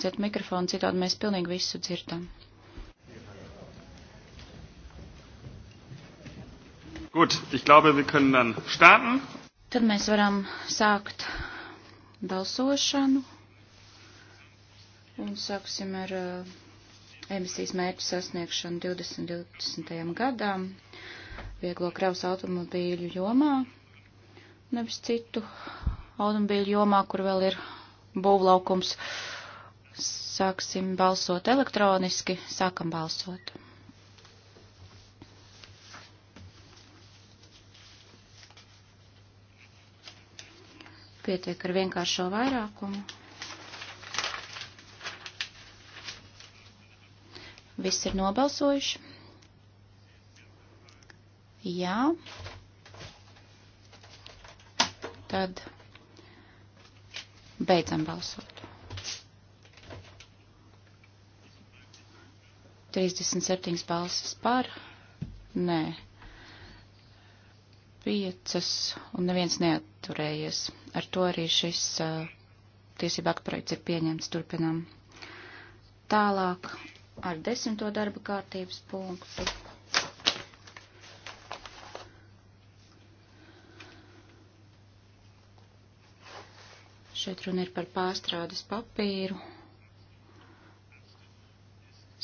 dzert mikrofonu, citādi mēs pilnīgi visu dzirdam. Gut, ich glaube, wir können dann starten. Tad mēs varam sākt balsošanu. Un sāksim ar uh, emisijas mērķu sasniegšanu 2020. gadām vieglo kravas automobīļu jomā, nevis citu automobīļu jomā, kur vēl ir būvlaukums. Uh, Sāksim balsot elektroniski. Sākam balsot. Pietiek ar vienkāršo vairākumu. Viss ir nobalsojuši. Jā. Tad beidzam balsot. 37 balsis par, nē, 5 un neviens neatturējies. Ar to arī šis uh, tiesība akprojekts ir pieņemts. Turpinām tālāk ar desmito darba kārtības punktu. Šeit runa ir par pārstrādes papīru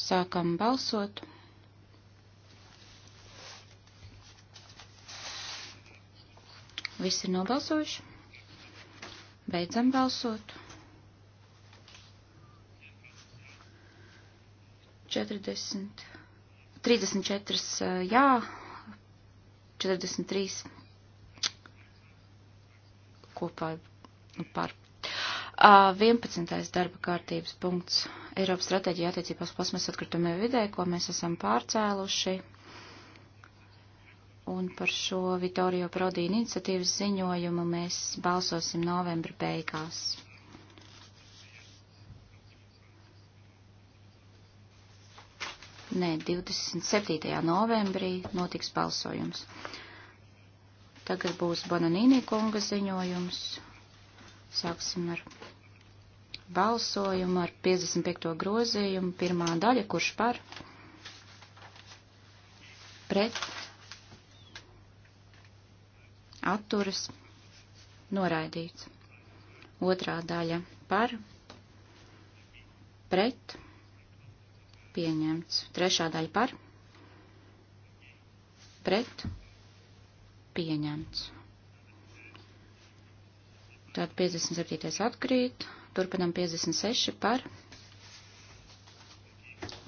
Sākam balsot. Visi ir nobalsojuši. Beidzam balsot. 40, 34 eh, jā, 43 kopā nu, par 11. darba kārtības punkts - Eiropas stratēģija attiecībās plasmas atkritumiem vidē, ko mēs esam pārcēluši. Un par šo Vitorio Prodīna iniciatīvas ziņojumu mēs balsosim novembra beigās. Nē, 27. novembrī notiks balsojums. Tagad būs Bonanīnī kunga ziņojums Sāksim ar balsojumu ar 55. grozījumu. Pirmā daļa, kurš par? Pret. Atturas. Noraidīts. Otrā daļa par. Pret. Pieņemts. Trešā daļa par. Pret. Pieņemts. Tātad 57. atkrīt, turpinam 56 par,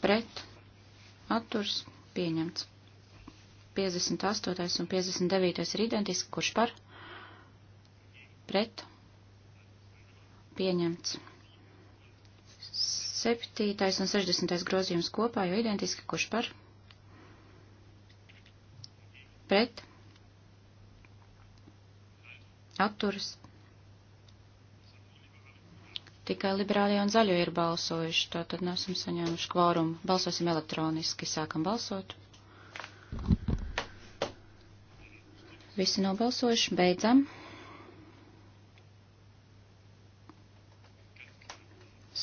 pret, atturs, pieņemts. 58. un 59. ir identiski, kurš par, pret, pieņemts. 7. un 60. grozījums kopā, jo identiski, kurš par, pret, atturs, pieņemts Tikai liberāļie un zaļie ir balsojuši, to tad nesam saņēmuši kvorumu. Balsosim elektroniski, sākam balsot. Visi nobalsojuši, beidzam.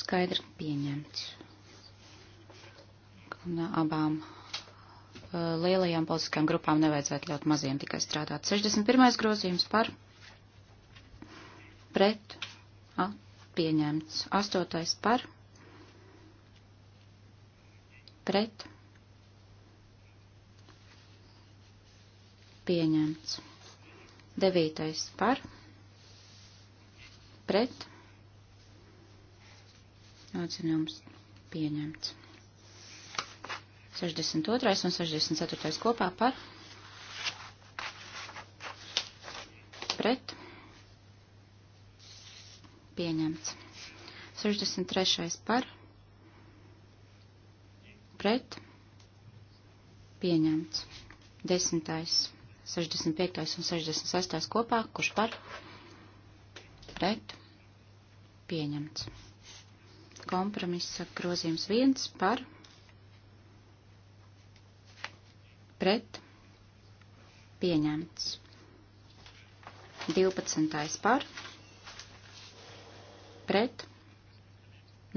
Skaidri pieņemts. Un uh, abām uh, lielajām politiskajām grupām nevajadzētu ļaut maziem tikai strādāt. 61. grozījums par pret at pieņemts. Astotais par, pret, pieņemts. Devītais par, pret, atzinums pieņemts. 62. un 64. kopā par, pret, pieņemts. 63. par, pret, pieņemts. 10. 65. un 66. kopā, kurš par, pret, pieņemts. Kompromisa grozījums 1 par, pret, pieņemts. 12. par, pret, pret,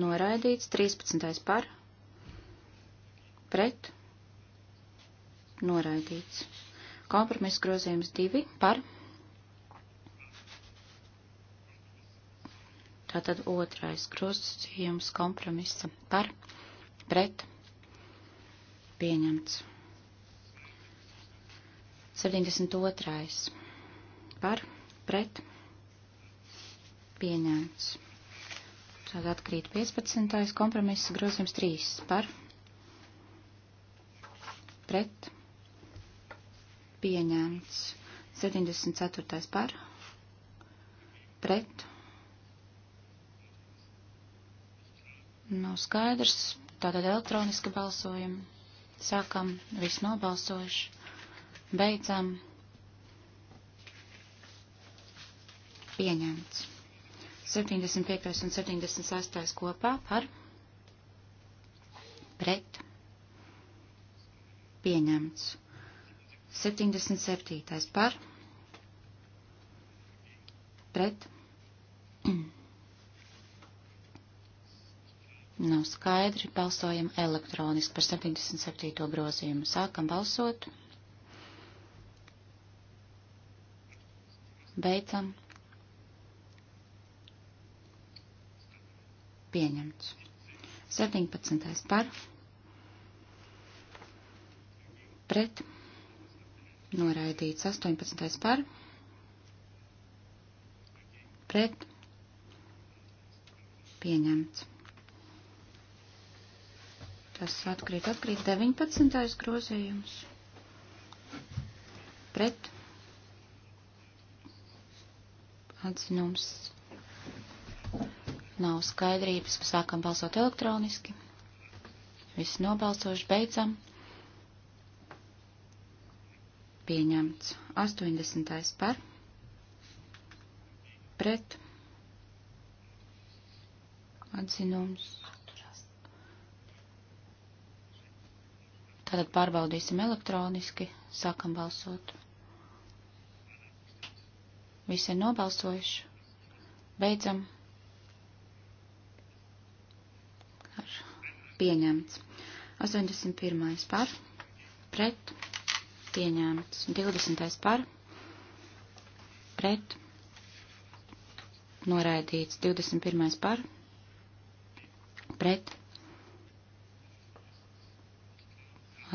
noraidīts, 13. par, pret, noraidīts. Kompromiss grozījums 2 par, tātad otrais grozījums kompromisa par, pret, pieņemts. 72. par, pret, pieņemts. Tad atkrīt 15. kompromiss grozījums 3 par pret pieņēmts 74. par pret nav skaidrs, tātad elektroniski balsojam, sākam, viss nobalsojuši, beidzam, pieņemts. 75. un 76. kopā par pret pieņemts. 77. par pret nav skaidri, balsojam elektroniski par 77. grozījumu. Sākam balsot. Beidzam. pieņemts. 17. par pret noraidīts. 18. par pret pieņemts. Tas atkrīt, atkrīt 19. grozījums. Pret atzinums Nav skaidrības. Sākam balsot elektroniski. Viss nobalsoši. Beidzam. Pieņemts. 80. par. Pret. Atzinums. Tātad pārbaudīsim elektroniski. Sākam balsot. Visi ir nobalsojuši. Beidzam. pieņemts. 81. par, pret, pieņemts. 20. par, pret, noraidīts. 21. par, pret.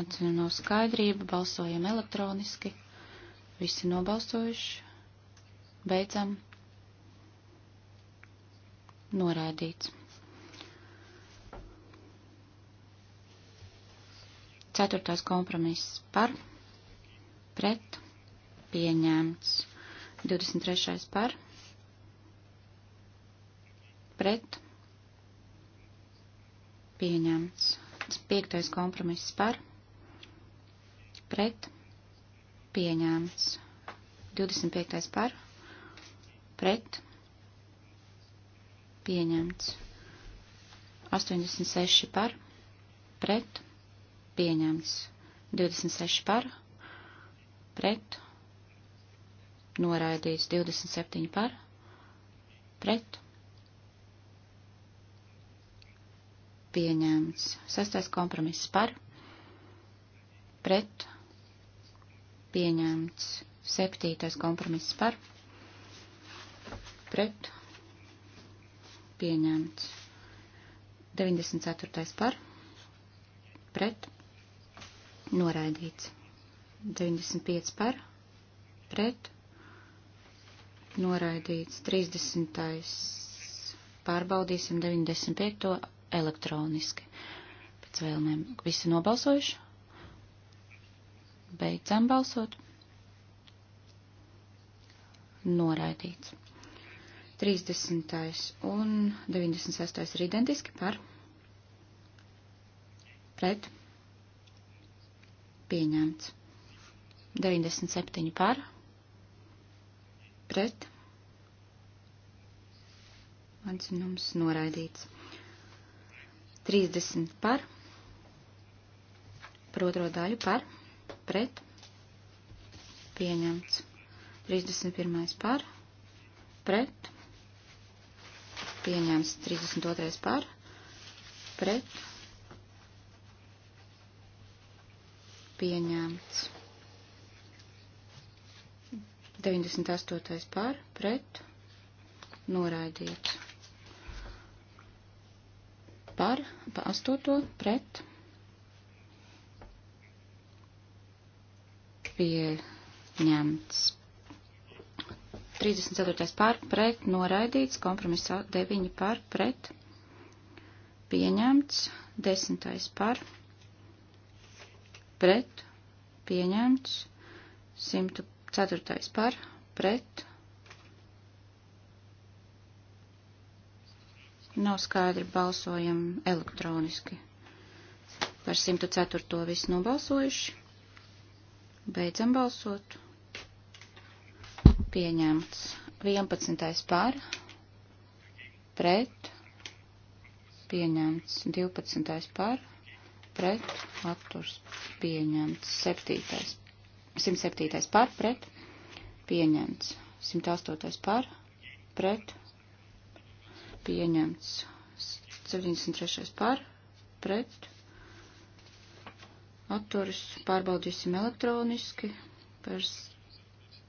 Atzinu nav skaidrība, balsojam elektroniski. Visi nobalsojuši. Beidzam. Noraidīts. Ceturtais kompromiss par, pret, pieņemts. 23. par, pret, pieņemts. Piektais kompromiss par, pret, pieņemts. 25. par, pret, pieņemts. 86 par, pret, pieņemts. 26 par, pret, noraidīts. 27 par, pret, pieņemts. Sastais kompromiss par, pret, pieņemts. Septītais kompromiss par, pret, pieņemts. 94. par, pret, noraidīts. 95 par, pret, noraidīts. 30. pārbaudīsim 95. elektroniski. Pēc vēlmēm visi nobalsojuši. Beidzam balsot. Noraidīts. 30. un 96. ir identiski par, pret, pieņemts. 97 par, pret, atzinums noraidīts. 30 par, par otro daļu par, pret, pieņemts. 31 par, pret, pieņemts. 32 par, pret, pieņemts pieņemts. 98. par, pret, noraidīts. Par, pa 8. pret, pieņemts. 34. par, pret, noraidīts, kompromiss 9 par, pret, pieņemts, 10. par, pret pret, pieņemts. 104. par, pret. Nav skaidri balsojam elektroniski. Par 104. viss nobalsojuši. Beidzam balsot. Pieņemts. 11. par, pret, pieņemts 12. par, pret, at, atturs pieņemts. 7. 107. par pret pieņemts. 108. par pret pieņemts. 73. par pret atturs pārbaudīsim elektroniski par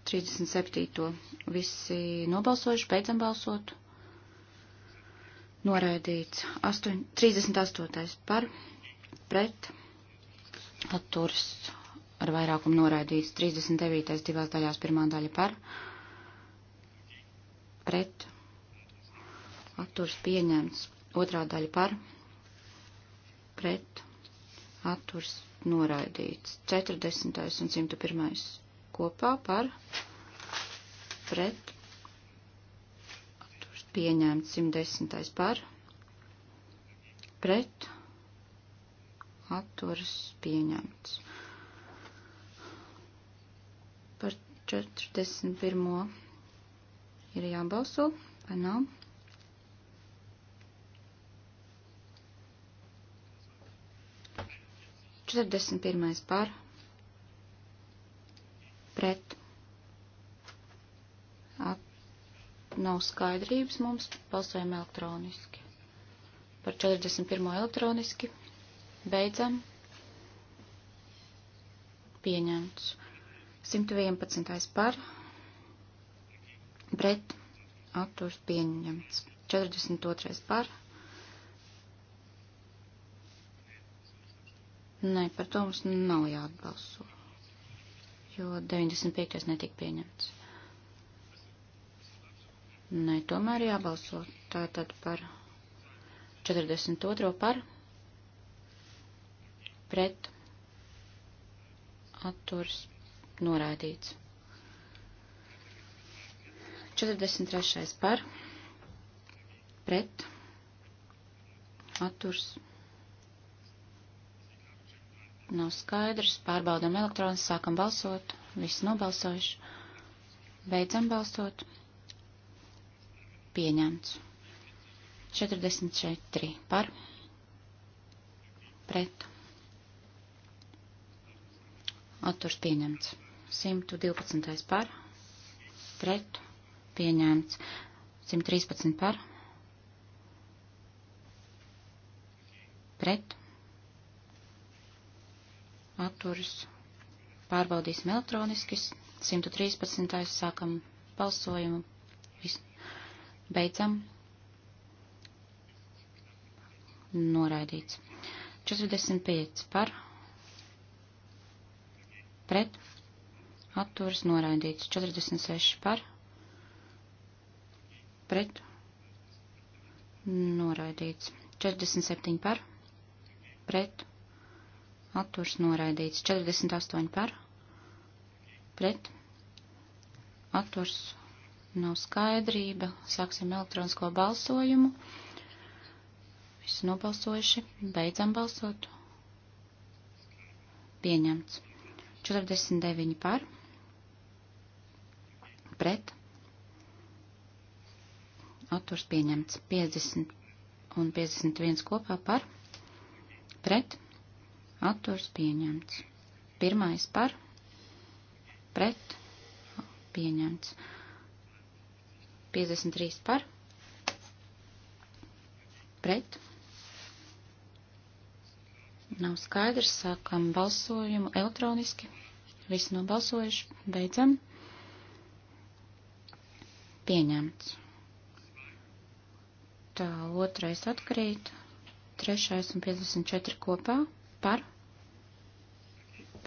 37. Visi nobalsojuši, beidzam balsot. Noraidīts 8, 38. par pret pieņemts atturs ar vairākumu noraidīts 39. divās daļās pirmā daļa par, pret, atturs pieņemts otrā daļa par, pret, atturs noraidīts 40. un 101. kopā par, pret, atturs pieņemts 110. par, pret, atturas pieņemts. Par 41. ir jābalso, vai nav? Četrdesmit pirmais par, pret, at, nav skaidrības mums, balsojam elektroniski. Par 41. elektroniski. Beidzam. Pieņemts. 111. par. Pret. Atturs pieņemts. 42. par. Nē, par to mums nav jāatbalso, jo 95. netika pieņemts. Nē, tomēr jābalso tātad par 42. par pret atturs norādīts. 43. par pret atturs nav skaidrs, pārbaudam elektronis, sākam balsot, visi nobalsojuši, beidzam balsot, pieņemts. 44 par pret atturs pieņemts. 112 par, pret, pieņemts. 113 par, pret, atturs. Pārbaudīsim elektroniski. 113. sākam balsojumu. Visu. Beidzam. Noraidīts. 45 par, pret pret, atturas noraidīts. 46 par, pret, noraidīts. 47 par, pret, atturas noraidīts. 48 par, pret, atturas nav skaidrība. Sāksim elektronisko balsojumu. Visi nobalsojuši, beidzam balsot. Pieņemts. 49 par, pret, atturs pieņemts 50 un 51 kopā par, pret, atturs pieņemts. Pirmais par, pret, pieņemts. 53 par, pret, Nav skaidrs, sākam balsojumu elektroniski. Visi nobalsojuši, beidzam. Pieņemts. Tā, otrais atkrīt, trešais un 54 kopā par,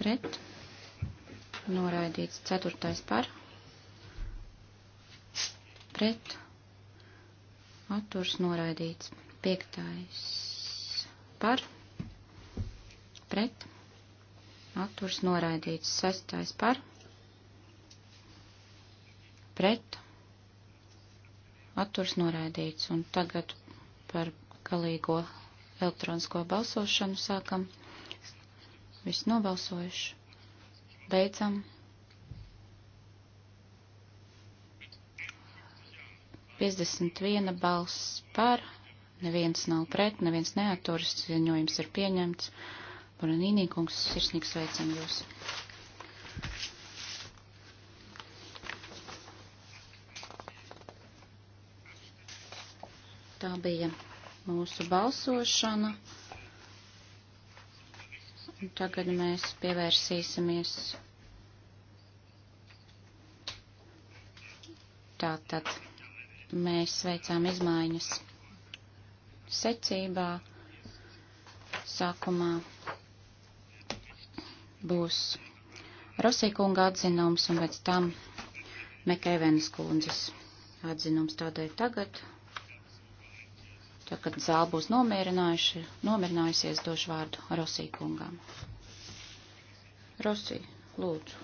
pret, noraidīts ceturtais par, pret, atturs noraidīts piektais par pret, atturs noraidīts. Sestais par, pret, atturs noraidīts. Un tagad par galīgo elektronisko balsošanu sākam. Viss nobalsojuši. Beidzam. 51 balss par, neviens nav pret, neviens neaturas, ziņojums ir pieņemts. Boranīnī kungs, sirsnīgs sveicam jūs. Tā bija mūsu balsošana. Un tagad mēs pievērsīsimies tātad. Mēs veicām izmaiņas secībā sākumā būs Rosīkunga atzinums un pēc tam Mekēvenas kundzes atzinums. Tādēļ tagad, tad, kad zāle būs nomierinājusies, došu vārdu Rosīkungam. Rosī, lūdzu.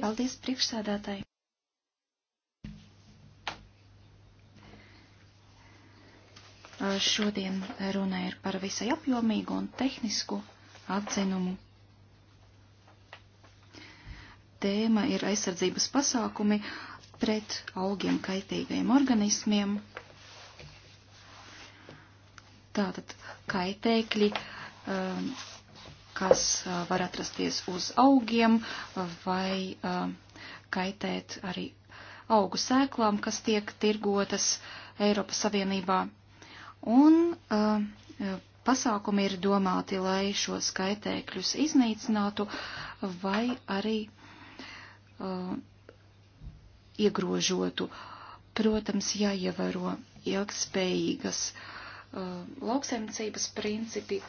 Paldies, priekšsādātāji! Šodien runa ir par visai apjomīgu un tehnisku atzinumu. Tēma ir aizsardzības pasākumi pret augiem kaitīgiem organismiem. Tātad kaitēkļi, kas var atrasties uz augiem vai kaitēt arī augu sēklām, kas tiek tirgotas Eiropas Savienībā Un uh, pasākumi ir domāti, lai šo skaitēkļus iznīcinātu vai arī uh, iegrožotu. Protams, jāievēro ilgspējīgas uh, lauksaimniecības principi,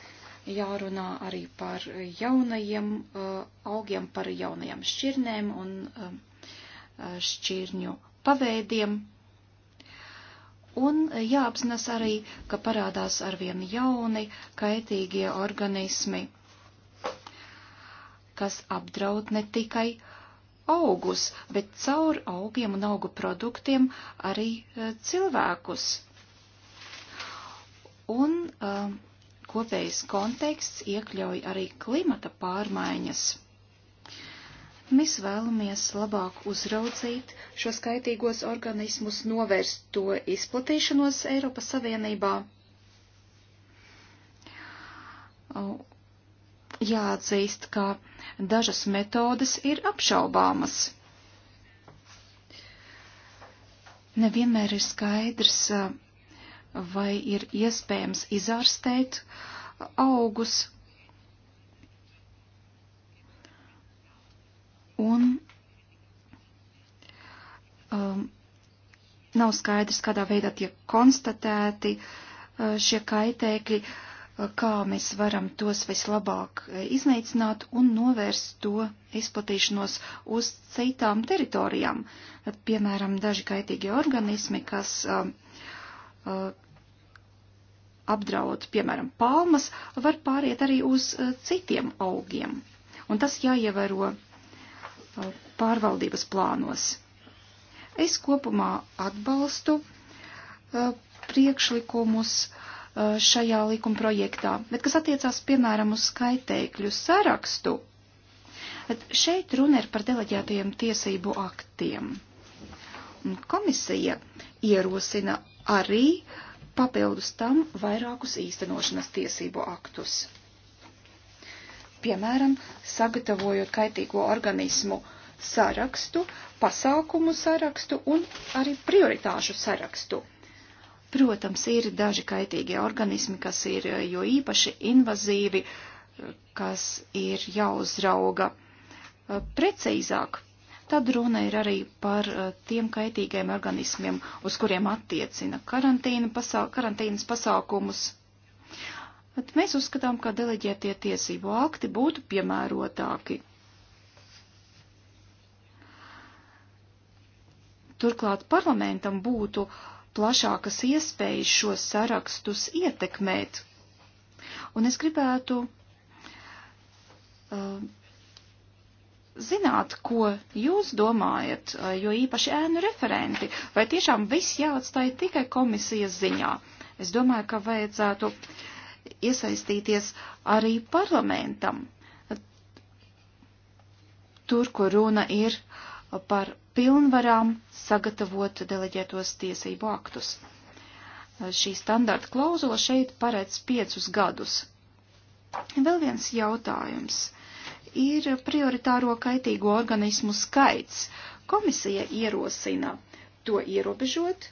jārunā arī par jaunajiem uh, augiem, par jaunajām šķirnēm un uh, šķirņu paveidiem. Un jāapzinās arī, ka parādās arvien jauni kaitīgie organismi, kas apdraud ne tikai augus, bet caur augiem un augu produktiem arī eh, cilvēkus. Un uh, kopējs konteksts iekļauj arī klimata pārmaiņas. Mēs vēlamies labāk uzraudzīt šo skaitīgos organismus, novērst to izplatīšanos Eiropas Savienībā. Jāatzīst, ka dažas metodes ir apšaubāmas. Nevienmēr ir skaidrs, vai ir iespējams izārstēt augus un um, nav skaidrs, kādā veidā tiek konstatēti uh, šie kaitēkļi, uh, kā mēs varam tos vislabāk uh, iznīcināt un novērst to izplatīšanos uz citām teritorijām. At, piemēram, daži kaitīgie organismi, kas um, uh, apdraud, piemēram, palmas, var pāriet arī uz uh, citiem augiem. Un tas jāievēro pārvaldības plānos. Es kopumā atbalstu priekšlikumus šajā likuma projektā, bet kas attiecās, piemēram, uz skaitēkļu sarakstu, šeit runa ir par deleģētajiem tiesību aktiem. Komisija ierosina arī papildus tam vairākus īstenošanas tiesību aktus piemēram, sagatavojot kaitīgo organismu sarakstu, pasākumu sarakstu un arī prioritāšu sarakstu. Protams, ir daži kaitīgie organismi, kas ir eh, jo īpaši invazīvi, eh, kas ir jāuzrauga eh, precīzāk. Tad runa ir arī par tiem kaitīgiem organismiem, uz kuriem attiecina karantīna pasā karantīnas pasākumus Bet mēs uzskatām, ka deleģētie tiesību akti būtu piemērotāki. Turklāt parlamentam būtu plašākas iespējas šos sarakstus ietekmēt. Un es gribētu uh, zināt, ko jūs domājat, uh, jo īpaši ēnu referenti, vai tiešām viss jāatstāja tikai komisijas ziņā. Es domāju, ka vajadzētu uh, iesaistīties arī parlamentam. Tur, kur runa ir par pilnvarām sagatavot deleģētos tiesību aktus. Šī standarta klauzula šeit paredz piecus gadus. Vēl viens jautājums. Ir prioritāro kaitīgo organismu skaits. Komisija ierosina to ierobežot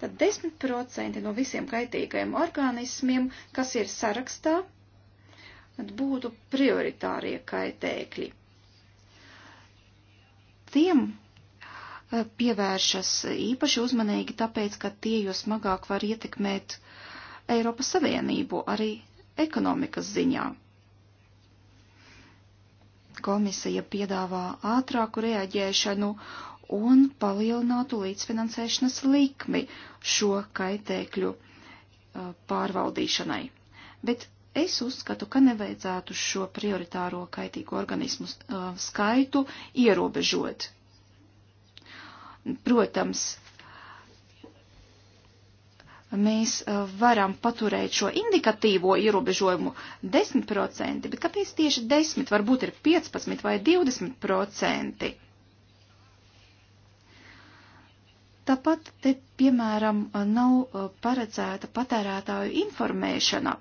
Tad 10% no visiem kaitīgajiem organismiem, kas ir sarakstā, būtu prioritārie kaitēkļi. Tiem eh, pievēršas īpaši uzmanīgi, tāpēc, ka tie jo smagāk var ietekmēt Eiropas Savienību arī ekonomikas ziņā. Komisija piedāvā ātrāku reaģēšanu un palielinātu līdzfinansēšanas likmi šo kaitēkļu pārvaldīšanai. Bet es uzskatu, ka nevajadzētu šo prioritāro kaitīgo organismu skaitu ierobežot. Protams, mēs varam paturēt šo indikatīvo ierobežojumu 10%, bet kāpēc tieši 10, varbūt ir 15 vai 20%? Tāpat te, piemēram, nav uh, paredzēta patērētāju informēšana.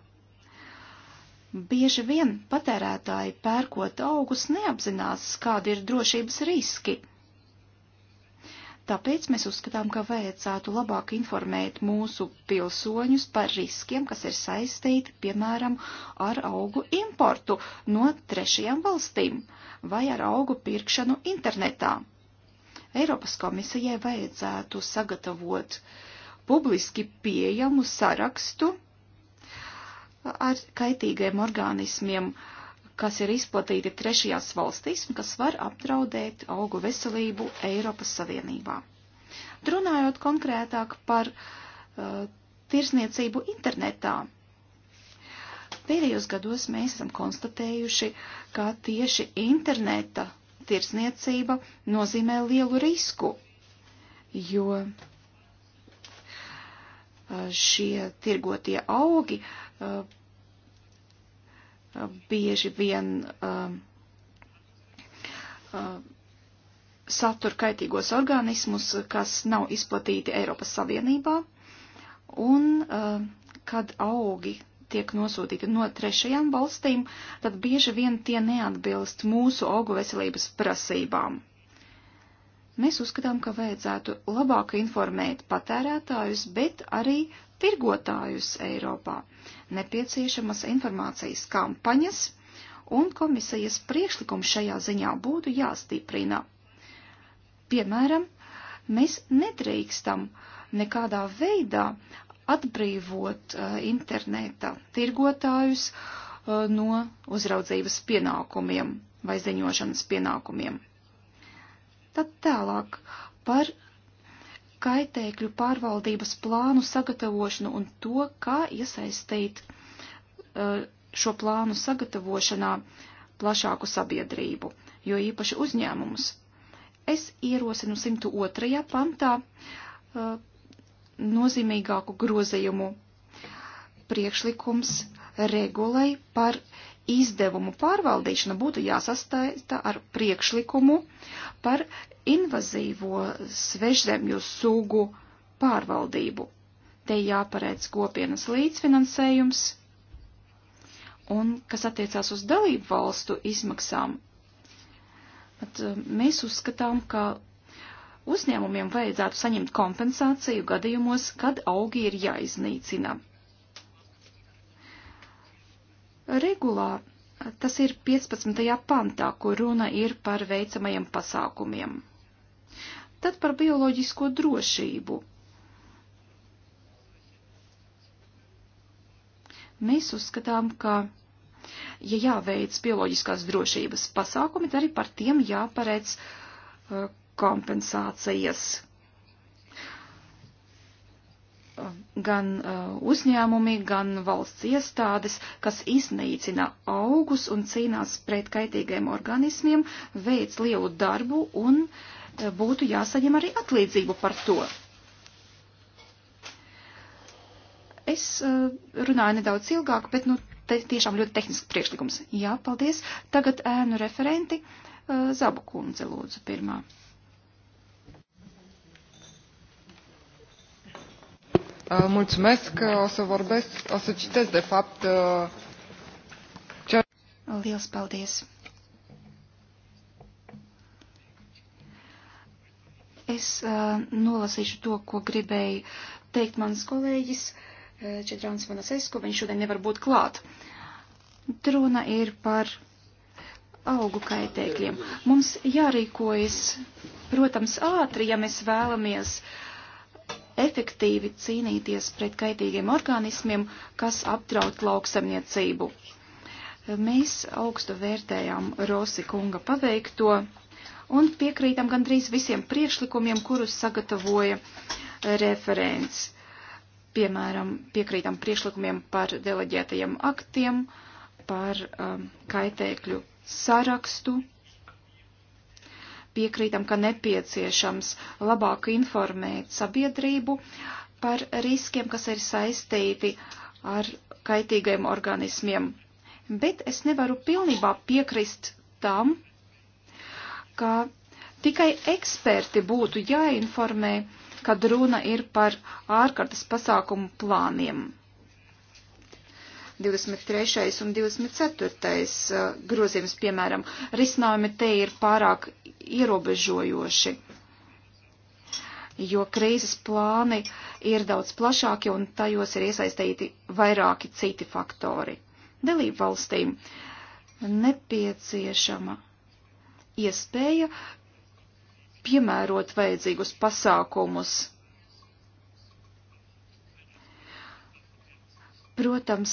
Bieži vien patērētāji pērkot augus neapzinās, kādi ir drošības riski. Tāpēc mēs uzskatām, ka vajadzētu labāk informēt mūsu pilsoņus par riskiem, kas ir saistīti, piemēram, ar augu importu no trešajām valstīm vai ar augu pirkšanu internetā. Eiropas komisijai vajadzētu sagatavot publiski pieejamu sarakstu ar kaitīgiem organismiem, kas ir izplatīti trešajās valstīs un kas var apdraudēt augu veselību Eiropas Savienībā. Runājot konkrētāk par uh, tirsniecību internetā, pēdējos gados mēs esam konstatējuši, ka tieši interneta tirsniecība nozīmē lielu risku, jo šie tirgotie augi bieži vien satur kaitīgos organismus, kas nav izplatīti Eiropas Savienībā, un kad augi tiek nosūtīti no trešajām valstīm, tad bieži vien tie neatbilst mūsu augu veselības prasībām. Mēs uzskatām, ka vajadzētu labāk informēt patērētājus, bet arī tirgotājus Eiropā. Nepieciešamas informācijas kampaņas un komisijas priekšlikums šajā ziņā būtu jāstiprina. Piemēram, mēs nedrīkstam nekādā veidā atbrīvot uh, interneta tirgotājus uh, no uzraudzības pienākumiem vai ziņošanas pienākumiem. Tad tālāk par kaitēkļu pārvaldības plānu sagatavošanu un to, kā iesaistīt uh, šo plānu sagatavošanā plašāku sabiedrību, jo īpaši uzņēmumus. Es ierosinu 102. pantā uh, nozīmīgāku grozījumu priekšlikums regulai par izdevumu pārvaldīšanu būtu jāsastaita ar priekšlikumu par invazīvo svežzemju sugu pārvaldību. Te jāparedz kopienas līdzfinansējums, un kas attiecās uz dalību valstu izmaksām. Bet um, mēs uzskatām, ka Uzņēmumiem vajadzētu saņemt kompensāciju gadījumos, kad augi ir jāiznīcina. Regulā tas ir 15. pantā, kur runa ir par veicamajiem pasākumiem. Tad par bioloģisko drošību. Mēs uzskatām, ka ja jāveic bioloģiskās drošības pasākumi, tad arī par tiem jāpareic uh, kompensācijas gan uh, uzņēmumi, gan valsts iestādes, kas iznīcina augus un cīnās pret kaitīgiem organismiem, veic lielu darbu un uh, būtu jāsaņem arī atlīdzību par to. Es uh, runāju nedaudz ilgāk, bet nu, te, tiešām ļoti tehnisks priekšlikums. Jā, paldies. Tagad ēnu referenti Zabu kundze lūdzu pirmā. Uh, Uh, mulțumesc. Uh, o să vorbesc, o să citesc, de fapt, uh, ce... Liels paldies. Es uh, nolasīšu to, ko gribēja teikt mans kolēģis uh, Četrāns Vanasesku, viņš šodien nevar būt klāt. Runa ir par augu kaitēkļiem. Mums jārīkojas, protams, ātri, ja mēs vēlamies uh, efektīvi cīnīties pret kaitīgiem organismiem, kas apdraud lauksamniecību. Mēs augstu vērtējām Rosi kunga paveikto un piekrītam gandrīz visiem priekšlikumiem, kurus sagatavoja referents. Piemēram, piekrītam priekšlikumiem par deleģētajiem aktiem, par um, kaitēkļu sarakstu, piekrītam, ka nepieciešams labāk informēt sabiedrību par riskiem, kas ir saistīti ar kaitīgiem organismiem. Bet es nevaru pilnībā piekrist tam, ka tikai eksperti būtu jāinformē, kad runa ir par ārkārtas pasākumu plāniem. 23. un 24. Uh, grozījums, piemēram, risinājumi te ir pārāk ierobežojoši, jo krīzes plāni ir daudz plašāki un tajos ir iesaistīti vairāki citi faktori. Dalību valstīm nepieciešama iespēja piemērot vajadzīgus pasākumus Protams,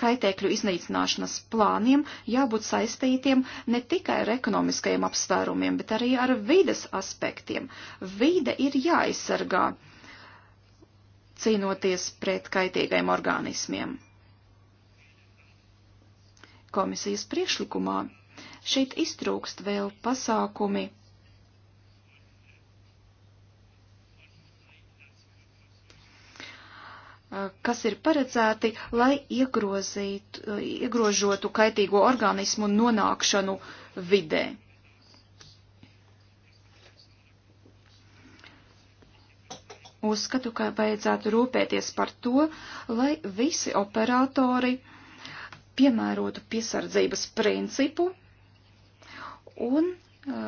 kaitēkļu iznīcināšanas plāniem jābūt saistītiem ne tikai ar ekonomiskajiem apsvērumiem, bet arī ar vides aspektiem. Vide ir jāaizsargā, cīnoties pret kaitīgajiem organismiem. Komisijas priekšlikumā šeit iztrūkst vēl pasākumi kas ir paredzēti, lai iegrozītu, iegrožotu kaitīgo organismu nonākšanu vidē. Uzskatu, ka vajadzētu rūpēties par to, lai visi operatori piemērotu piesardzības principu un uh,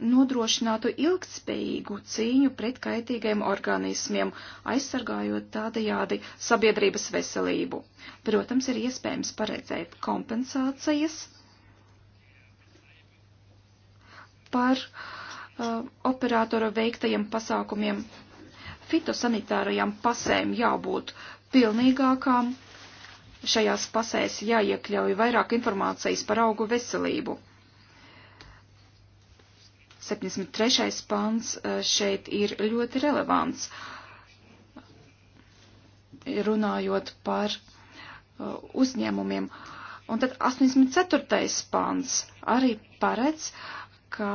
nodrošinātu ilgtspējīgu cīņu pret kaitīgiem organismiem, aizsargājot tādajādi sabiedrības veselību. Protams, ir iespējams paredzēt kompensācijas par uh, operātora veiktajiem pasākumiem. Fitosanitārajām pasēm jābūt pilnīgākām. Šajās pasēs jāiekļauj vairāk informācijas par augu veselību 73. pants eh, šeit ir ļoti relevants, runājot par eh, uzņēmumiem. Un tad 84. pants arī paredz, ka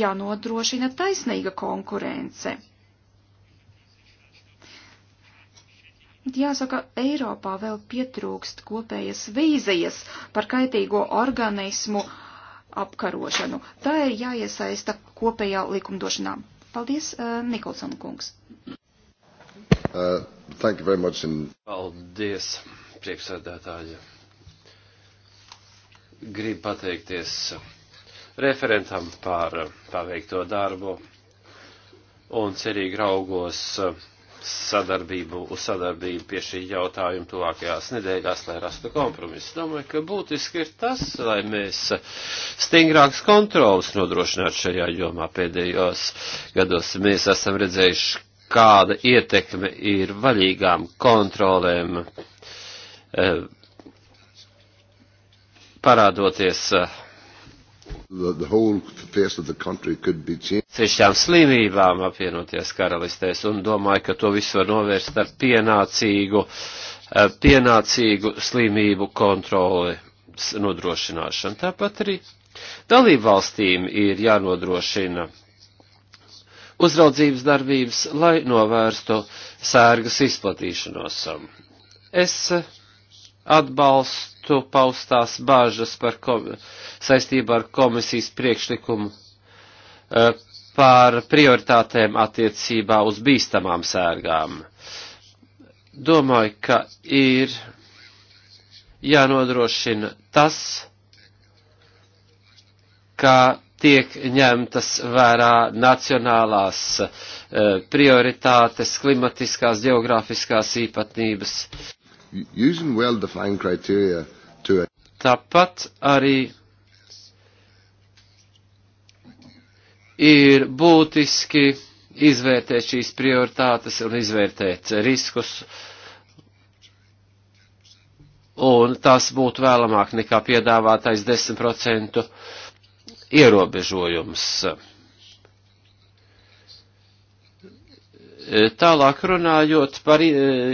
jānodrošina taisnīga konkurence. Jāsaka, Eiropā vēl pietrūkst kopējas vīzijas par kaitīgo organismu uh, apkarošanu. Tā ir jāiesaista kopējā likumdošanā. Paldies, eh, Nikolson kungs. Uh, thank you very much. In... Paldies, priekšsēdētāji. Gribu pateikties referentam par paveikto darbu un cerīgi raugos uh, sadarbību, uz sadarbību pie šī jautājuma tuvākajās nedēļās, lai rastu kompromisu. Domāju, ka būtiski ir tas, lai mēs stingrāks kontrols nodrošinātu šajā jomā pēdējos gados. Mēs esam redzējuši, kāda ietekme ir vaļīgām kontrolēm eh, parādoties uh, Sešām slimībām apvienoties karalistēs un domāju, ka to visu var novērst ar pienācīgu, eh, pienācīgu slimību kontroli nodrošināšanu. Tāpat arī dalību valstīm ir jānodrošina uzraudzības darbības, lai novērstu sērgas izplatīšanos. Es eh, atbalstu jūtu paustās bāžas par kom, saistībā ar komisijas priekšlikumu e, par prioritātēm attiecībā uz bīstamām sērgām. Domāju, ka ir jānodrošina tas, ka tiek ņemtas vērā nacionālās e, prioritātes, klimatiskās, geogrāfiskās īpatnības. Using well-defined criteria Tāpat arī ir būtiski izvērtēt šīs prioritātes un izvērtēt riskus. Un tas būtu vēlamāk nekā piedāvātais 10% ierobežojums. E, tālāk runājot par e,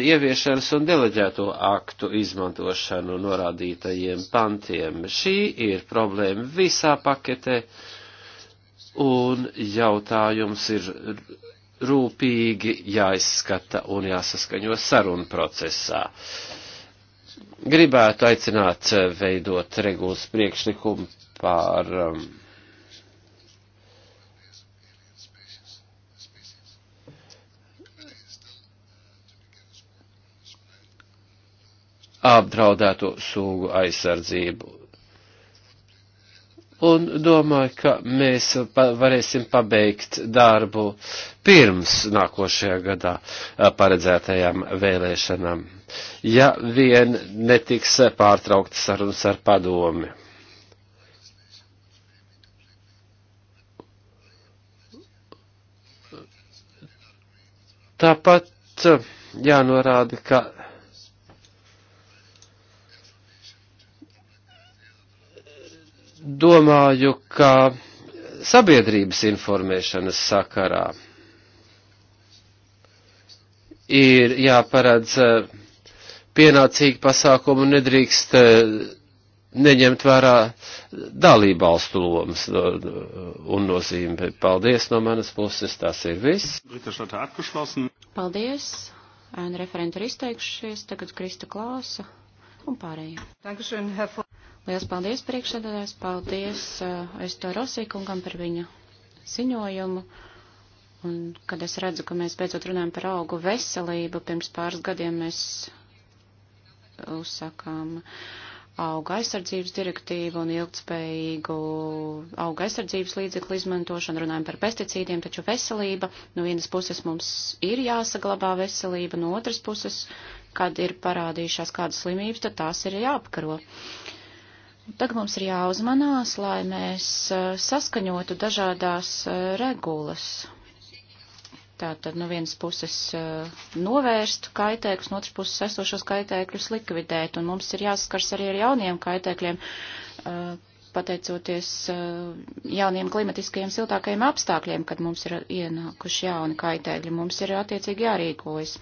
ieviešanas un deleģēto aktu izmantošanu norādītajiem pantiem, šī ir problēma visā paketē, un jautājums ir rūpīgi jāizskata un jāsaskaņo sarunu procesā. Gribētu aicināt e, veidot regulas priekšlikumu par um, apdraudēto sugu aizsardzību. Un domāju, ka mēs pa varēsim pabeigt darbu pirms nākošajā gadā paredzētajām vēlēšanām, ja vien netiks pārtrauktas sarunas ar padomi. Tāpat jānorāda, ka domāju, ka sabiedrības informēšanas sakarā ir jāparedz eh, pienācīgi pasākumu nedrīkst eh, neņemt vērā dalībvalstu lomas un nozīme. Paldies no manas puses, tas ir viss. Paldies, ēna referenti ir izteikušies, tagad Krista Klāsa un pārējie. Lielas paldies priekšsēdētājs, paldies uh, es to Rosīkungam par viņa ziņojumu. Un, kad es redzu, ka mēs beidzot runājam par augu veselību, pirms pāris gadiem mēs uzsākām auga aizsardzības direktīvu un ilgtspējīgu auga aizsardzības līdzekļu izmantošanu, runājam par pesticīdiem, taču veselība, no vienas puses mums ir jāsaglabā veselība, no otras puses, kad ir parādījušās kādas slimības, tad tās ir jāapkaro. Uh, Tagad mums ir jāuzmanās, lai mēs saskaņotu dažādās regulas. Tātad no vienas puses novērst kaitēkļus, no otras puses esošos kaitēkļus likvidēt, un mums ir jāsaskars arī ar jauniem kaitēkļiem, pateicoties eh, jauniem klimatiskajiem siltākajiem apstākļiem, kad mums ir ienākuši jauni kaitēkļi, mums ir attiecīgi jārīkojas.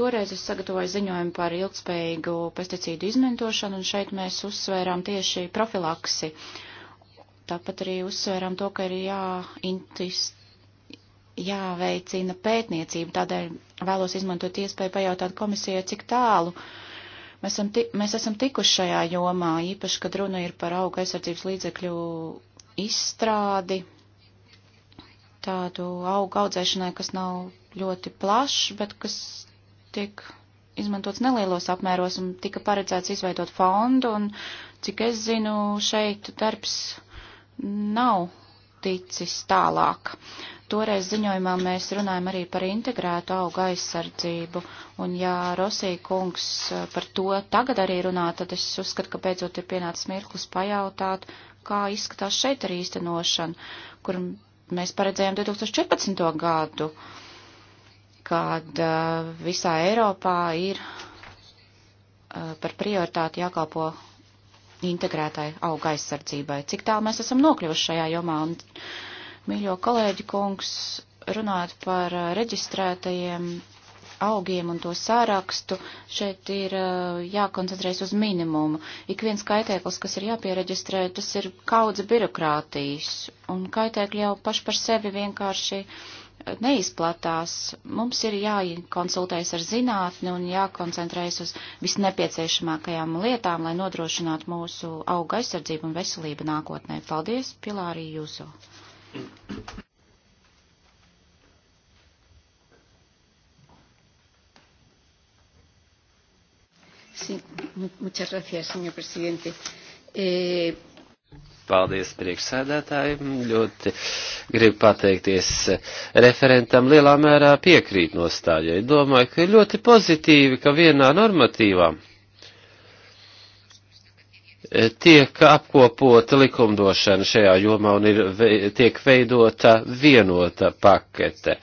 Toreiz es sagatavoju ziņojumu par ilgspējīgu pesticīdu izmantošanu, un šeit mēs uzsvērām tieši profilaksi. Tāpat arī uzsvērām to, ka ir jāintist jāveicina pētniecība, tādēļ vēlos izmantot iespēju pajautāt komisijai, cik tālu uh, Mēs esam, ti, mēs esam tikuši šajā jomā, īpaši, kad runa ir par auga aizsardzības līdzekļu izstrādi, tādu auga audzēšanai, kas nav ļoti plašs, bet kas tiek izmantots nelielos apmēros un tika paredzēts izveidot fondu, un cik es zinu, šeit darbs nav ticis tālāk. Toreiz ziņojumā mēs runājam arī par integrētu auga aizsardzību, un ja Rosī kungs eh, par to tagad arī runā, tad es uzskatu, ka beidzot ir pienācis mirklis pajautāt, kā izskatās šeit ar īstenošanu, kur mēs paredzējām 2014. gadu, kad eh, visā Eiropā ir eh, par prioritāti jākalpo integrētai auga aizsardzībai. Cik tālu mēs esam nokļuvuši šajā jomā? Un Mīļo kolēģi kungs, runājot par reģistrētajiem augiem un to sārakstu, šeit ir jākoncentrēs uz minimumu. Ik viens kaitēklis, kas ir jāpiereģistrē, tas ir kaudze birokrātijas, un kaitēkļi jau paši par sevi vienkārši neizplatās. Mums ir jākonsultējas ar zinātni un jākoncentrējas uz visnepieciešamākajām lietām, lai nodrošinātu mūsu auga aizsardzību un veselību nākotnē. Paldies, Pilārī Jūso! Sí, muchas gracias, señor presidente. Eh... Paldies priekšsēdētājiem. Ļoti gribu pateikties referentam lielā mērā piekrīt nostājai. Domāju, ka ļoti pozitīvi, ka vienā normatīvā tiek apkopota likumdošana šajā jomā un ir, tiek veidota vienota pakete.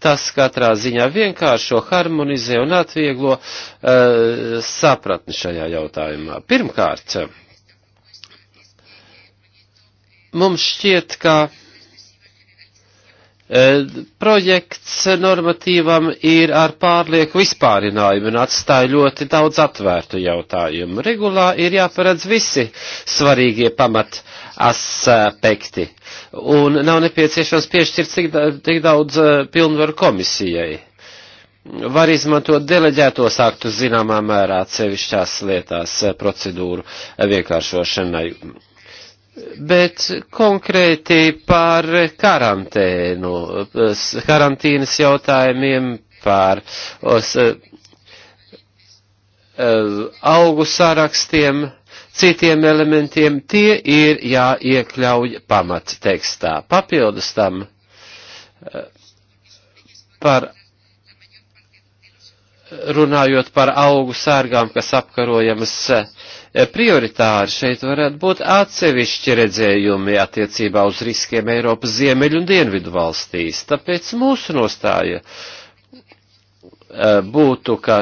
Tas katrā ziņā vienkāršo, harmonizē un atvieglo uh, sapratni šajā jautājumā. Pirmkārt, mums šķiet, ka Eh, projekts normatīvam ir ar pārlieku vispārinājumu un atstāja ļoti daudz atvērtu jautājumu. Regulā ir jāparedz visi svarīgie pamat aspekti, un nav nepieciešams piešķirt tik, tik daudz eh, pilnvaru komisijai var izmantot deleģētos aktus zināmā mērā atsevišķās lietās eh, procedūru vienkāršošanai. Bet konkrēti par karantēnu, karantīnas jautājumiem, par os, e, e, augu sarakstiem, citiem elementiem, tie ir jāiekļauj pamat tekstā. Papildus tam e, par runājot par augu sērgām, kas apkarojamas E, prioritāri šeit varētu būt atsevišķi redzējumi attiecībā uz riskiem Eiropas ziemeļu un dienvidu valstīs. Tāpēc mūsu nostāja e, būtu, ka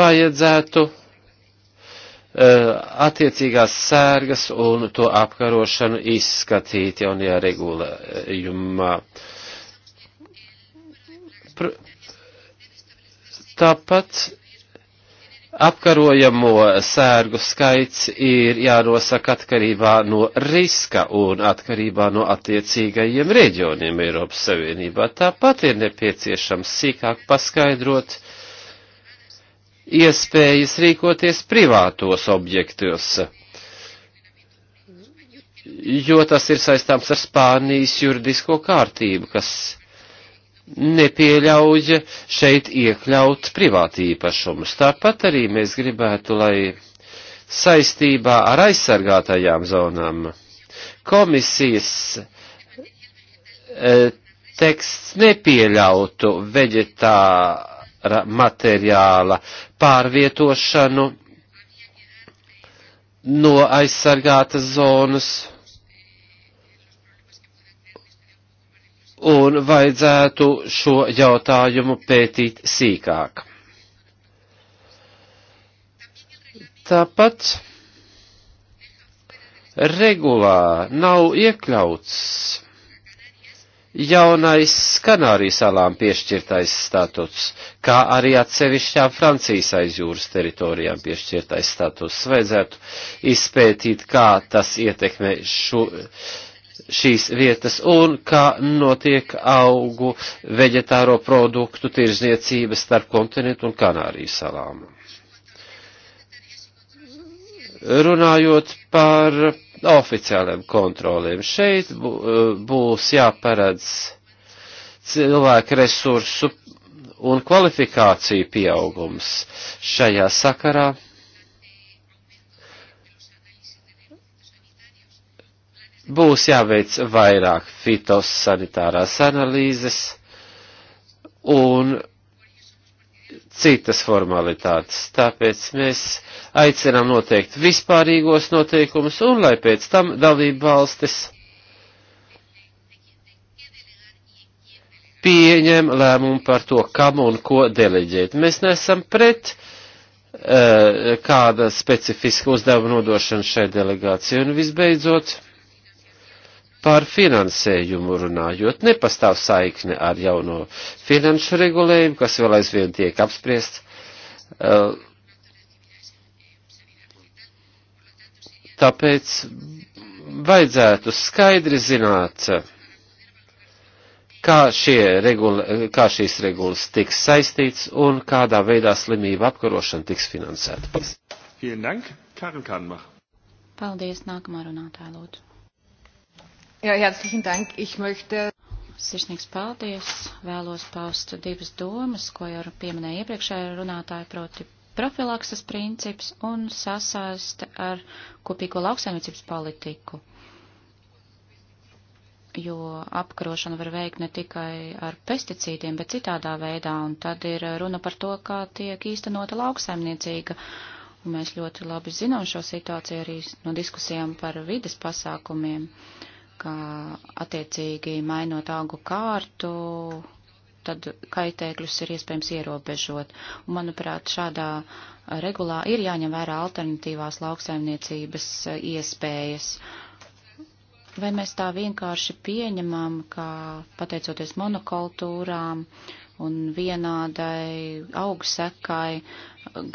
vajadzētu e, attiecīgās sērgas un to apkarošanu izskatīt jaunajā regulējumā. Ja Tāpat apkarojamo sērgu skaits ir jānosaka atkarībā no riska un atkarībā no attiecīgajiem reģioniem Eiropas Savienībā. Tāpat ir nepieciešams sīkāk paskaidrot iespējas rīkoties privātos objektos jo tas ir saistāms ar Spānijas juridisko kārtību, kas nepieļauj šeit iekļaut privātīpašumus. Tāpat arī mēs gribētu, lai saistībā ar aizsargātajām zonām komisijas eh, teksts nepieļautu veģetāra materiāla pārvietošanu no aizsargātas zonas un vajadzētu šo jautājumu pētīt sīkāk. Tāpat regulā nav iekļauts jaunais Kanārijas salām piešķirtais statuts, kā arī atsevišķām Francijas aizjūras teritorijām piešķirtais status. Vajadzētu izpētīt, kā tas ietekmē šo šīs vietas un kā notiek augu veģetāro produktu tirzniecība starp kontinentu un Kanārijas salām. Runājot par oficiāliem kontroliem, šeit e, būs jāparedz cilvēku resursu un kvalifikāciju pieaugums šajā sakarā. Būs jāveic vairāk fitosanitārās analīzes un citas formalitātes. Tāpēc mēs aicinām noteikt vispārīgos noteikumus un lai pēc tam dalību valstis pieņem lēmumu par to, kam un ko deleģēt. Mēs nesam pret uh, kāda specifiska uzdevuma nodošana šai delegācijai. Un visbeidzot, Par finansējumu runājot, nepastāv saikne ar jauno finanšu regulējumu, kas vēl aizvien tiek apspriests. Eh, tāpēc vajadzētu skaidri zināt, kā, regula, kā šīs regulas tiks saistīts un kādā veidā slimību apkarošana tiks finansēta. Paldies, nākamā runātāja lūdzu. Jā, herzlichen Dank. Ich möchte. Sirsnīgs paldies. Vēlos paust divas domas, ko jau pieminēja iepriekšējā runātāja, proti profilakses princips un sasaiste ar kopīgo lauksaimniecības politiku. Jo apkarošanu var veikt ne tikai ar pesticīdiem, bet citādā veidā, un tad ir runa par to, kā tiek īstenota lauksaimniecīga. Un mēs ļoti labi zinām šo situāciju arī no diskusijām par vides pasākumiem. Uh, ka attiecīgi mainot augu kārtu, tad kaitēkļus ir iespējams ierobežot. Un, manuprāt, šādā regulā ir jāņem vērā alternatīvās lauksaimniecības iespējas. Vai mēs tā vienkārši pieņemam, ka pateicoties monokultūrām, uh, un vienādai augsekai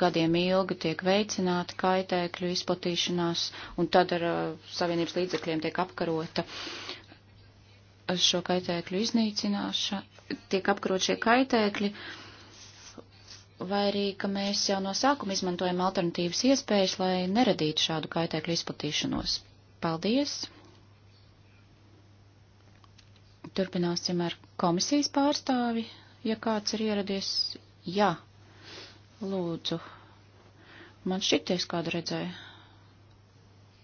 gadiem ilgi tiek veicināta kaitēkļu izplatīšanās, un tad ar uh, savienības līdzekļiem tiek apkarota šo kaitēkļu iznīcināšana, tiek apkarot šie kaitēkļi, vai arī, ka mēs jau no sākuma izmantojam alternatīvas iespējas, lai neradītu šādu kaitēkļu izplatīšanos. Paldies! Turpināsim ar komisijas pārstāvi ja kāds ir ieradies, jā, lūdzu. Man šities kādu redzēja.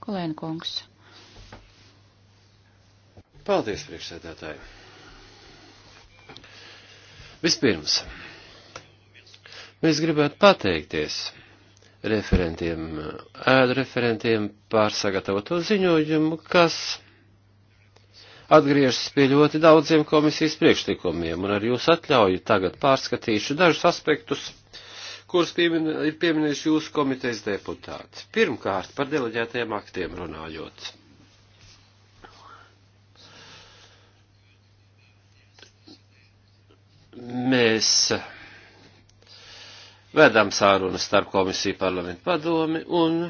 Kolēna kungs. Paldies, priekšsēdētāji. Vispirms, mēs gribētu pateikties referentiem, ēdu referentiem par sagatavoto ziņojumu, kas atgriežas pie ļoti daudziem komisijas priekšlikumiem, un ar jūsu atļauju tagad pārskatīšu dažus aspektus, kurus piemin, ir pieminējuši jūsu komitejas deputāti. Pirmkārt, par deleģētajiem aktiem runājot. Mēs vedam sārunu starp komisiju parlamentu padomi un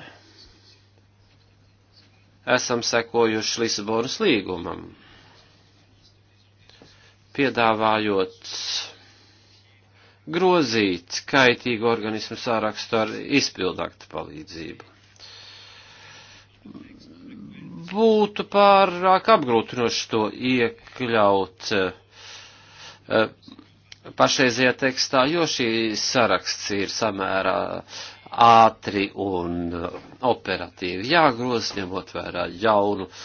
esam sekojuši Lisabonas līgumam piedāvājot grozīt kaitīgu organismu sārakstu ar izpildaktu palīdzību. Būtu pārāk apgrūtinoši to iekļaut eh, pašreizajā tekstā, jo šī saraksts ir samērā ātri un operatīvi jāgroz, ņemot vērā jaunu uh,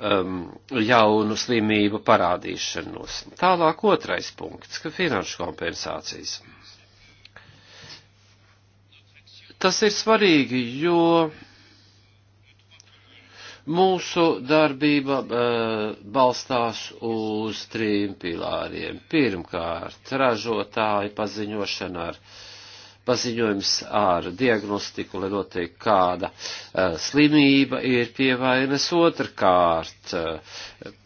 um, jaunu slimību parādīšanos. Tālāk otrais punkts, ka finanšu kompensācijas. Tas ir svarīgi, jo mūsu darbība uh, balstās uz trim pilāriem. Pirmkārt, ražotāji paziņošana ar uh, paziņojums ar diagnostiku, lai noteikti kāda uh, slimība ir pievainas otrkārt. Uh,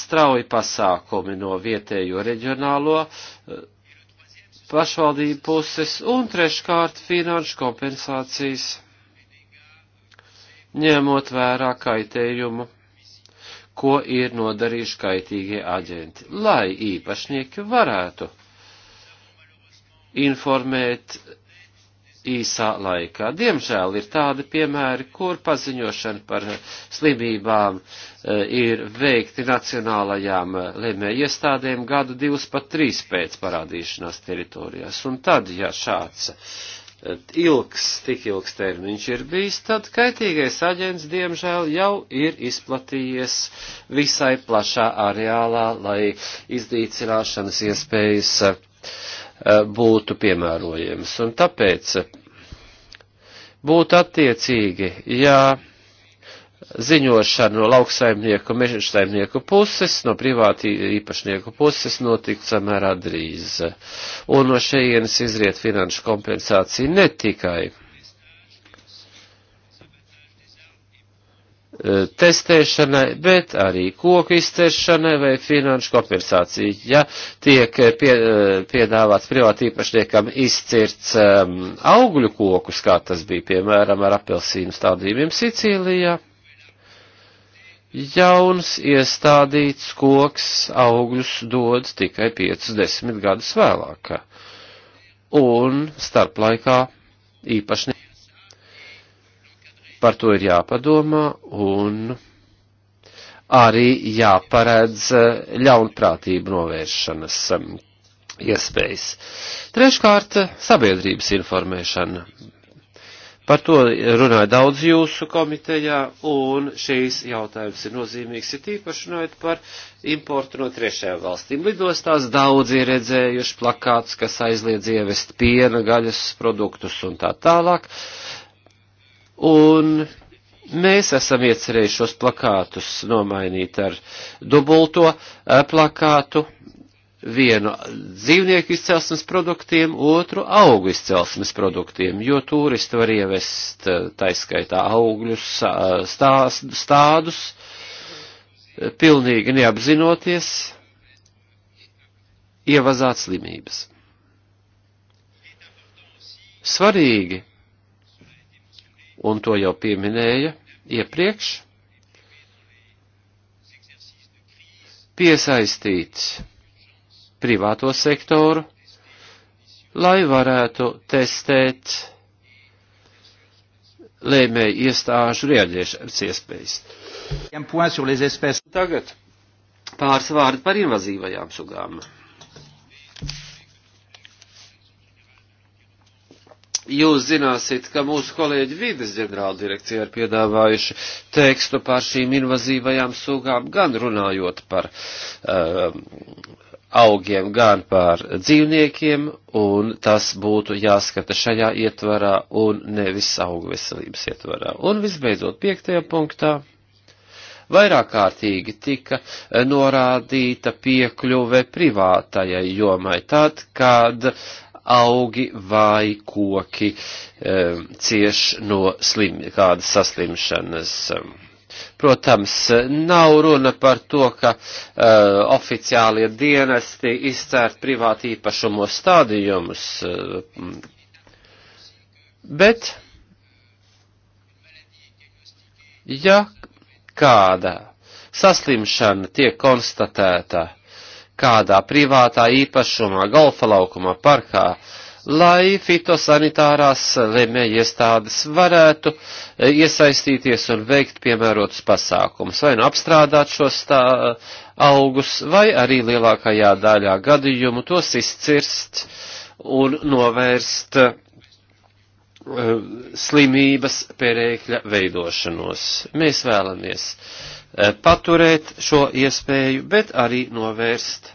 strauji pasākumi no vietējo reģionālo uh, pašvaldību puses un treškārt finanšu kompensācijas, ņemot vērā kaitējumu ko ir nodarījuši kaitīgie aģenti, lai īpašnieki varētu informēt īsā laikā. Diemžēl ir tādi piemēri, kur paziņošana par slimībām e, ir veikti nacionālajām lēmē iestādēm gadu divus pat trīs pēc parādīšanās teritorijās. Un tad, ja šāds e, ilgs, tik ilgs termiņš ir bijis, tad kaitīgais aģents, diemžēl, jau ir izplatījies visai plašā areālā, lai izdīcināšanas iespējas e, Eh, būtu piemērojams. Un tāpēc būtu attiecīgi, ja ziņošana no lauksaimnieku, mežsaimnieku puses, no privāti īpašnieku puses notiktu samērā drīz. Un no šejienes izriet finanšu kompensācija ne tikai E, testēšanai, bet arī koku izcēršanai vai finanšu kompensāciju. Ja tiek e, pie, e, piedāvāts privāti īpašniekam izcirts um, augļu kokus, kā tas bija piemēram ar apelsīnu stādījumiem Sicīlijā, jauns iestādīts koks augļus dod tikai 50 gadus vēlāk. Un starp laikā īpašnieks Par to ir jāpadomā un arī jāparedz eh, ļaunprātību novēršanas eh, iespējas. Treškārt, eh, sabiedrības informēšana. Par to runāja daudz jūsu komitejā, un šīs jautājums ir nozīmīgs, ir tīpaši runājot par importu no trešajām valstīm. Lidostās daudzi ir redzējuši plakāts, kas aizliedz ievest piena, gaļas produktus un tā tālāk. Uh, Un mēs esam iecerējuši šos plakātus nomainīt ar dubulto e, plakātu, vienu dzīvnieku izcelsmes produktiem, otru augu izcelsmes produktiem, jo turisti var ievest e, taiskaitā augļus, e, stās, stādus, pilnīgi neapzinoties, ievazāt slimības. Svarīgi un to jau pieminēja iepriekš, piesaistīt privāto sektoru, lai varētu testēt lēmēju iestāžu rieģiešanas iespējas. Tagad pāris vārdi par invazīvajām sugām. Jūs zināsiet, ka mūsu kolēģi vides ģenerāla direkcija ir piedāvājuši tekstu par šīm invazīvajām sugām, gan runājot par um, augiem, gan par dzīvniekiem, un tas būtu jāskata šajā ietvarā un nevis augu veselības ietvarā. Un visbeidzot, piektajā punktā vairāk kārtīgi tika eh, norādīta piekļuve privātajai jomai tad, kad augi vai koki um, cieš no slim, kādas saslimšanas. Protams, nav runa par to, ka uh, oficiālie dienesti izcērt privāti īpašumu stādījumus, uh, bet, ja kāda saslimšana tiek konstatēta kādā privātā īpašumā, golfa laukumā, parkā, lai fitosanitārās lemēja iestādes varētu e, iesaistīties un veikt piemērotus pasākumus, vai nu apstrādāt šos tā, augus, vai arī lielākajā daļā gadījumu tos izcirst un novērst e, slimības perēkļa veidošanos. Mēs vēlamies Eh, paturēt šo iespēju, bet arī novērst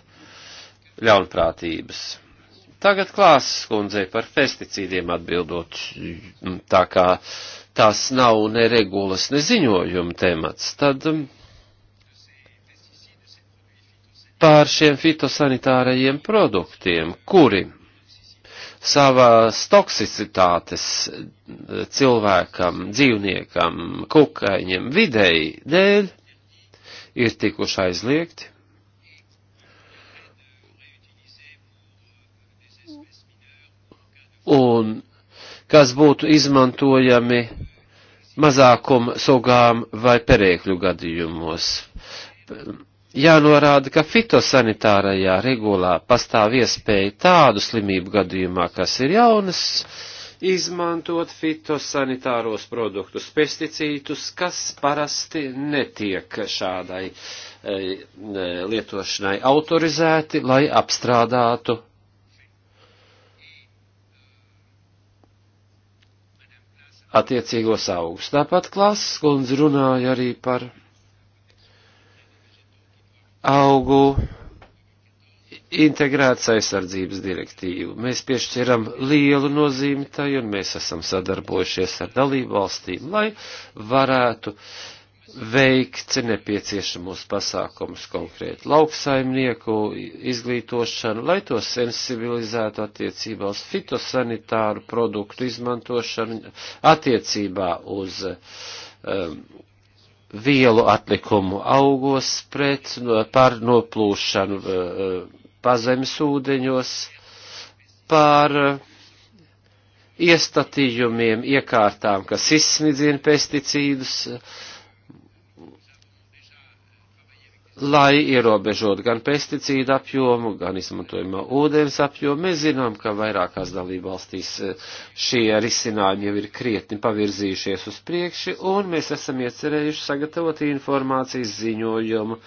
ļaunprātības. Tagad klāsas kundzei par pesticīdiem atbildot, mm, tā kā tās nav ne regulas, ne ziņojuma temats, tad mm, pār šiem fitosanitārajiem produktiem, kuri savas toksicitātes eh, cilvēkam, dzīvniekam, kukaiņiem, videi dēļ ir tikuši aizliegti. Un kas būtu izmantojami mazākuma sugām vai perēkļu gadījumos. Jānorāda, ka fitosanitārajā regulā pastāv iespēja tādu slimību gadījumā, kas ir jaunas, uh, izmantot fitosanitāros produktus, pesticītus, kas parasti netiek šādai eh, eh, lietošanai autorizēti, lai apstrādātu attiecīgos augus. Tāpat klases kundze runāja arī par augu integrētas aizsardzības direktīvu. Mēs piešķiram lielu nozīmi tai, un mēs esam sadarbojušies ar dalību valstīm, lai varētu veikt nepieciešamos pasākumus konkrēti lauksaimnieku izglītošanu, lai to sensibilizētu attiecībā uz fitosanitāru produktu izmantošanu, attiecībā uz um, vielu atlikumu augos pret no, pārnoplūšanu. Uh, uh pazemes ūdeņos, par eh, iestatījumiem, iekārtām, kas izsmidzina pesticīdus, lai ierobežot gan pesticīdu apjomu, gan izmantojumā ūdens apjomu. Mēs zinām, ka vairākās dalībvalstīs eh, šie risinājumi jau ir krietni pavirzījušies uz priekši, un mēs esam iecerējuši sagatavot informācijas ziņojumu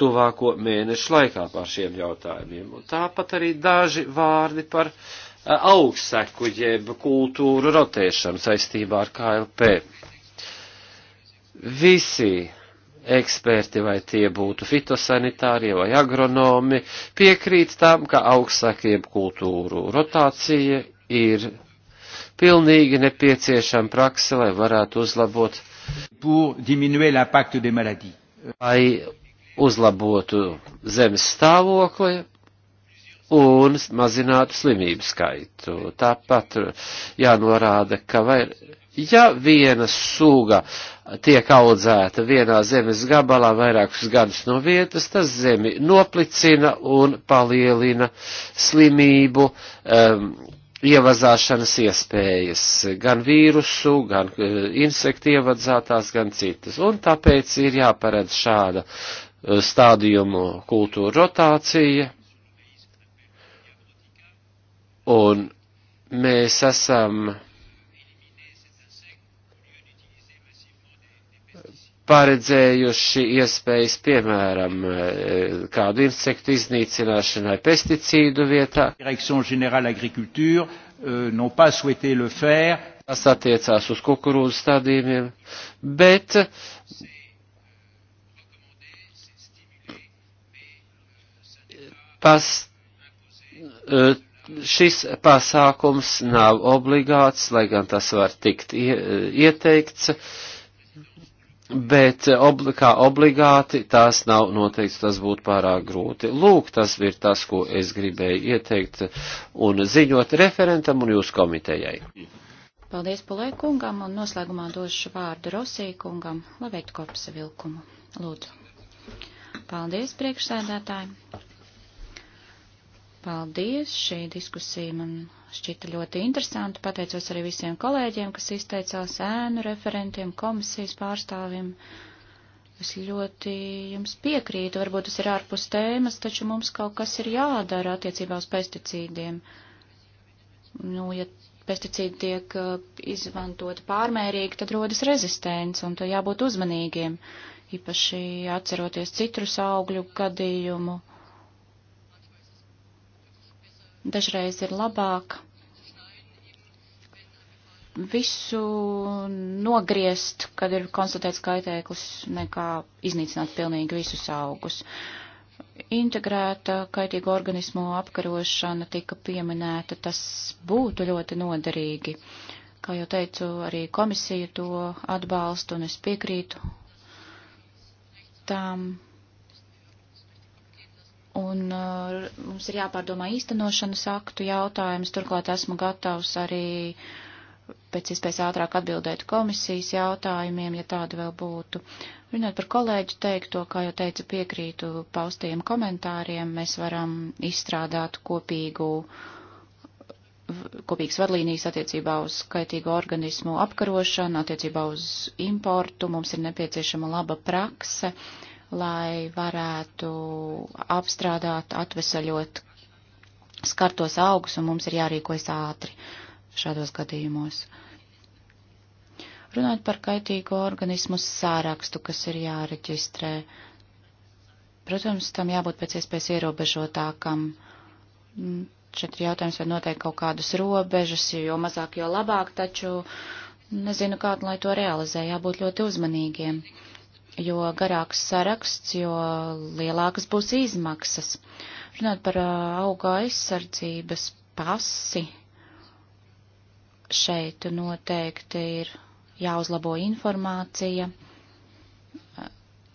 tuvāko mēnešu laikā par šiem jautājumiem. Un tāpat arī daži vārdi par eh, augstseku jeb kultūru rotēšanu saistībā ar KLP. Visi eksperti, vai tie būtu fitosanitārie vai agronomi, piekrīt tam, ka augstsakiem kultūru rotācija ir pilnīgi nepieciešama praksa, lai varētu uzlabot. Lai uzlabotu zemes stāvokli un mazinātu slimību skaitu. Tāpat jānorāda, ka vai, ja viena suga tiek audzēta vienā zemes gabalā vairākus gadus no vietas, tas zemi noplicina un palielina slimību um, ievazāšanas iespējas, gan vīrusu, gan uh, insektu ievadzātās, gan citas. Un tāpēc ir jāparedz šāda stādījumu kultūra rotācija, un mēs esam paredzējuši iespējas, piemēram, kādu insektu iznīcināšanai pesticīdu vietā. Euh, Tas attiecās uz kukurūzu stādījumiem, bet pas, e, šis pasākums nav obligāts, lai gan tas var tikt e, ieteikts, bet obli, kā obligāti tās nav noteikts, tas būtu pārāk grūti. Lūk, tas ir tas, ko es gribēju ieteikt un ziņot referentam un jūsu komitejai. Paldies Pulē kungam un noslēgumā došu vārdu Rosī kungam, lai veiktu kopsa vilkumu. Lūdzu. Paldies priekšsēdētāji. Paldies! Šī diskusija man šķita ļoti interesanta. Pateicos arī visiem kolēģiem, kas izteicās ēnu referentiem, komisijas pārstāvim. Es ļoti jums piekrītu, varbūt tas ir ārpus tēmas, taču mums kaut kas ir jādara attiecībā uz pesticīdiem. Nu, ja pesticīdi tiek uh, izmantoti pārmērīgi, tad rodas rezistents, un to jābūt uzmanīgiem, īpaši atceroties citrus augļu gadījumu dažreiz ir labāk visu nogriezt, kad ir konstatēts kaitēklis, nekā iznīcināt pilnīgi visus augus. Integrēta kaitīgu organismu apkarošana tika pieminēta, tas būtu ļoti noderīgi. Kā jau teicu, arī komisija to atbalsta un es piekrītu tām Un uh, mums ir jāpārdomā īstenošanas aktu jautājums. Turklāt esmu gatavs arī pēc iespējas ātrāk atbildēt komisijas jautājumiem, ja tāda vēl būtu. Runāt par kolēģu teikto, kā jau teicu, piekrītu paustajiem komentāriem. Mēs varam izstrādāt kopīgu uh, kopīgas vadlīnijas attiecībā uz skaitīgo organismu apkarošanu, attiecībā uz importu, mums ir nepieciešama laba prakse, lai varētu apstrādāt, atvesaļot skartos augus, un mums ir jārīkojas ātri šādos gadījumos. Runāt par kaitīgo organismu sārakstu, kas ir jāreģistrē. Protams, tam jābūt pēc iespējas ierobežotākam. Mm, šeit ir jautājums, vai noteikti kaut kādas robežas, jo mazāk, jo labāk, taču nezinu, kā lai to realizē, jābūt ļoti uzmanīgiem jo garāks saraksts, jo lielākas būs izmaksas. Runāt par uh, auga aizsardzības pasi, šeit noteikti ir jāuzlabo informācija. Uh,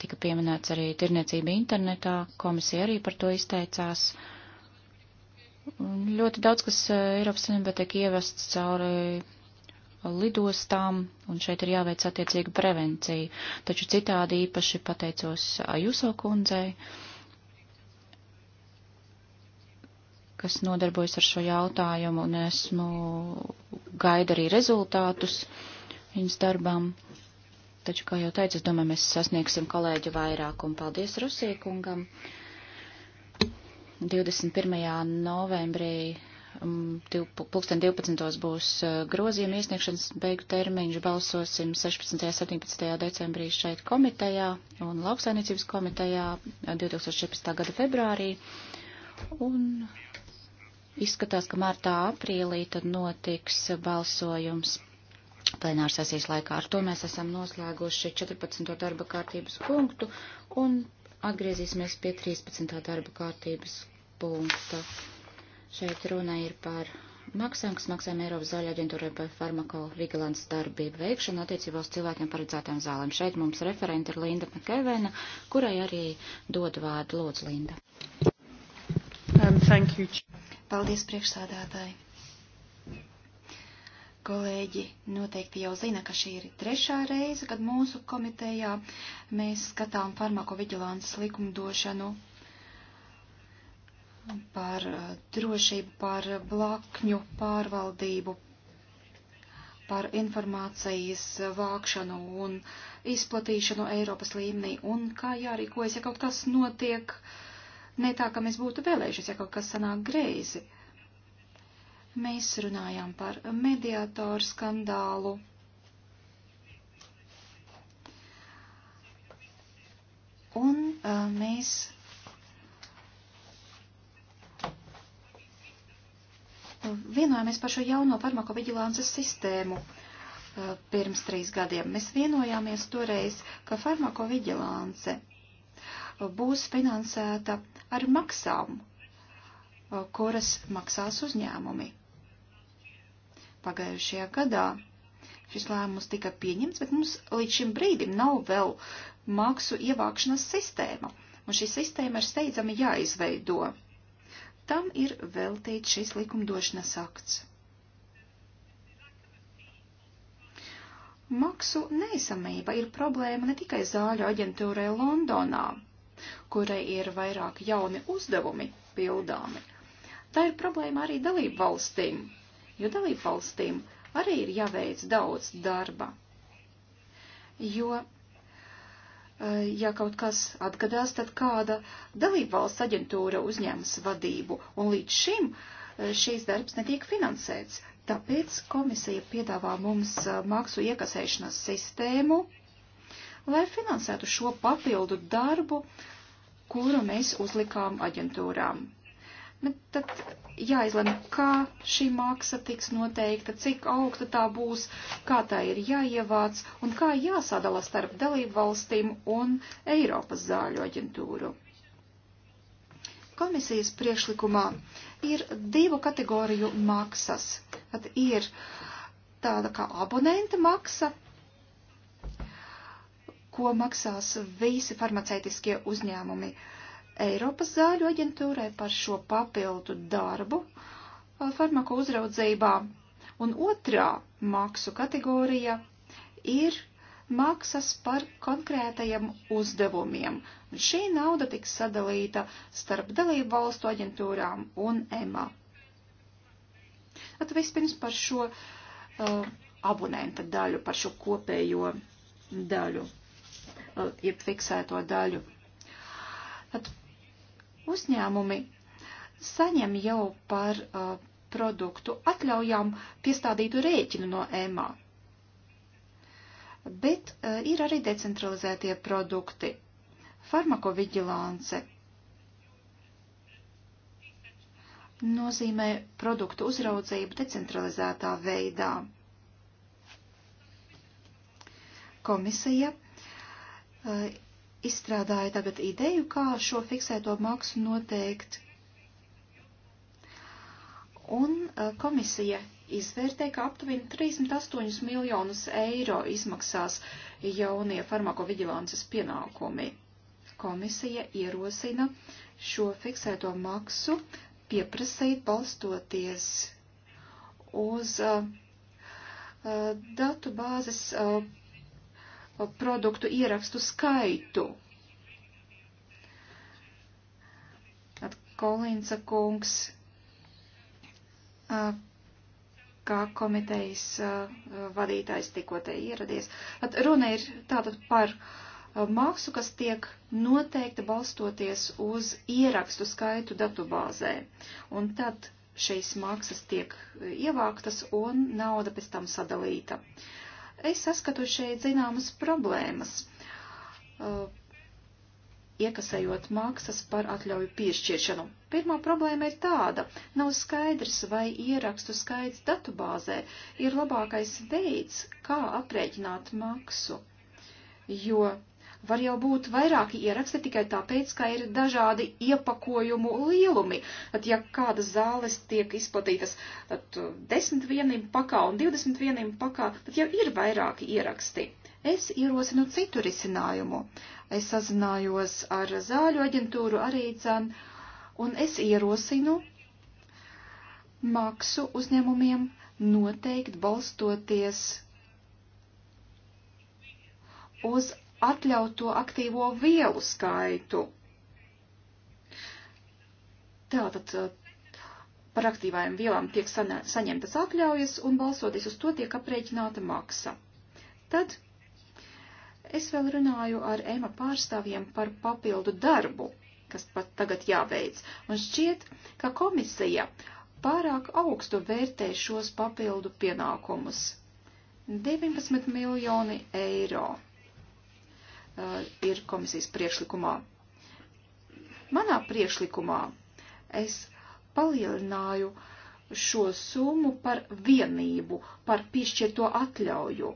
tika pieminēts arī tirniecība internetā, komisija arī par to izteicās. Ļoti daudz, kas uh, Eiropas Savienībā tiek ievests cauri lidostām, un šeit ir jāveic attiecīga prevencija. Taču citādi īpaši pateicos Juso kundzei, kas nodarbojas ar šo jautājumu, un esmu gaida arī rezultātus viņas darbām. Taču, kā jau teicu, es domāju, mēs sasniegsim kolēģu vairākumu. Paldies Rusīkungam! 21. novembrī Um, pulksten 12. būs uh, grozījuma iesniegšanas beigu termiņš. Balsosim 16. un 17. decembrī šeit komitejā un lauksainiecības komitejā 2014. Uh, gada februārī. Un izskatās, ka martā aprīlī tad notiks balsojums plenāra sesijas laikā. Ar to mēs esam noslēguši 14. darba kārtības punktu un atgriezīsimies pie 13. darba kārtības punkta. Šeit runa ir par maksām, kas maksājam Eiropas zāļu aģentūrai par farmakovigilants darbību veikšanu attiecībā uz cilvēkiem paredzētām zālēm. Šeit mums referenta ir Linda Makevena, kurai arī dod vārdu Lūdzu Linda. Um, thank you. Paldies priekšsādātāji. Kolēģi noteikti jau zina, ka šī ir trešā reize, kad mūsu komitejā mēs skatām farmakovigilants likumdošanu par eh, drošību, par blakņu pārvaldību, par informācijas vākšanu un izplatīšanu Eiropas līmenī un kā jārīkojas, ja kaut kas notiek ne tā, ka mēs būtu vēlējušies, ja kaut kas sanāk greizi. Mēs runājām par mediātoru skandālu. Un uh, mēs vienojamies par šo jauno farmakoviģilances sistēmu uh, pirms trīs gadiem. Mēs vienojāmies toreiz, ka farmakoviģilance uh, būs finansēta ar maksām, uh, kuras maksās uzņēmumi. Pagājušajā gadā šis lēmums tika pieņemts, bet mums līdz šim brīdim nav vēl maksu ievākšanas sistēma, un šī sistēma ir steidzami jāizveido. Tam ir veltīts šis likumdošanas akts. Maksu neizsamība ir problēma ne tikai zāļu aģentūrai Londonā, kurai ir vairāk jauni uzdevumi pildāmi. Tā ir problēma arī dalību valstīm, jo dalību valstīm arī ir jāveic daudz darba. Jo Eh, ja kaut kas atgadās, tad kāda dalībvalsts aģentūra uzņēmas vadību, un līdz šim eh, šīs darbs netiek finansēts. Tāpēc komisija piedāvā mums eh, maksu iekasēšanas sistēmu, lai finansētu šo papildu darbu, kuru mēs uzlikām aģentūrām. Bet tad jāizlem, kā šī maksa tiks noteikta, cik augsta tā būs, kā tā ir jāievāc un kā jāsadala starp dalību valstīm un Eiropas zāļu aģentūru. Komisijas priekšlikumā ir divu kategoriju maksas. Tad ir tāda kā abonenta maksa, ko maksās visi farmaceitiskie uzņēmumi. Uh, Eiropas zāļu aģentūrai par šo papildu darbu uh, farmako uzraudzībā. Un otrā maksu kategorija ir maksas par konkrētajiem uzdevumiem, un šī nauda tiks sadalīta starp dalību valstu aģentūrām un EMA. Tad vispirms par šo uh, abonenta daļu, par šo kopējo daļu, uh, jeb fiksēto daļu. Tad Uzņēmumi saņem jau par uh, produktu atļaujām piestādītu rēķinu no EMA. Bet uh, ir arī decentralizētie produkti - farmakovigilance. Nozīmē produktu uzraudzību decentralizētā veidā. Komisija uh, izstrādāja tagad ideju, kā šo fiksēto maksu noteikt. Un eh, komisija izvērtē, ka aptuveni 38 miljonus eiro izmaksās jaunie farmakoviģilances pienākumi. Komisija ierosina šo fiksēto maksu pieprasīt balstoties uz uh, uh, datu bāzes uh, produktu ierakstu skaitu. Tad Kolinsa kungs, kā komitejas vadītājs tikko te ieradies. Tad runa ir tātad par maksu, kas tiek noteikta balstoties uz ierakstu skaitu datubāzē. Un tad šīs maksas tiek ievāktas un nauda pēc tam sadalīta. Uh, Es saskatu šeit zināmas problēmas, uh, iekasējot maksas par atļauju piešķiršanu. Pirmā problēma ir tāda, nav skaidrs, vai ierakstu skaits datubāzē ir labākais veids, kā aprēķināt maksu, jo Var jau būt vairāki ieraksti tikai tāpēc, ka ir dažādi iepakojumu lielumi. Tad, ja kādas zāles tiek izplatītas tad 10 uh, vienību pakā un 20 vienību pakā, tad jau ir vairāki ieraksti. Es ierosinu citu risinājumu. Es sazinājos ar zāļu aģentūru arī dzan, un es ierosinu maksu uzņēmumiem noteikt balstoties uz atļautu aktīvo vielu skaitu. Tātad eh, par aktīvajām vielām tiek saņemtas atļaujas un balsoties uz to tiek aprēķināta maksa. Tad es vēl runāju ar EMA pārstāvjiem par papildu darbu, kas pat tagad jāveic. Un šķiet, ka komisija pārāk augstu vērtē šos papildu pienākumus. 19 miljoni eiro. Uh, ir komisijas priekšlikumā. Manā priekšlikumā es palielināju šo summu par vienību, par piešķirto atļauju,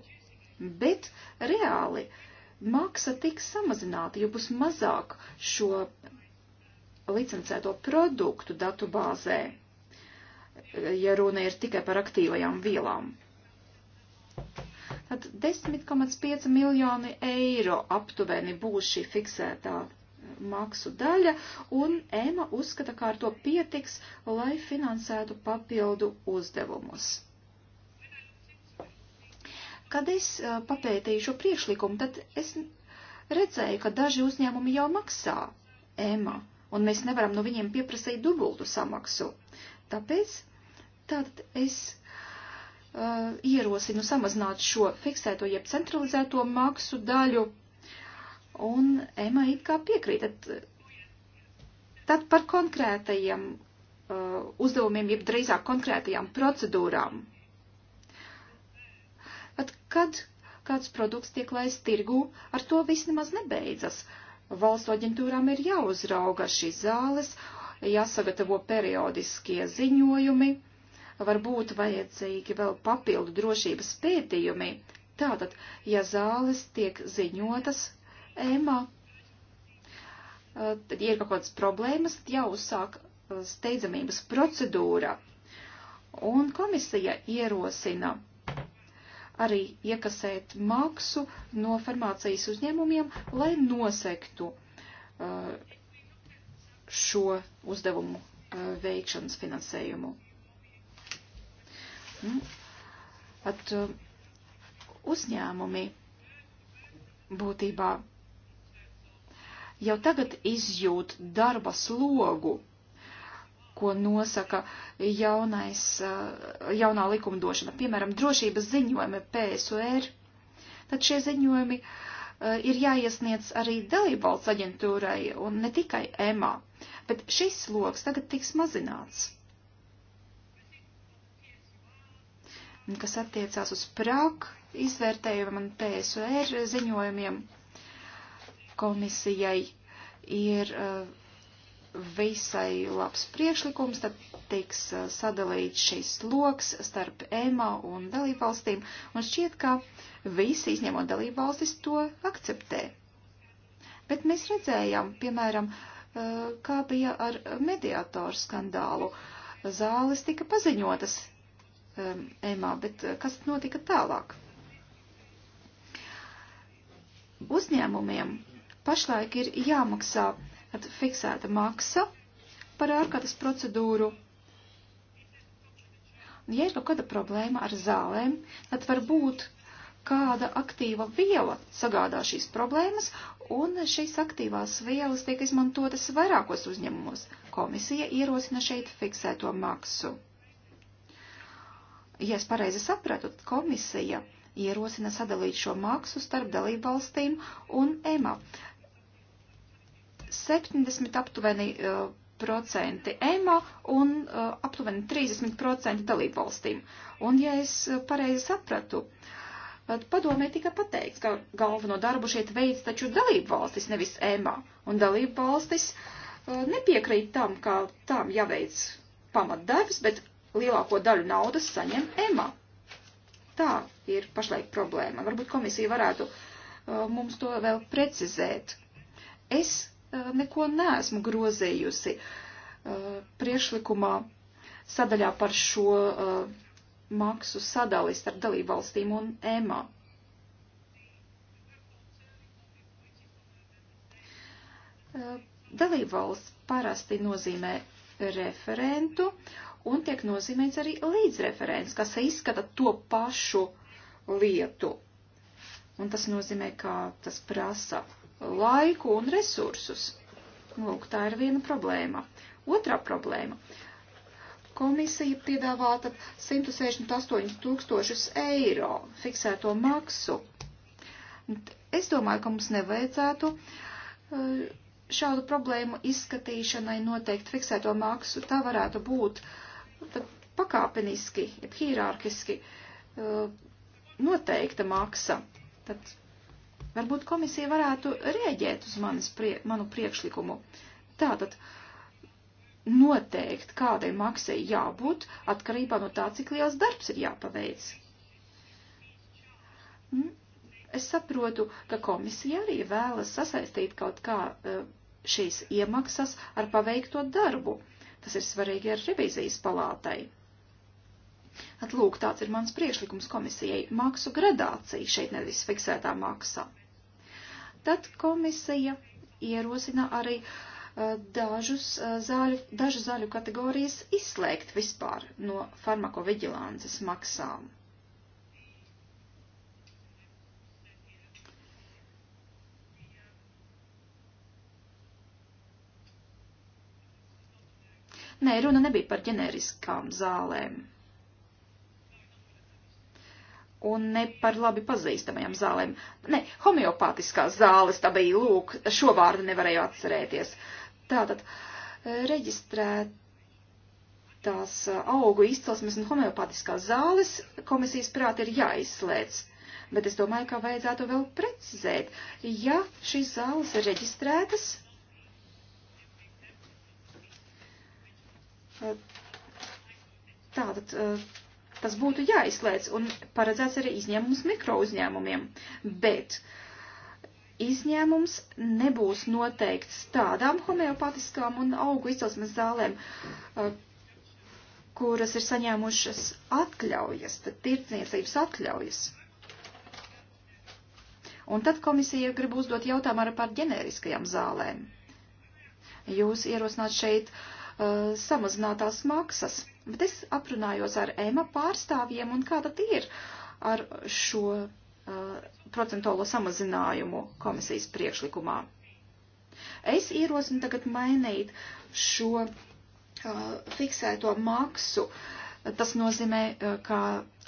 bet reāli maksa tiks samazināta, jo būs mazāk šo licencēto produktu datubāzē, ja runa ir tikai par aktīvajām vielām. Tad 10,5 miljoni eiro aptuveni būs šī fiksētā eh, maksu daļa, un ēma uzskata, ka ar to pietiks, lai finansētu papildu uzdevumus. Kad es eh, papētīju šo priekšlikumu, tad es redzēju, ka daži uzņēmumi jau maksā ēma, un mēs nevaram no viņiem pieprasīt dubultu samaksu. Tāpēc tātad es Uh, ierosinu samazināt šo fiksēto jeb centralizēto maksu daļu, un Ema it kā piekrīt. Tad, tad par konkrētajiem uh, uzdevumiem, jeb drīzāk konkrētajām procedūrām. Tad, kad kāds produkts tiek laists tirgū, ar to viss nemaz nebeidzas. Valstu aģentūrām ir jāuzrauga šīs zāles, jāsagatavo periodiskie ziņojumi, varbūt vajadzīgi vēl papildu drošības pētījumi. Tātad, ja zāles tiek ziņotas ēmā, eh, tad ir kaut kādas problēmas, tad jau uzsāk eh, steidzamības procedūra. Un komisija ierosina arī iekasēt maksu no farmācijas uzņēmumiem, lai nosektu eh, šo uzdevumu veikšanas finansējumu. Nu, pat uh, uzņēmumi būtībā jau tagad izjūt darba slogu, ko nosaka jaunais, uh, jaunā likumdošana, piemēram, drošības ziņojumi PSUR, tad šie ziņojumi uh, ir jāiesniedz arī dalībvalsts aģentūrai un ne tikai EMA, bet šis sloks tagad tiks mazināts. kas attiecās uz PRAK izvērtējumam un PSR ziņojumiem. Komisijai ir uh, visai labs priekšlikums, tad tiks uh, sadalīts šis loks starp EMA un dalībvalstīm, un šķiet, ka visi izņemot dalībvalstis to akceptē. Bet mēs redzējām, piemēram, uh, kā bija ar mediātoru skandālu. Zāles tika paziņotas Um, EMA, bet uh, kas notika tālāk? Uzņēmumiem pašlaik ir jāmaksā fiksēta maksa par ārkārtas procedūru. Ja ir kaut kāda problēma ar zālēm, tad varbūt kāda aktīva viela sagādā šīs problēmas, un šīs aktīvās vielas tiek izmantotas vairākos uzņēmumos. Komisija ierosina šeit fiksēto maksu. Ja es pareizi sapratu, komisija ierosina sadalīt šo maksu starp dalību valstīm un EMA. 70 aptuveni uh, procenti EMA un uh, aptuveni 30 procenti dalību valstīm. Un ja es pareizi sapratu, padomē tika pateikts, ka galveno darbu šeit veids taču dalību valstis, nevis EMA. Un dalību valstis uh, nepiekrīt tam, ka tām jāveic pamatdarbs, bet lielāko daļu naudas saņem EMA. Tā ir pašlaik problēma. Varbūt komisija varētu uh, mums to vēl precizēt. Es uh, neko neesmu grozējusi uh, priešlikumā sadaļā par šo uh, maksu sadali starp dalībvalstīm un EMA. Uh, Dalībvalsts parasti nozīmē referentu, uh, un tiek nozīmēts arī līdzreferents, kas izskata to pašu lietu. Un tas nozīmē, ka tas prasa laiku un resursus. Lūk, tā ir viena problēma. Otra problēma. Komisija piedāvāta 168 tūkstošus eiro fiksēto maksu. Es domāju, ka mums nevajadzētu eh, šādu problēmu izskatīšanai noteikti fiksēto maksu. Tā varētu būt uh, tad pakāpeniski, jeb hierarkiski eh, noteikta maksa. Tad varbūt komisija varētu rēģēt uz manis, prie, manu priekšlikumu. Tātad noteikt, kādai maksai jābūt atkarībā no tā, cik liels darbs ir jāpaveic. Mm, es saprotu, ka komisija arī vēlas sasaistīt kaut kā eh, šīs iemaksas ar paveikto darbu. Uh, Tas ir svarīgi ar revīzijas palātai. Atlūk, tāds ir mans priešlikums komisijai - maksu gradācija, šeit nevis fiksētā maksā. Tad komisija ierosina arī uh, dažus, uh, zāļu, dažu zaļu kategorijas izslēgt vispār no farmakoviģilances maksām. Nē, runa nebija par ģeneriskām zālēm. Un ne par labi pazīstamajām zālēm. Nē, homeopātiskās zāles, tā bija lūk, šo vārdu nevarēju atcerēties. Tātad, eh, reģistrēt tās eh, augu izcelsmes un homeopātiskās zāles komisijas prāt ir jāizslēdz. Bet es domāju, ka vajadzētu vēl precizēt, ja šīs zāles ir reģistrētas, Tātad eh, tas būtu jāizslēdz un paredzēts arī izņēmums mikro uzņēmumiem, bet izņēmums nebūs noteikts tādām homeopatiskām un augu izcelsmes zālēm, eh, kuras ir saņēmušas atļaujas, tad tirdzniecības atļaujas. Un tad komisija grib uzdot jautājumu arī par ģeneriskajām zālēm. Jūs ierosināt šeit uh, uh, samazinātās maksas. Bet es aprunājos ar EMA pārstāvjiem un kāda tie ir ar šo uh, procentuālo samazinājumu komisijas priekšlikumā. Es ierosinu tagad mainīt šo uh, fiksēto maksu. Tas nozīmē, uh, ka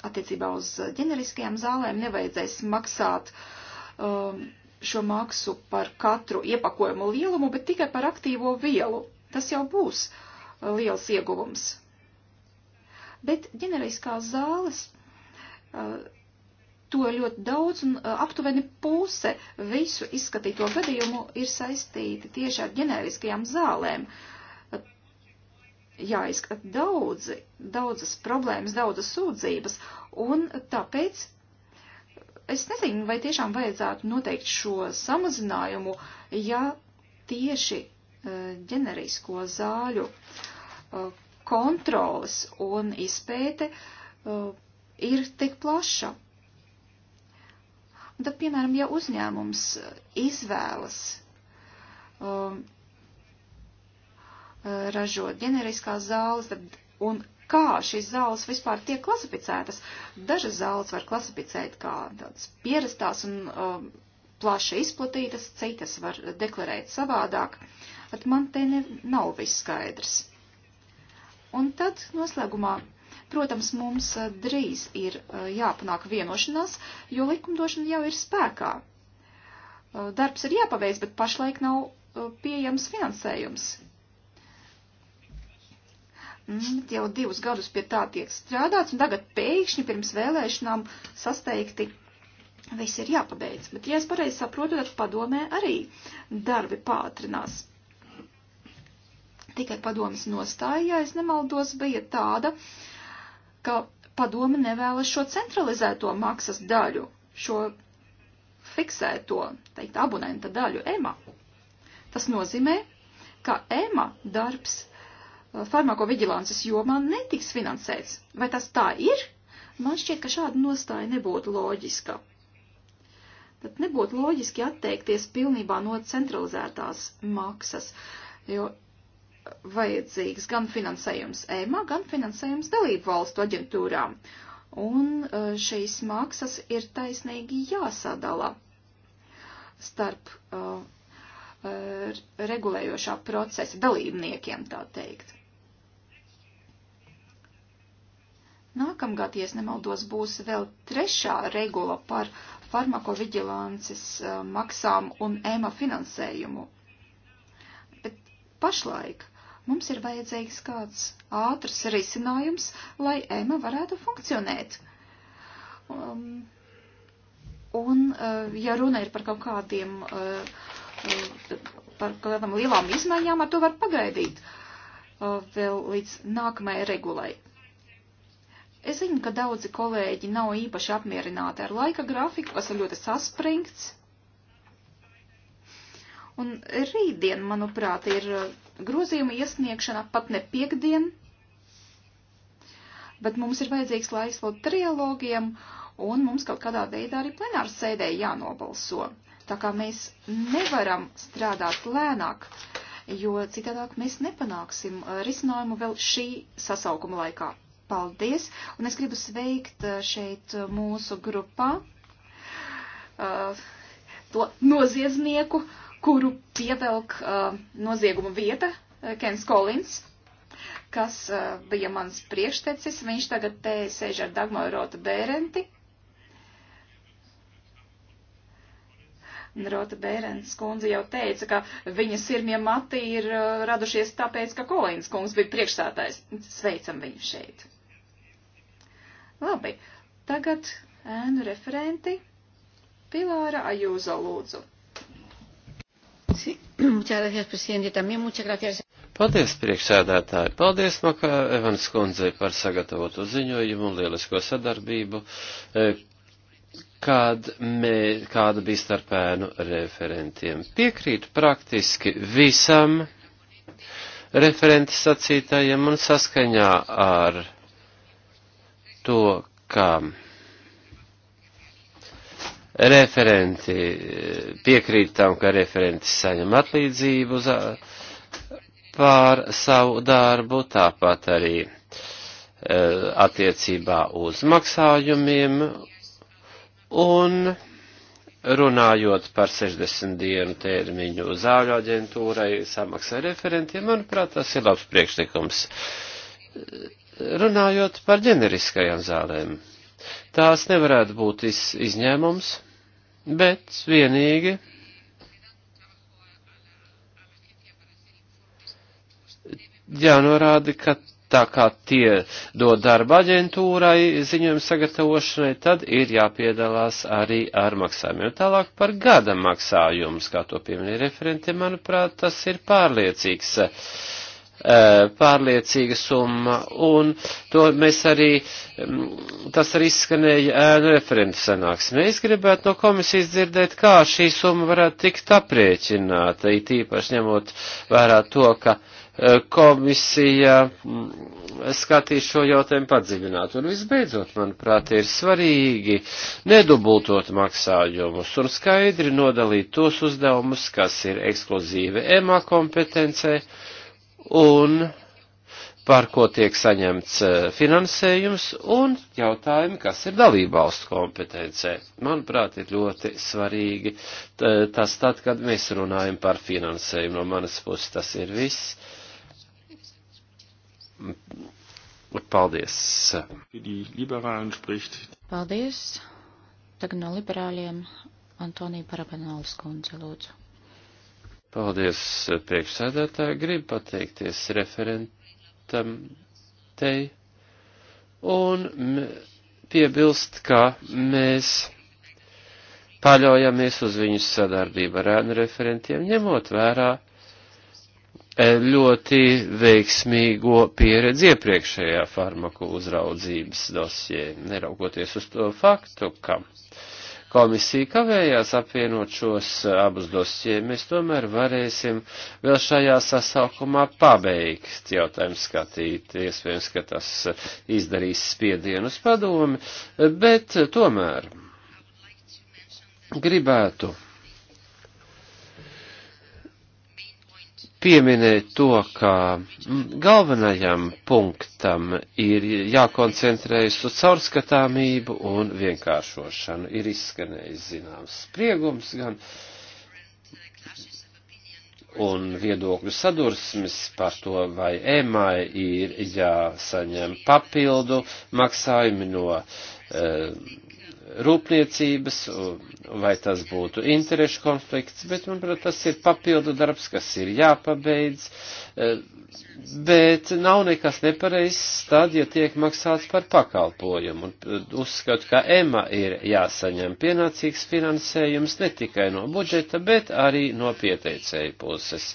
attiecībā uz ģeneriskajām zālēm nevajadzēs maksāt um, šo maksu par katru iepakojumu lielumu, bet tikai par aktīvo vielu. Tas jau būs uh, liels ieguvums. Bet ģeneriskās zāles, uh, to ļoti daudz un uh, aptuveni puse visu izskatīto gadījumu ir saistīti tieši ar ģeneriskajām zālēm. Jāizskat daudzi, daudzas problēmas, daudzas sūdzības, un tāpēc es nezinu, vai tiešām vajadzētu noteikt šo samazinājumu, ja tieši Uh, ģenerisko zāļu uh, kontrolas un izpēte uh, ir tik plaša. Un tad, piemēram, ja uzņēmums izvēlas um, ražot ģeneriskās zāles, tad, un kā šīs zāles vispār tiek klasificētas, dažas zāles var klasificēt kā tādas pierastās un um, plaši izplatītas, citas var deklarēt savādāk. Uh, bet man te ne, nav viss skaidrs. Un tad noslēgumā, protams, mums eh, drīz ir eh, jāpanāk vienošanās, jo likumdošana jau ir spēkā. Eh, darbs ir jāpaveic, bet pašlaik nav pieejams finansējums. Mm, jau divus gadus pie tā tiek strādāts, un tagad pēkšņi pirms vēlēšanām sasteigti viss ir jāpabeidz. Bet, ja es pareizi saprotu, tad padomē arī darbi pātrinās. Tikai padomas nostāja, ja es nemaldos, bija tāda, ka padome nevēlas šo centralizēto maksas daļu, šo fiksēto, teikt, abonenta daļu EMA. Tas nozīmē, ka EMA darbs uh, farmakoviģilances jomā netiks finansēts. Vai tas tā ir? Man šķiet, ka šāda nostāja nebūtu loģiska. Tad nebūtu loģiski atteikties pilnībā no centralizētās maksas, jo vajadzīgs gan finansējums EMA, gan finansējums dalību valstu aģentūrām. Un eh, šīs maksas ir taisnīgi jāsadala starp uh, regulējošā procesa dalībniekiem, tā teikt. Nākamgad, ja nemaldos, būs vēl trešā regula par farmakoviģilances eh, maksām un ēma finansējumu. Pašlaik mums ir vajadzīgs kāds ātrs risinājums, lai ēma varētu funkcionēt. Um, un, uh, ja runa ir par kaut kādiem, uh, uh par kādām lielām izmaiņām, ar to var pagaidīt uh, vēl līdz nākamajai regulai. Es zinu, ka daudzi kolēģi nav īpaši apmierināti ar laika grafiku, kas ir ļoti saspringts. Un rītdien, manuprāt, ir uh, grozījuma iesniegšana pat ne piekdien, bet mums ir vajadzīgs laiks vēl trilogiem, un mums kaut kādā veidā arī plenārs sēdē jānobalso. Tā kā mēs nevaram strādāt lēnāk, jo citādāk mēs nepanāksim uh, risinājumu vēl šī sasaukuma laikā. Paldies, un es gribu sveikt uh, šeit mūsu grupā uh, to noziedznieku, uh, kuru pievelk uh, nozieguma vieta uh, Kens Kolins, kas uh, bija mans priekštecis. Viņš tagad te sēž ar Dagmar Rota Bērenti. Rota Bērens kundze jau teica, ka viņas sirmie mati ir uh, radušies tāpēc, ka Kolins kungs bija priekšsātājs. Sveicam viņu šeit. Labi, tagad ēnu referenti Pilāra Ajūza lūdzu. Sí. Gracias, presidente. También muchas gracias. Paldies, priekšsēdētāji. Paldies, Maka Evans kundzei par sagatavotu ziņojumu un lielisko sadarbību, e, kād mē, kāda bija starp ēnu referentiem. Piekrītu praktiski visam referenti sacītajiem un saskaņā ar to, kā referenti piekrīt tam, ka referenti saņem atlīdzību za, pār savu darbu, tāpat arī e, attiecībā uz maksājumiem un runājot par 60 dienu termiņu zāļu aģentūrai samaksā referentiem, manuprāt, tas ir labs priekšlikums. Runājot par ģeneriskajām zālēm, tās nevarētu būt iz, izņēmums bet vienīgi jānorāda, ka tā kā tie dod darba aģentūrai ziņojumu sagatavošanai, tad ir jāpiedalās arī ar maksājumiem. Tālāk par gada maksājumus, kā to pieminēja referenti, manuprāt, tas ir pārliecīgs. Uh, E, pārliecīga summa, un to mēs arī, tas arī skanēja ēnu referentu sanāksmē. Es gribētu no komisijas dzirdēt, kā šī summa varētu tikt aprēķināta, it īpaši ņemot vērā to, ka e, komisija skatīs šo jautājumu padziļināt. Un visbeidzot, manuprāt, ir svarīgi nedubultot maksājumus un skaidri nodalīt tos uzdevumus, kas ir ekskluzīvi EMA kompetencē, uh, un par ko tiek saņemts eh, finansējums un jautājumi, kas ir dalībvalstu kompetencē. Manuprāt, ir ļoti svarīgi eh, tas tad, kad mēs runājam par finansējumu. No manas puses tas ir viss. Mm, paldies. Paldies. Tagad no liberāļiem Antonija Parabanovs kundze lūdzu. Paldies, priekšsēdētāji. Gribu pateikties referentam tei un piebilst, ka mēs paļaujamies uz viņu sadarbību ar ēnu referentiem, ņemot vērā e, ļoti veiksmīgo pieredzi iepriekšējā farmaku uzraudzības dosjē, neraugoties uz to faktu, ka komisija kavējās apvienot šos eh, abus dosjē, mēs tomēr varēsim vēl šajā sasaukumā pabeigt jautājumu skatīt. Iespējams, ka tas eh, izdarīs spiedienu uz padomi, eh, bet tomēr gribētu pieminēt to, ka galvenajam punktam ir jākoncentrējas uz caurskatāmību un vienkāršošanu. Ir izskanējis zināms spriegums gan un viedokļu sadursmes par to, vai EMAI ir jāsaņem papildu maksājumi no. Uh, rūpniecības, vai tas būtu interešu konflikts, bet, manuprāt, tas ir papildu darbs, kas ir jāpabeidz, e, bet nav nekas nepareizs tad, ja tiek maksāts par pakalpojumu. Un uzskatu, ka EMA ir jāsaņem pienācīgs finansējums ne tikai no budžeta, bet arī no pieteicēju puses.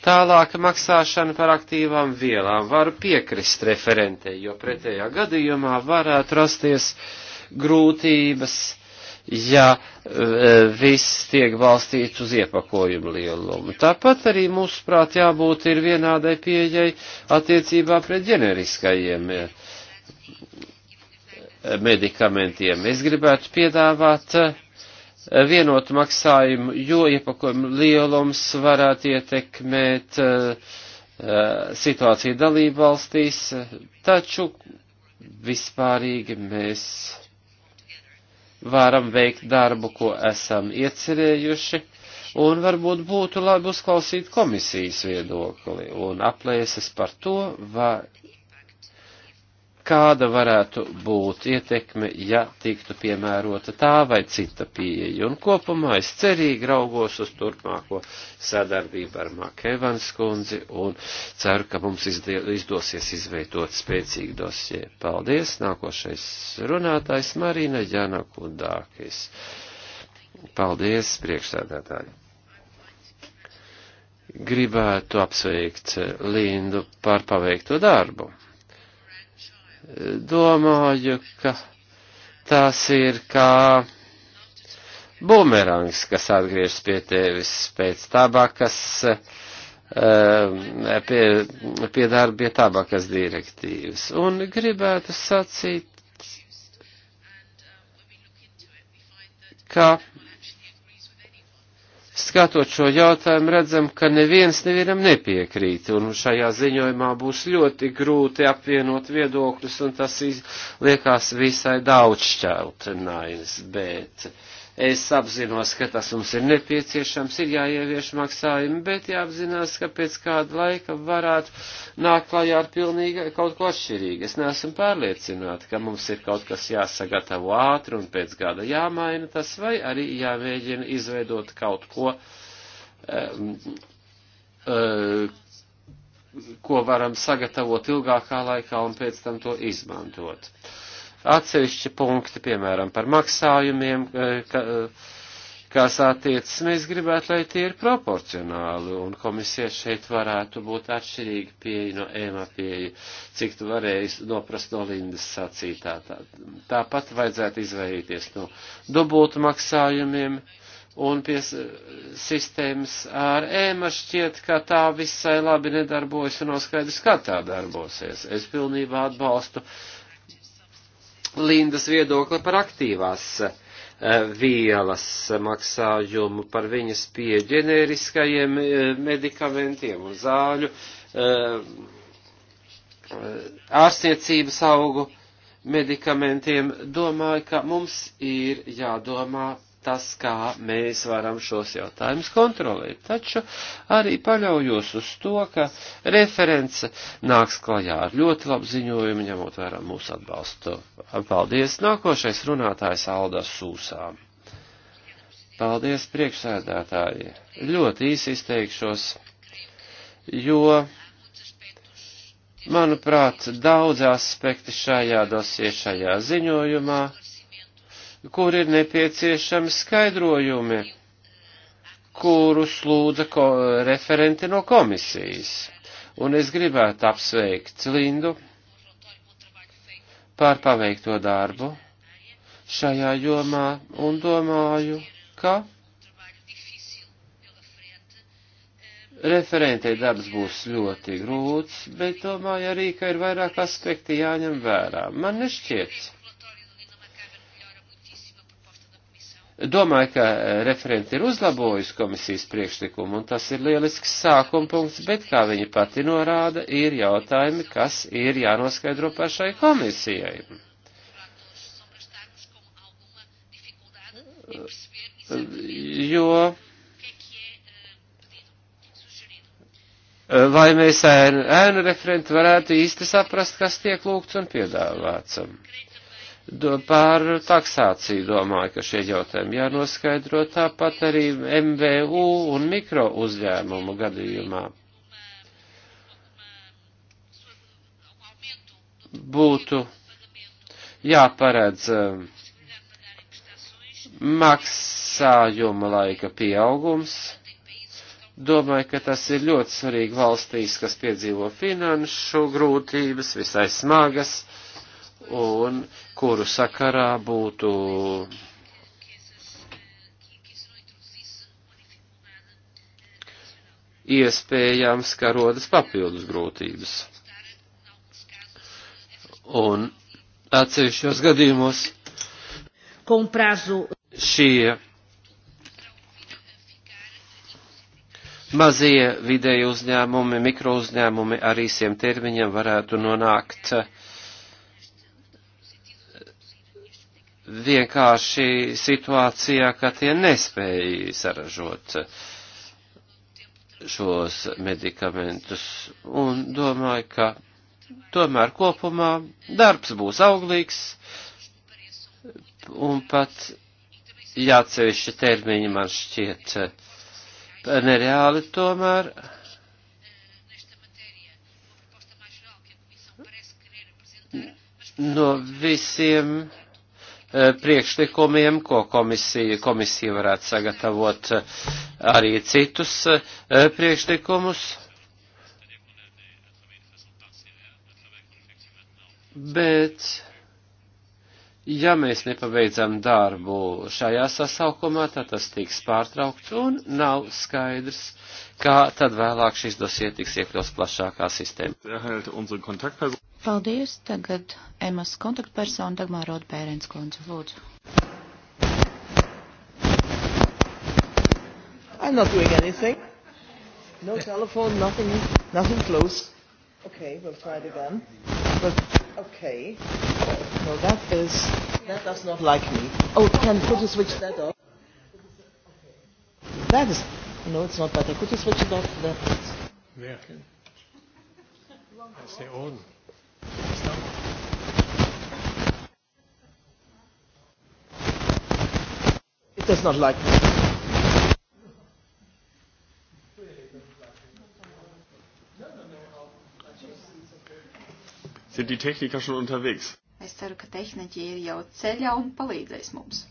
Tālāk maksāšana par aktīvām vielām varu piekrist referentei, jo pretējā gadījumā varētu rasties uh, grūtības, ja e, viss tiek balstīts uz iepakojumu lielumu. Tāpat arī mūsuprāt jābūt ir vienādai pieejai attiecībā pret ģeneriskajiem e, medikamentiem. Es gribētu piedāvāt e, vienotu maksājumu, jo iepakojumu lielums varētu ietekmēt situāciju dalību valstīs, taču vispārīgi mēs varam veikt darbu, ko esam iecerējuši, un varbūt būtu labi uzklausīt komisijas viedokli un aplēses par to, vai kāda varētu būt ietekme, ja tiktu piemērota tā vai cita pieeja. Un kopumā es cerīgi raugos uz turpmāko sadarbību ar Makēvans kundzi un ceru, ka mums izdosies izveidot spēcīgu dosie. Paldies! Nākošais runātājs Marina Jana Kundākis. Paldies, priekšsādātāji! Gribētu apsveikt Lindu par paveikto darbu domāju, ka tās ir kā bumerangs, kas atgriežas pie tevis pēc tabakas, ehm, pie, pie darba pie tabakas direktīvas. Un gribētu sacīt, ka skatot šo jautājumu, redzam, ka neviens nevienam nepiekrīt, un šajā ziņojumā būs ļoti grūti apvienot viedokļus, un tas liekas visai daudz šķeltnainis, bet. Uh, Es apzinos, ka tas mums ir nepieciešams, ir jāievieš maksājumi, bet jāapzinās, ka pēc kāda laika varētu nākt klajā ar pilnīgi kaut ko atšķirīgu. Es neesmu pārliecināta, ka mums ir kaut kas jāsagatavo ātri un pēc gada jāmaina tas, vai arī jāmēģina izveidot kaut ko, um, um, ko varam sagatavot ilgākā laikā un pēc tam to izmantot. Uh, atsevišķi punkti, piemēram, par maksājumiem, eh, ka, eh, kas attiecas, mēs gribētu, lai tie ir proporcionāli, un komisija šeit varētu būt atšķirīga pieeja no ēmā pieeja, cik tu varēji noprast no Lindas sacītā. Tā, tāpat vajadzētu izvairīties no dubultu maksājumiem, un pie sistēmas ar ēma šķiet, ka tā visai labi nedarbojas, un nav skaidrs, kā tā darbosies. Es pilnībā atbalstu Lindas viedokli par aktīvās eh, vielas maksājumu, par viņas pie ģeneriskajiem eh, medikamentiem un zāļu eh, ārstniecības augu medikamentiem, domāju, ka mums ir jādomā tas, kā mēs varam šos jautājumus kontrolēt. Taču arī paļaujos uz to, ka reference nāks klajā ar ļoti labu ziņojumu, ņemot vērā mūsu atbalstu. Paldies! Nākošais runātājs Alda Sūsā. Paldies, priekšsēdētāji! Ļoti īsi izteikšos, jo manuprāt, daudz aspekti šajā dosie, šajā ziņojumā kur ir nepieciešami skaidrojumi, kurus lūdza ko referenti no komisijas. Un es gribētu apsveikt Lindu par paveikto darbu šajā jomā un domāju, ka referentei darbs būs ļoti grūts, bet domāju arī, ka ir vairāk aspekti jāņem vērā. Man nešķiet Domāju, ka eh, referenti ir uzlabojusi komisijas priekšlikumu, un tas ir lielisks sākuma punkts, bet, kā viņa pati norāda, ir jautājumi, kas ir jānoskaidro pašai komisijai. Eh, jo eh, vai mēs ēnu, ēnu referenti varētu īsti saprast, kas tiek lūgts un piedāvāts do, par taksāciju domāju, ka šie jautājumi jānoskaidro tāpat arī MVU un mikro uzņēmumu gadījumā. Būtu jāparedz um, maksājuma laika pieaugums. Domāju, ka tas ir ļoti svarīgi valstīs, kas piedzīvo finanšu grūtības, visai smagas un kuru sakarā būtu iespējams, ka rodas papildus grūtības. Un atsevišķos gadījumos šie mazie vidēji uzņēmumi, mikro uzņēmumi ar īsiem termiņiem varētu nonākt uh, vienkārši situācijā, ka tie nespēja saražot šos medikamentus. Un domāju, ka tomēr kopumā darbs būs auglīgs un pat jācevišķi termiņi man šķiet nereāli tomēr. No visiem Eh, priekšlikumiem, ko komisija, komisija varētu sagatavot eh, arī citus eh, priekšlikumus. Bet, ja mēs nepabeidzam darbu šajā sasaukumā, tad tas tiks pārtraukts un nav skaidrs, kā tad vēlāk šis dosie tiks iekļauts plašākā sistēmā. Paldies. Tagad Emas kontaktpersona Dagmāra Rotbērens kundze. Lūdzu. I'm not doing anything. No telephone, nothing, nothing close. Okay, we'll try it again. But, okay. No, that is, that does not like me. Oh, can, could you switch that off? That is, no, it's not better. Could you switch it off? That is. Yeah. That's the old. It does not like me. Sind die Techniker schon unterwegs? Es ceru, ka tehniķi ir jau ceļā un palīdzēs mums.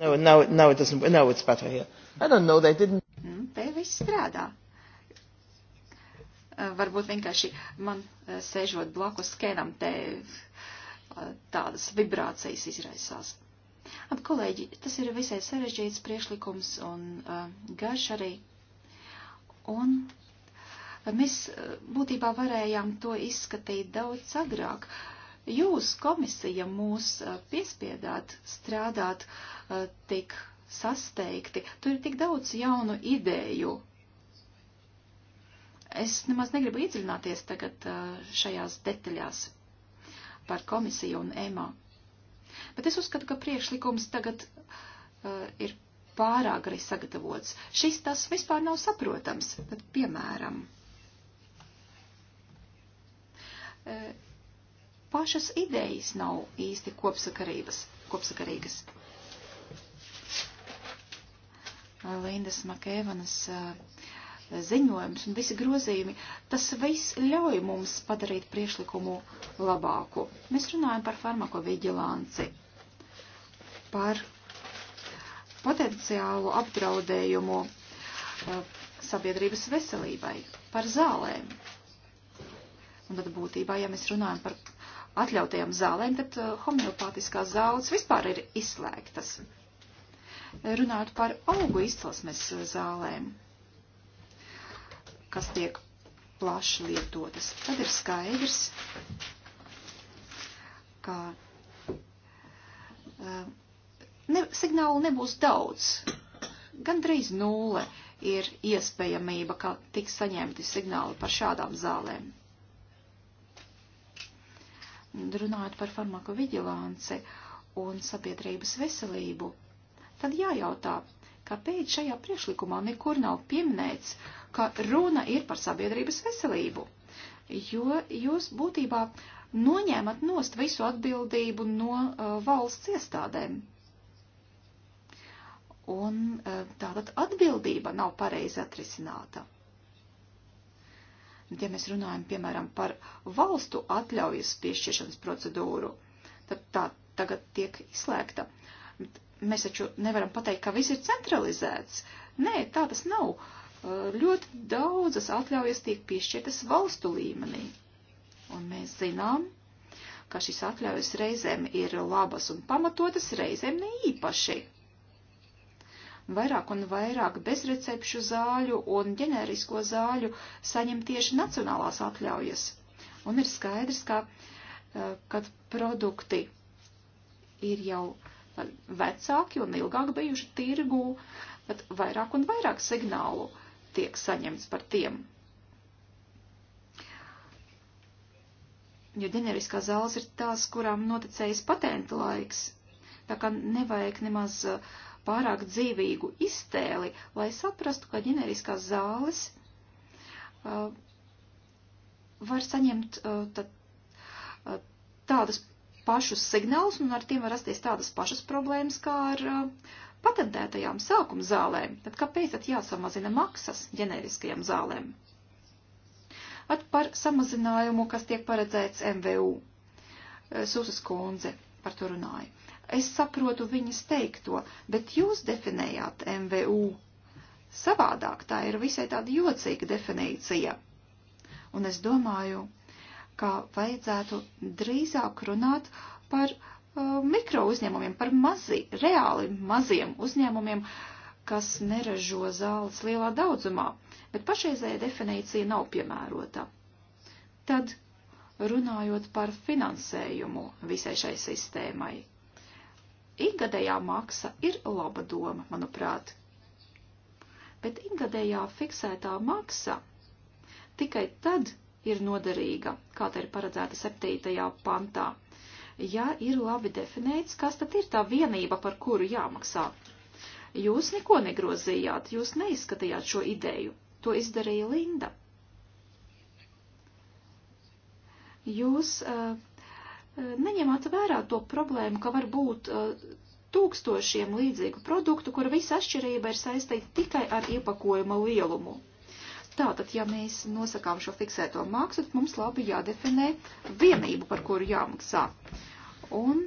No, now, now it doesn't, now it's better here. I don't know, they didn't. Mm, te viss strādā. Eh, varbūt vienkārši man eh, sēžot blakus skenam te eh, tādas vibrācijas izraisās. Ap kolēģi, tas ir visai sarežģīts priešlikums un uh, garš arī. Un mēs būtībā varējām to izskatīt daudz agrāk. Jūs, komisija, mūs piespiedāt strādāt tik sasteigti. Tur ir tik daudz jaunu ideju, Es nemaz negribu iedziļināties tagad šajās detaļās par komisiju un EMA. Bet es uzskatu, ka priekšlikums tagad uh, ir pārāk arī sagatavots. Šis tas vispār nav saprotams. Tad, piemēram, uh, pašas idejas nav īsti kopsakarības, kopsakarīgas. Lindas Makēvanas uh, ziņojums un visi grozījumi, tas viss ļauj mums padarīt priekšlikumu labāku. Mēs runājam par farmakoviģilanci, par potenciālu apdraudējumu eh, sabiedrības veselībai, par zālēm. Un tad būtībā, ja mēs runājam par atļautajām zālēm, tad eh, homeopātiskās zāles vispār ir izslēgtas. Runājot par augu izcelsmes eh, zālēm, kas tiek plaši lietotas. Tad ir skaidrs, ka eh, ne, signālu nebūs daudz, gandrīz nulle ir iespējamība, ka tiks saņemti signāli par šādām zālēm. Runājot par farmakoviģilanci un sabiedrības veselību, tad jājautā, kāpēc šajā priekšlikumā nekur nav pieminēts, ka runa ir par sabiedrības veselību, jo jūs būtībā noņēmat nost visu atbildību no uh, valsts iestādēm. Un uh, tātad atbildība nav pareizi atrisināta. Ja mēs runājam, piemēram, par valstu atļaujas piešķiršanas procedūru, tad tā tagad tiek izslēgta. Mēs taču nevaram pateikt, ka viss ir centralizēts. Nē, tā tas nav ļoti daudzas atļaujas tiek piešķirtas valstu līmenī. Un mēs zinām, ka šis atļaujas reizēm ir labas un pamatotas, reizēm ne īpaši. Vairāk un vairāk bezrecepšu zāļu un ģenerisko zāļu saņem tieši nacionālās atļaujas. Un ir skaidrs, ka, eh, kad produkti ir jau vecāki un ilgāk bijuši tirgū, bet vairāk un vairāk signālu uh, tiek saņemts par tiem. Jo ģeneriskā zāles ir tās, kurām noticējis patenta laiks, tā kā nevajag nemaz uh, pārāk dzīvīgu iztēli, lai saprastu, ka ģeneriskās zāles uh, var saņemt uh, tad, uh, tādas pašus signālus, un ar tiem var rasties tādas pašas problēmas kā ar uh, patentētajām sākuma zālēm, tad kāpēc tad jāsamazina maksas ģeneriskajām zālēm? At par samazinājumu, kas tiek paredzēts MVU. Eh, Susas kundze par to runāja. Es saprotu viņas teikto, bet jūs definējāt MVU. Savādāk tā ir visai tāda jocīga definīcija. Un es domāju, ka vajadzētu drīzāk runāt par uh, Uh, mikro uzņēmumiem, par mazi, reāli maziem uzņēmumiem, kas neražo zāles lielā daudzumā, bet pašreizējā definīcija nav piemērota. Tad, runājot par finansējumu visai šai sistēmai, ikgadējā maksa ir laba doma, manuprāt, bet ikgadējā fiksētā maksa tikai tad ir noderīga, kā tā ir paredzēta 7. pantā ja ir labi definēts, kas tad ir tā vienība, par kuru jāmaksā. Jūs neko negrozījāt, jūs neizskatījāt šo ideju. To izdarīja Linda. Jūs uh, neņemat vērā to problēmu, ka var būt uh, tūkstošiem līdzīgu produktu, kur visa atšķirība ir saistīta tikai ar iepakojuma lielumu. Tātad, ja mēs nosakām šo fiksēto maksu, tad mums labi jādefinē vienību, par kuru jāmaksā. Un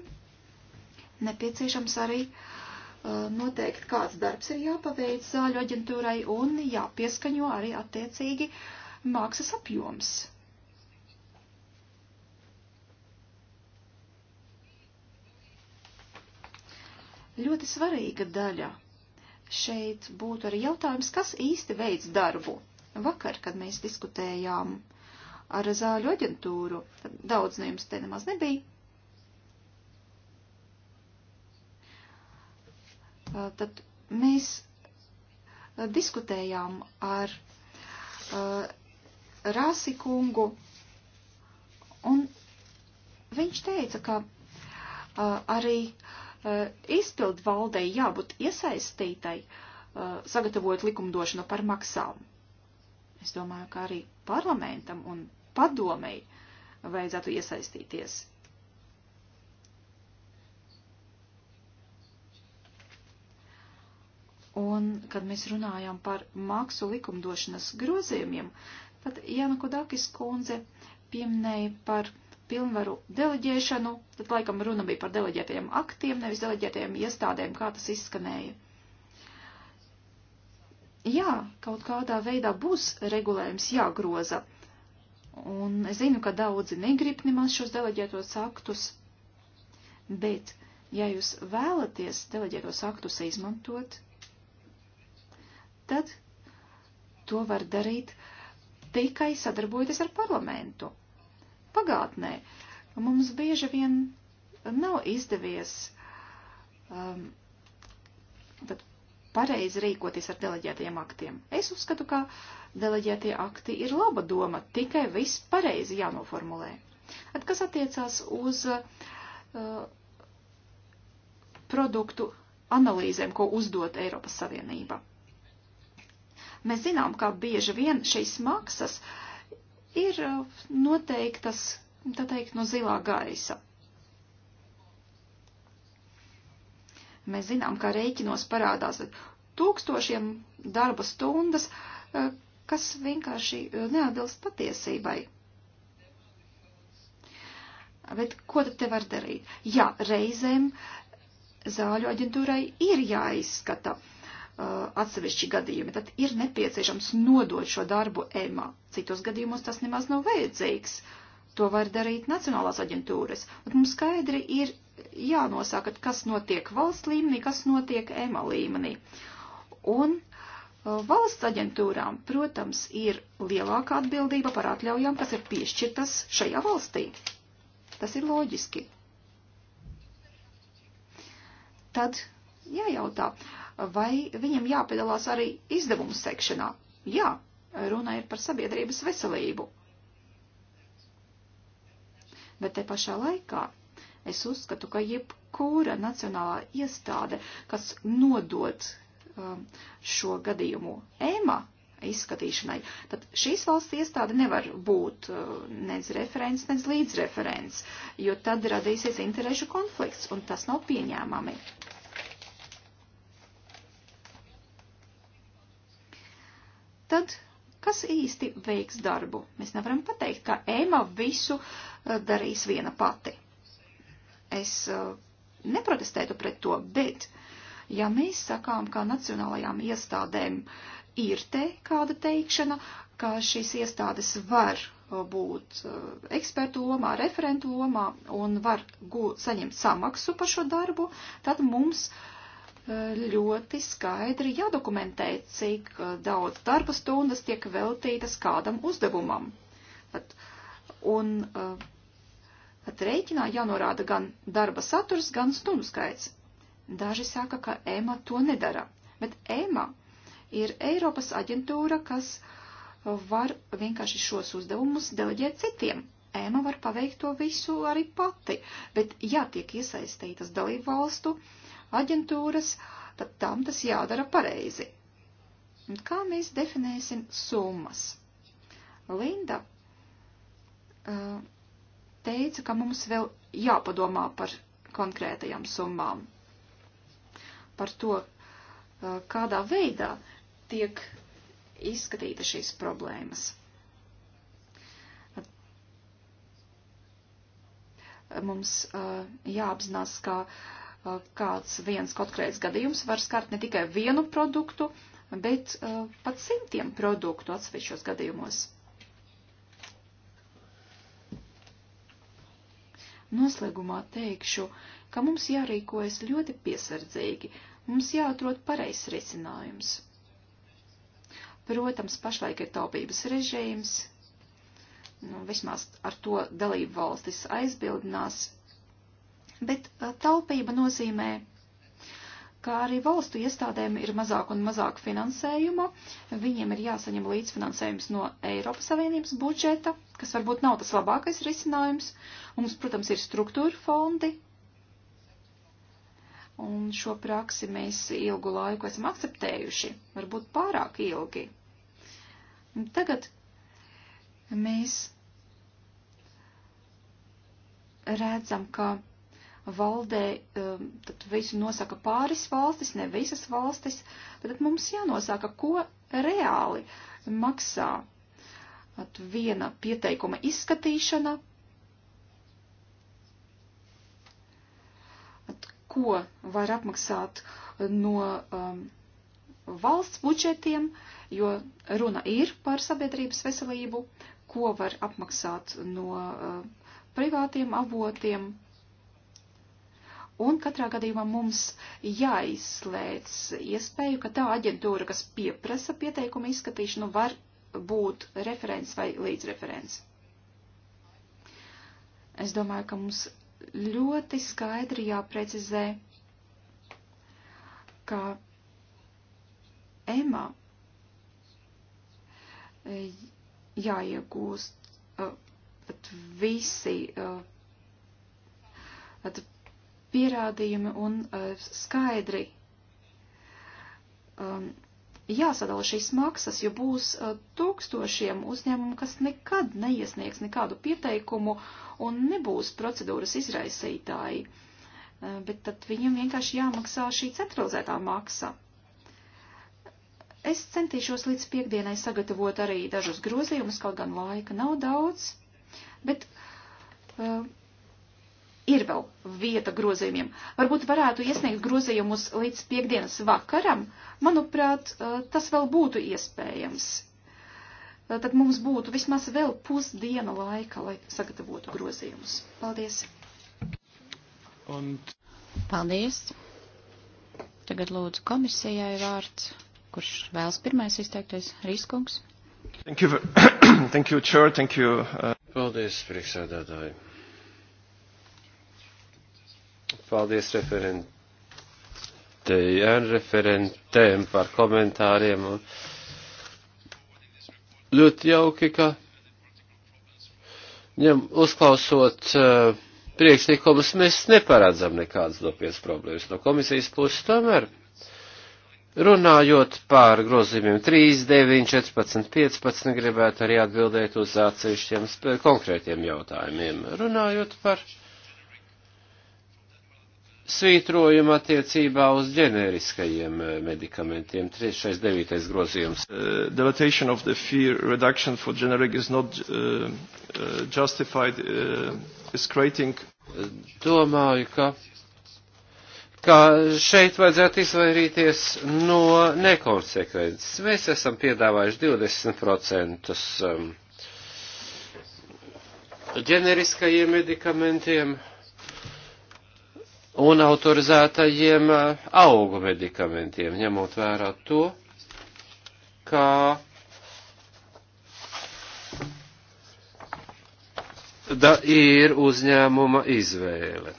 nepieciešams arī uh, noteikt, kāds darbs ir jāpaveic zāļu aģentūrai un jāpieskaņo arī attiecīgi maksas apjoms. Ļoti svarīga daļa šeit būtu arī jautājums, kas īsti veids darbu vakar, kad mēs diskutējām ar zāļu aģentūru. Daudz no jums te nemaz nebija. Eh, tad mēs eh, diskutējām ar eh, Rāsi kungu, un viņš teica, ka arī izpildu valdei jābūt iesaistītai, sagatavojot likumdošanu par maksām. Es domāju, ka arī parlamentam un padomei vajadzētu iesaistīties. Un, kad mēs runājam par maksu likumdošanas grozījumiem, tad Jāna Kudakis kundze pieminēja par pilnvaru deleģēšanu, tad laikam runa bija par deleģētajiem aktiem, nevis deleģētajiem iestādēm, kā tas izskanēja jā, kaut kādā veidā būs regulējums jāgroza. Un es zinu, ka daudzi negrib nemaz šos deleģētos aktus, bet, ja jūs vēlaties deleģētos aktus izmantot, tad to var darīt tikai sadarbojoties ar parlamentu. Pagātnē mums bieži vien nav izdevies um, tad pareizi rīkoties ar deleģētajiem aktiem. Es uzskatu, ka deleģētie akti ir laba doma, tikai viss pareizi jānoformulē. At kas attiecās uz uh, produktu analīzēm, ko uzdot Eiropas Savienība. Mēs zinām, ka bieži vien šīs maksas ir uh, noteiktas, tā teikt, no zilā gaisa. Mēs zinām, ka rēķinos parādās tūkstošiem darba stundas, eh, kas vienkārši eh, neatbilst patiesībai. Bet ko tad te var darīt? Jā, reizēm zāļu aģentūrai ir jāizskata uh, atsevišķi gadījumi, tad ir nepieciešams nodot šo darbu EMA. Citos gadījumos tas nemaz nav vajadzīgs. To var darīt nacionālās aģentūras, bet mums skaidri ir jānosaka, kas notiek valsts līmenī, kas notiek EMA līmenī. Un uh, valsts aģentūrām, protams, ir lielāka atbildība par atļaujām, kas ir piešķirtas šajā valstī. Tas ir loģiski. Tad jājautā, vai viņam jāpiedalās arī izdevumu sekšanā. Jā, runa ir par sabiedrības veselību. Bet te pašā laikā Es uzskatu, ka jebkura nacionālā iestāde, kas nodod um, šo gadījumu ēmā izskatīšanai, tad šīs valsts iestāde nevar būt uh, nec referents, nec līdzreferents, jo tad radīsies interešu konflikts, un tas nav pieņēmami. Tad kas īsti veiks darbu? Mēs nevaram pateikt, ka ēma visu uh, darīs viena pati. Es eh, neprotestētu pret to, bet ja mēs sakām, ka nacionālajām iestādēm ir te kāda teikšana, ka šīs iestādes var eh, būt eh, ekspertu lomā, referentu lomā un var gūt, saņemt samaksu par šo darbu, tad mums ļoti skaidri jādokumentē, cik daudz darba stundas tiek veltītas kādam uzdevumam. Un uh, rēķinā jānorāda gan darba saturs, gan stundu skaits. Daži saka, ka EMA to nedara, bet EMA ir Eiropas aģentūra, kas var vienkārši šos uzdevumus deleģēt citiem. EMA var paveikt to visu arī pati, bet ja tiek iesaistītas dalību valstu aģentūras, tad tam tas jādara pareizi. Un kā mēs definēsim summas? Linda. Uh, teicu, ka mums vēl jāpadomā par konkrētajām summām, par to, eh, kādā veidā tiek izskatīta šīs problēmas. Mums eh, jāapzinās, ka eh, kāds viens konkrēts gadījums var skart ne tikai vienu produktu, bet pat simtiem produktu atsevišķos gadījumos. Noslēgumā teikšu, ka mums jārīkojas ļoti piesardzīgi, mums jāatrod pareizs risinājums. Protams, pašlaik ir taupības režīms, nu, vismaz ar to dalību valstis aizbildinās, bet eh, taupība nozīmē ka arī valstu iestādēm ir mazāk un mazāk finansējuma, viņiem ir jāsaņem līdzfinansējums no Eiropas Savienības budžeta, kas varbūt nav tas labākais risinājums. Mums, protams, ir struktūra fondi, un šo praksi mēs ilgu laiku esam akceptējuši, varbūt pārāk ilgi. Un tagad mēs redzam, ka valdē um, tad visu nosaka pāris valstis, ne visas valstis, tad mums jānosaka, ko reāli maksā at viena pieteikuma izskatīšana, at ko var apmaksāt no um, valsts budžetiem, jo runa ir par sabiedrības veselību, ko var apmaksāt no uh, privātiem avotiem Un katrā gadījumā mums jāizslēdz iespēju, ka tā aģentūra, kas pieprasa pieteikumu izskatīšanu, var būt referents vai līdzreferents. Es domāju, ka mums ļoti skaidri jāprecizē, ka Ema e, jāiegūst e, visi e, tad pierādījumi un uh, skaidri um, jāsadala šīs maksas, jo būs uh, tūkstošiem uzņēmumu, kas nekad neiesniegs nekādu pieteikumu un nebūs procedūras izraisītāji, uh, bet tad viņam vienkārši jāmaksā šī centralizētā maksa. Es centīšos līdz piekdienai sagatavot arī dažus grozījumus, kaut gan laika nav daudz, bet uh, ir vēl vieta grozījumiem. Varbūt varētu iesniegt grozījumus līdz piekdienas vakaram. Manuprāt, eh, tas vēl būtu iespējams. Eh, tad mums būtu vismaz vēl pusdiena laika, lai sagatavotu grozījumus. Paldies! Un... Paldies! Tagad lūdzu komisijai vārds. Kurš vēlas pirmais izteikties? Rīskungs. Thank you, thank you, chair, thank you. Uh... Paldies, priekšsēdētāji. Paldies referentei un referentēm par komentāriem. Un ļoti jauki, ka ņem uzklausot uh, priekšlikumus, mēs neparedzam nekādas dopies problēmas no komisijas puses tomēr. Runājot par grozījumiem 3, 9, 14, 15, gribētu arī atbildēt uz atsevišķiem konkrētiem jautājumiem. Runājot par. Uh, svītrojuma attiecībā uz ģeneriskajiem eh, medikamentiem. 369. grozījums. Uh, Delegation of the fee reduction for generic is not uh, uh, justified uh, is creating. Domāju, ka, ka šeit vajadzētu izvairīties no nekonsekvences. Mēs esam piedāvājuši 20% um, ģeneriskajiem medikamentiem un autorizētajiem eh, augu medikamentiem, ņemot vērā to, kā da ir uzņēmuma izvēle.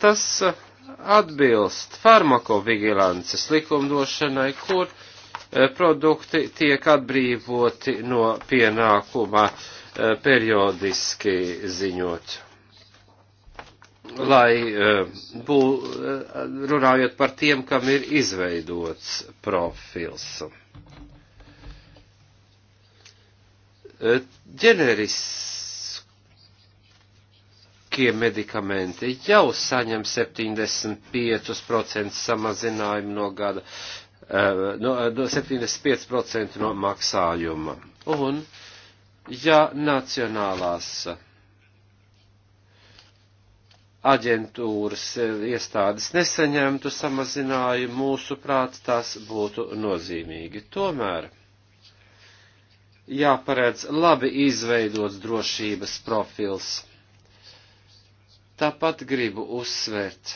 Tas eh, atbilst farmakovigilances likumdošanai, kur eh, produkti tiek atbrīvoti no pienākuma periodiski ziņot lai eh, bū, eh, runājot par tiem, kam ir izveidots profils. Eh, ģeneriskie medikamenti jau saņem 75% samazinājumu no gada, no, no 75% no maksājuma. Un, ja nacionālās uh, aģentūras eh, iestādes nesaņemtu samazinājumu, mūsuprāt, tas būtu nozīmīgi. Tomēr jāparedz labi izveidots drošības profils. Tāpat gribu uzsvērt,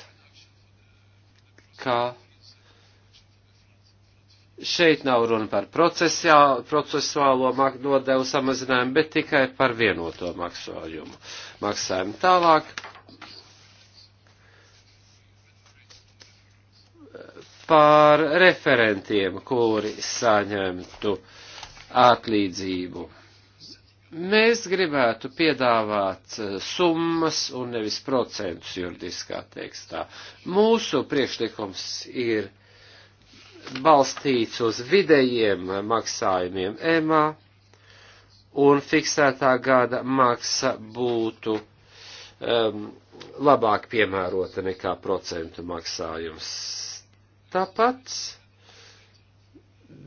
ka šeit nav runa par procesuālo nodevu samazinājumu, bet tikai par vienoto maksājumu. Maksājumu tālāk par referentiem, kuri saņemtu atlīdzību. Mēs gribētu piedāvāt eh, summas un nevis procentus juridiskā tekstā. Mūsu priekšlikums ir balstīts uz vidējiem maksājumiem EMA, un fiksētā gada maksa būtu um, labāk piemērota nekā procentu maksājums Tāpat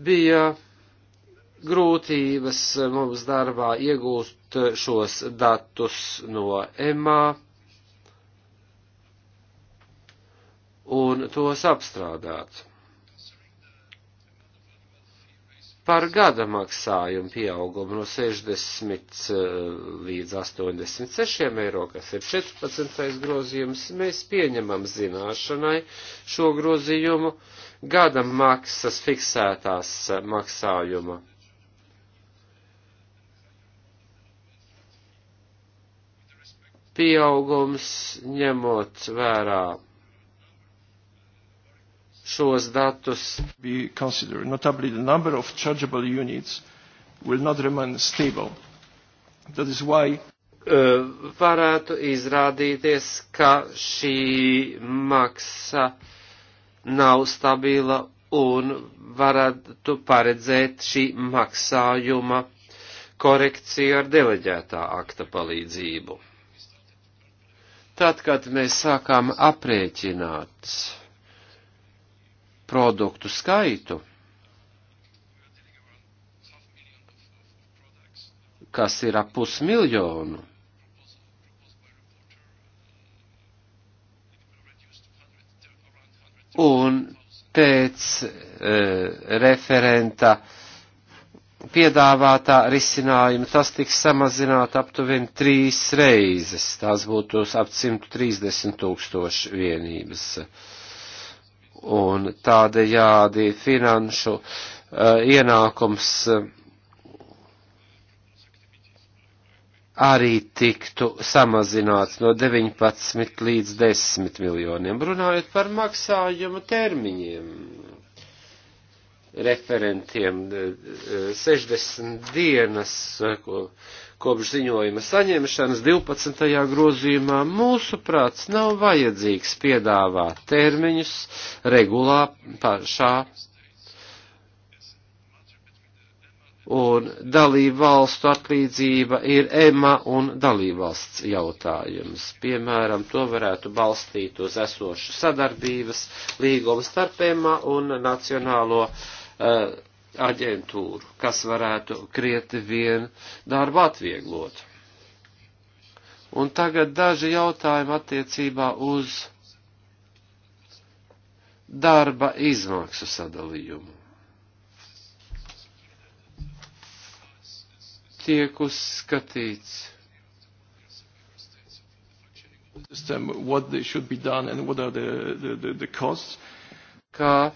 bija grūtības mums darbā iegūst šos datus no EMA un tos apstrādāt. par gada maksājumu pieaugumu no 60 eh, līdz 86 eiro, kas ir 14. grozījums, mēs pieņemam zināšanai šo grozījumu gada maksas fiksētās eh, maksājuma. Pieaugums ņemot vērā šos datus. Notably, the number of chargeable units will not remain stable. That is why varētu izrādīties, ka šī maksa nav stabila un varētu paredzēt šī maksājuma korekciju ar deleģētā akta palīdzību. Tad, kad mēs sākām aprēķināt produktu skaitu, kas ir ap pusmiljonu, un pēc e, referenta piedāvātā risinājuma tas tiks samazināt aptuveni trīs reizes, tās būtu ap 130 tūkstoši vienības. E, un tādējādi finanšu uh, ienākums uh, arī tiktu samazināts no 19 līdz 10 miljoniem. Runājot par maksājumu termiņiem, referentiem 60 eh, dienas, ko, uh, kopš ziņojuma saņemšanas 12. grozījumā mūsu prāts nav vajadzīgs piedāvāt termiņus regulā pašā un dalību valstu atlīdzība ir EMA un dalību valsts jautājums. Piemēram, to varētu balstīt uz esošu sadarbības līgumu starp EMA un Nacionālo uh, aģentūru, kas varētu krietni vien darbu atvieglot. Un tagad daži jautājumi attiecībā uz darba izmaksu sadalījumu. Tiek uzskatīts. System, what should be done and what are the, the, the, the costs? Kā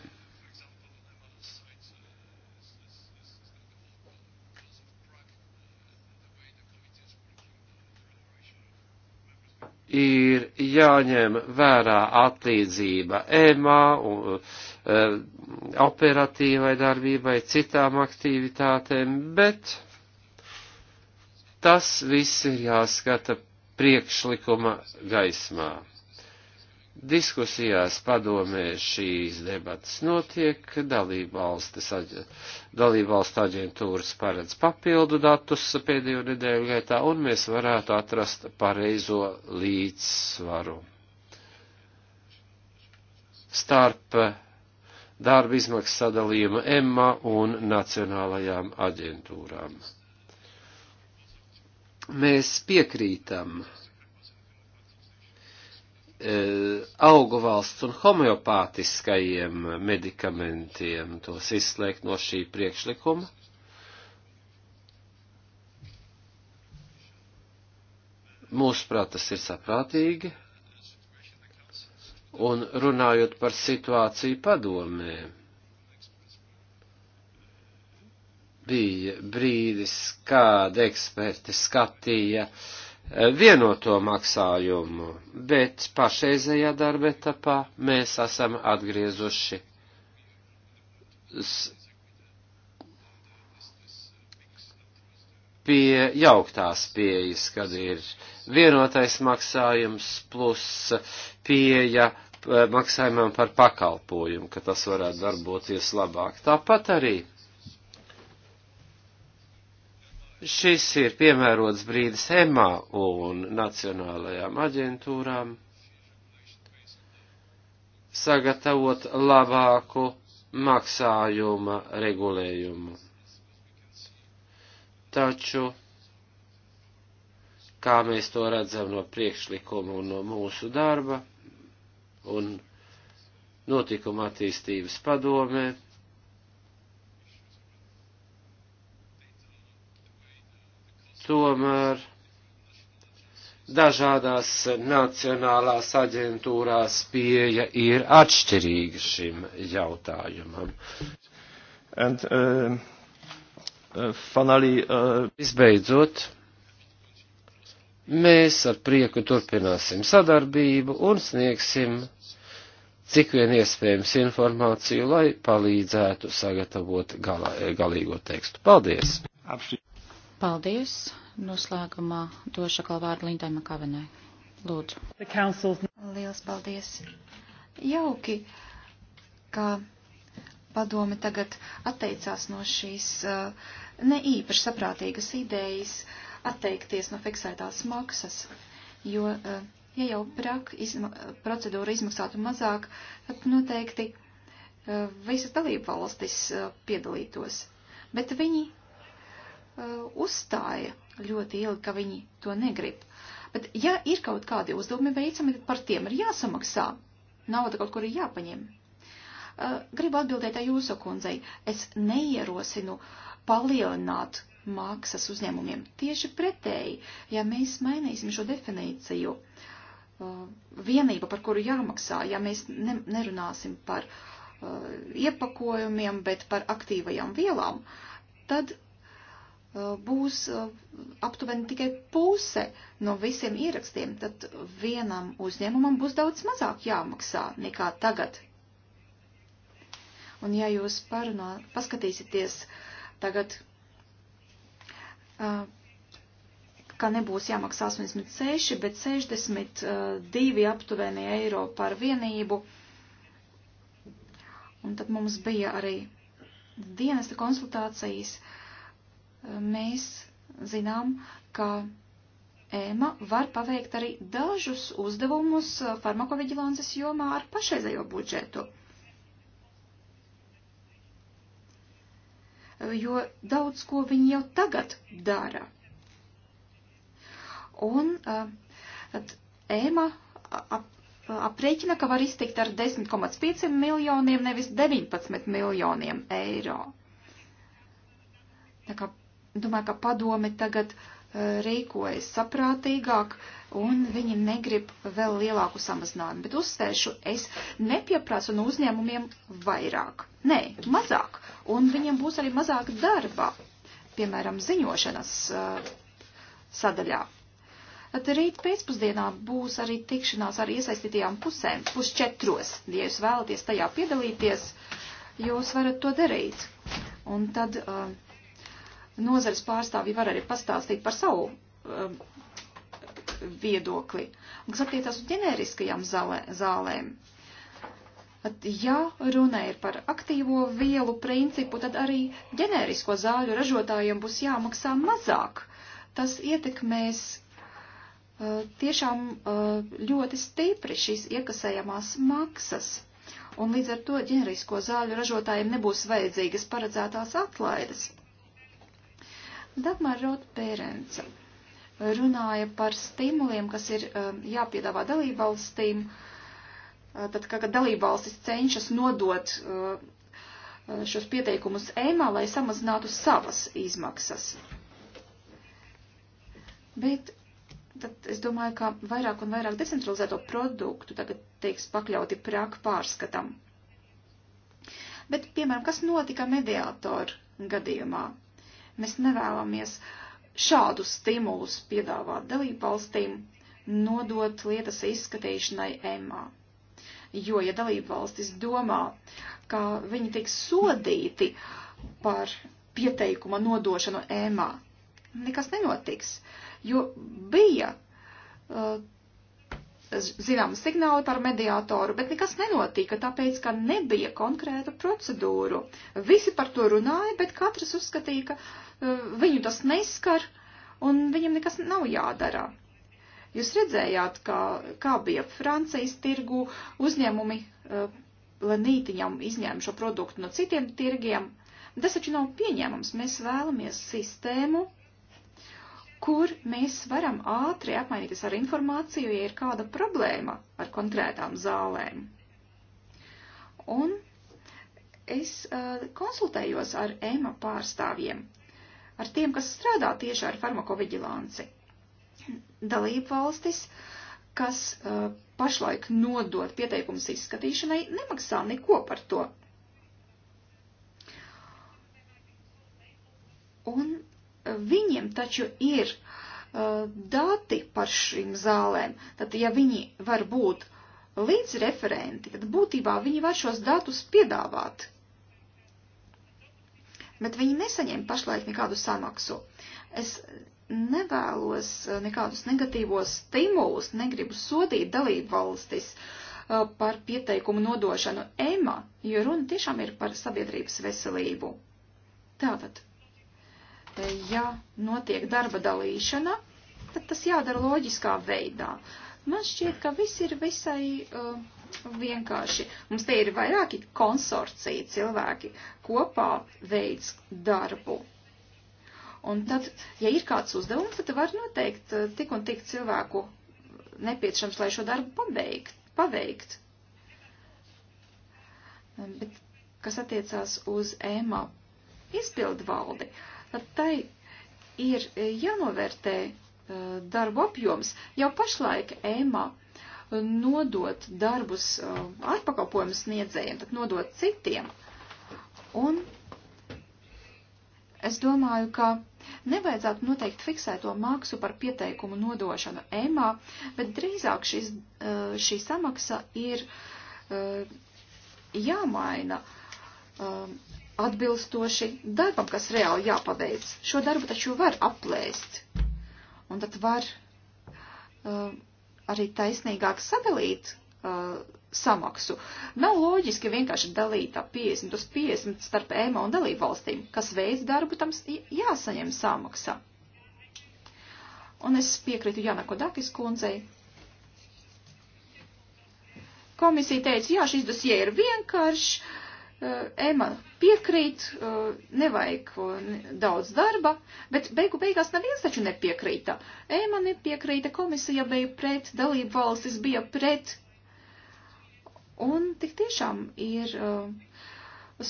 ir jāņem vērā atlīdzība EMA, e, operatīvai darbībai, citām aktivitātēm, bet tas viss ir jāskata priekšlikuma gaismā. Diskusijās padomē šīs debatas notiek, dalībvalstu aģentūras paredz papildu datus pēdējo nedēļu gaitā, un mēs varētu atrast pareizo līdzsvaru starp darba izmaksu sadalījumu EMMA un nacionālajām aģentūrām. Mēs piekrītam Eh, augu valsts un homeopātiskajiem medikamentiem tos izslēgt no šī priekšlikuma. Mūsuprāt, tas ir saprātīgi. Un runājot par situāciju padomē, bija brīdis, kāda eksperti skatīja uh, vienoto maksājumu, bet pašreizējā darba etapā mēs esam atgriezuši pie jauktās pieejas, kad ir vienotais maksājums plus pieeja eh, maksājumam par pakalpojumu, ka tas varētu darboties labāk. Tāpat arī Šis ir piemērots brīdis EMA un nacionālajām aģentūrām sagatavot labāku maksājuma regulējumu. Taču, kā mēs to redzam no priekšlikuma un no mūsu darba un notikuma attīstības padomē, tomēr dažādās nacionālās aģentūrās pieeja ir atšķirīga šim jautājumam. And, uh, uh, finally, uh... Visbeidzot, mēs ar prieku turpināsim sadarbību un sniegsim cik vien iespējams informāciju, lai palīdzētu sagatavot galā, galīgo tekstu. Paldies! Apši. Paldies. Noslēgumā došu atkal vārdu Lindai Makavenai. Lūdzu. Liels paldies. Jauki, ka padome tagad atteicās no šīs uh, ne īpaši saprātīgas idejas atteikties no fiksētās maksas, jo, uh, ja jau prak, izma, procedūra izmaksātu mazāk, tad noteikti uh, visas dalību valstis piedalītos. Bet viņi Uh, uzstāja ļoti ilgi, ka viņi to negrib. Bet ja ir kaut kādi uzdevumi veicami, tad par tiem ir jāsamaksā. Nauda kaut kur ir jāpaņem. Uh, gribu atbildēt jūsu kundzei. Es neierosinu palielināt maksas uzņēmumiem. Tieši pretēji, ja mēs mainīsim šo definīciju, uh, vienība, par kuru jāmaksā, ja mēs ne, nerunāsim par iepakojumiem, bet par aktīvajām vielām, tad būs eh, aptuveni tikai puse no visiem ierakstiem, tad vienam uzņēmumam būs daudz mazāk jāmaksā nekā tagad. Un ja jūs parunā, paskatīsieties tagad, eh, ka nebūs jāmaksā 86, bet 62 eh, aptuveni eiro par vienību, un tad mums bija arī dienesta konsultācijas, uh, mēs zinām, ka ēma var paveikt arī dažus uzdevumus farmakoviģilances jomā ar pašreizējo budžetu. Jo daudz ko viņi jau tagad dara. Un tad ēma ap, aprēķina, ka var iztikt ar 10,5 miljoniem, nevis 19 miljoniem eiro. Tā kā Domāju, ka padome tagad e, rīkojas saprātīgāk un viņi negrib vēl lielāku samazinājumu. Bet uzsvēršu, es nepieprasu no uzņēmumiem vairāk. Nē, mazāk. Un viņiem būs arī mazāk darba, piemēram, ziņošanas uh, sadaļā. Tad rīt pēcpusdienā būs arī tikšanās ar iesaistītajām pusēm, pusčetros. Ja jūs vēlaties tajā piedalīties, jūs varat to darīt. Un tad uh, nozares pārstāvji var arī pastāstīt par savu um, viedokli. Un, kas attiecās uz ģenēriskajām zālē, zālēm, at, ja runa ir par aktīvo vielu principu, tad arī ģenērisko zāļu ražotājiem būs jāmaksā mazāk. Tas ietekmēs uh, tiešām uh, ļoti stipri šīs iekasējamās maksas. Un līdz ar to ģenerisko zāļu ražotājiem nebūs vajadzīgas paredzētās atlaides. Dagmar Rot Pērenca runāja par stimuliem, kas ir eh, jāpiedāvā dalībvalstīm, eh, tad, kad dalībvalstis cenšas nodot eh, šos pieteikumus ēmā, lai samazinātu savas izmaksas. Bet tad es domāju, ka vairāk un vairāk decentralizēto produktu tagad teiks pakļauti prāk pārskatam. Bet, piemēram, kas notika mediātoru gadījumā? Mēs nevēlamies šādus stimulus piedāvāt dalībvalstīm, nodot lietas izskatīšanai EMA. Jo, ja dalībvalstis domā, ka viņi tiks sodīti par pieteikuma nodošanu EMA, nekas nenotiks, jo bija uh, zināmi signāli par mediātoru, bet nekas nenotika, tāpēc, ka nebija konkrēta procedūru. Visi par to runāja, bet katrs uzskatīja, ka uh, viņu tas neskar un viņam nekas nav jādara. Jūs redzējāt, kā, kā bija Francijas tirgu uzņēmumi uh, lenītiņam izņēma šo produktu no citiem tirgiem. Tas taču nav pieņēmums. Mēs vēlamies sistēmu, kur mēs varam ātri apmainīties ar informāciju, ja ir kāda problēma ar konkrētām zālēm. Un es uh, konsultējos ar EMA pārstāvjiem, ar tiem, kas strādā tieši ar farmakoviģilanci. Dalību valstis, kas uh, pašlaik nodot pieteikums izskatīšanai, nemaksā neko par to. Un Viņiem taču ir uh, dati par šīm zālēm. Tad, ja viņi var būt līdzreferenti, tad būtībā viņi var šos datus piedāvāt. Bet viņi nesaņem pašlaik nekādu samaksu. Es nevēlos uh, nekādus negatīvos stimulus, negribu sodīt dalību valstis uh, par pieteikumu nodošanu EMA, jo runa tiešām ir par sabiedrības veselību. Tātad ja notiek darba dalīšana, tad tas jādara loģiskā veidā. Man šķiet, ka viss ir visai uh, vienkārši. Mums te ir vairāki konsorcija cilvēki kopā veids darbu. Un tad, ja ir kāds uzdevums, tad var noteikt uh, tik un tik cilvēku nepieciešams, lai šo darbu pabeigt, paveikt. Bet kas attiecās uz ēmā izpildu valdi, uh, tai ir jānovērtē eh, darbu apjoms. Jau pašlaik ēmā eh, nodot darbus ārpakalpojumu eh, sniedzējiem, tad nodot citiem. Un es domāju, ka nevajadzētu noteikt fiksēto maksu par pieteikumu nodošanu ēmā, bet drīzāk šis, šī samaksa ir jāmaina atbilstoši darbam, kas reāli jāpaveic. Šo darbu taču var aplēst. Un tad var uh, arī taisnīgāk sadalīt uh, samaksu. Nav loģiski vienkārši dalīt 50 uz 50 starp EMA un dalību valstīm, kas veids darbu, tam jāsaņem samaksa. Un es piekrītu Janako Dakis kundzei. Komisija teica, jā, šis dosie ir vienkāršs, Ema eh, piekrīt, eh, nevajag eh, daudz darba, bet beigu beigās neviens taču nepiekrīta. Ema nepiekrīta, komisija bija pret, dalību valstis bija pret. Un tik tiešām ir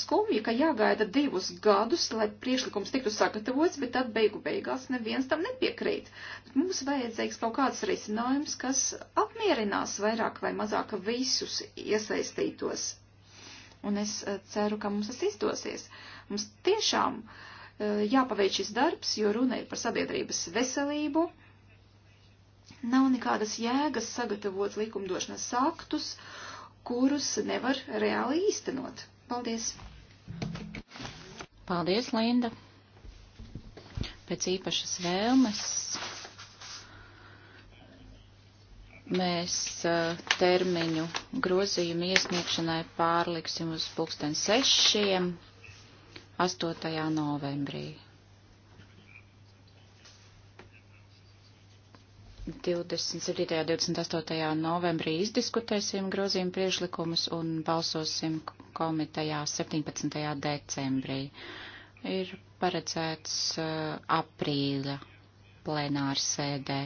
skumji, ka jāgaida divus gadus, lai priekšlikums tiktu sagatavots, bet tad beigu beigās neviens tam nepiekrīt. Bet mums vajadzīgs kaut kāds risinājums, kas apmierinās vairāk vai mazāk visus iesaistītos un es eh, ceru, ka mums tas izdosies. Mums tiešām eh, jāpaveic šis darbs, jo runa ir par sabiedrības veselību. Nav nekādas jēgas sagatavot likumdošanas aktus, kurus nevar reāli īstenot. Paldies! Paldies, Linda! Pēc īpašas vēlmes mēs eh, termiņu grozījumu iesniegšanai pārliksim uz pulksten sešiem 8. novembrī. 27. un 28. novembrī izdiskutēsim grozījumu priešlikumus un balsosim komitejā 17. decembrī. Ir paredzēts eh, aprīļa plenāra sēdē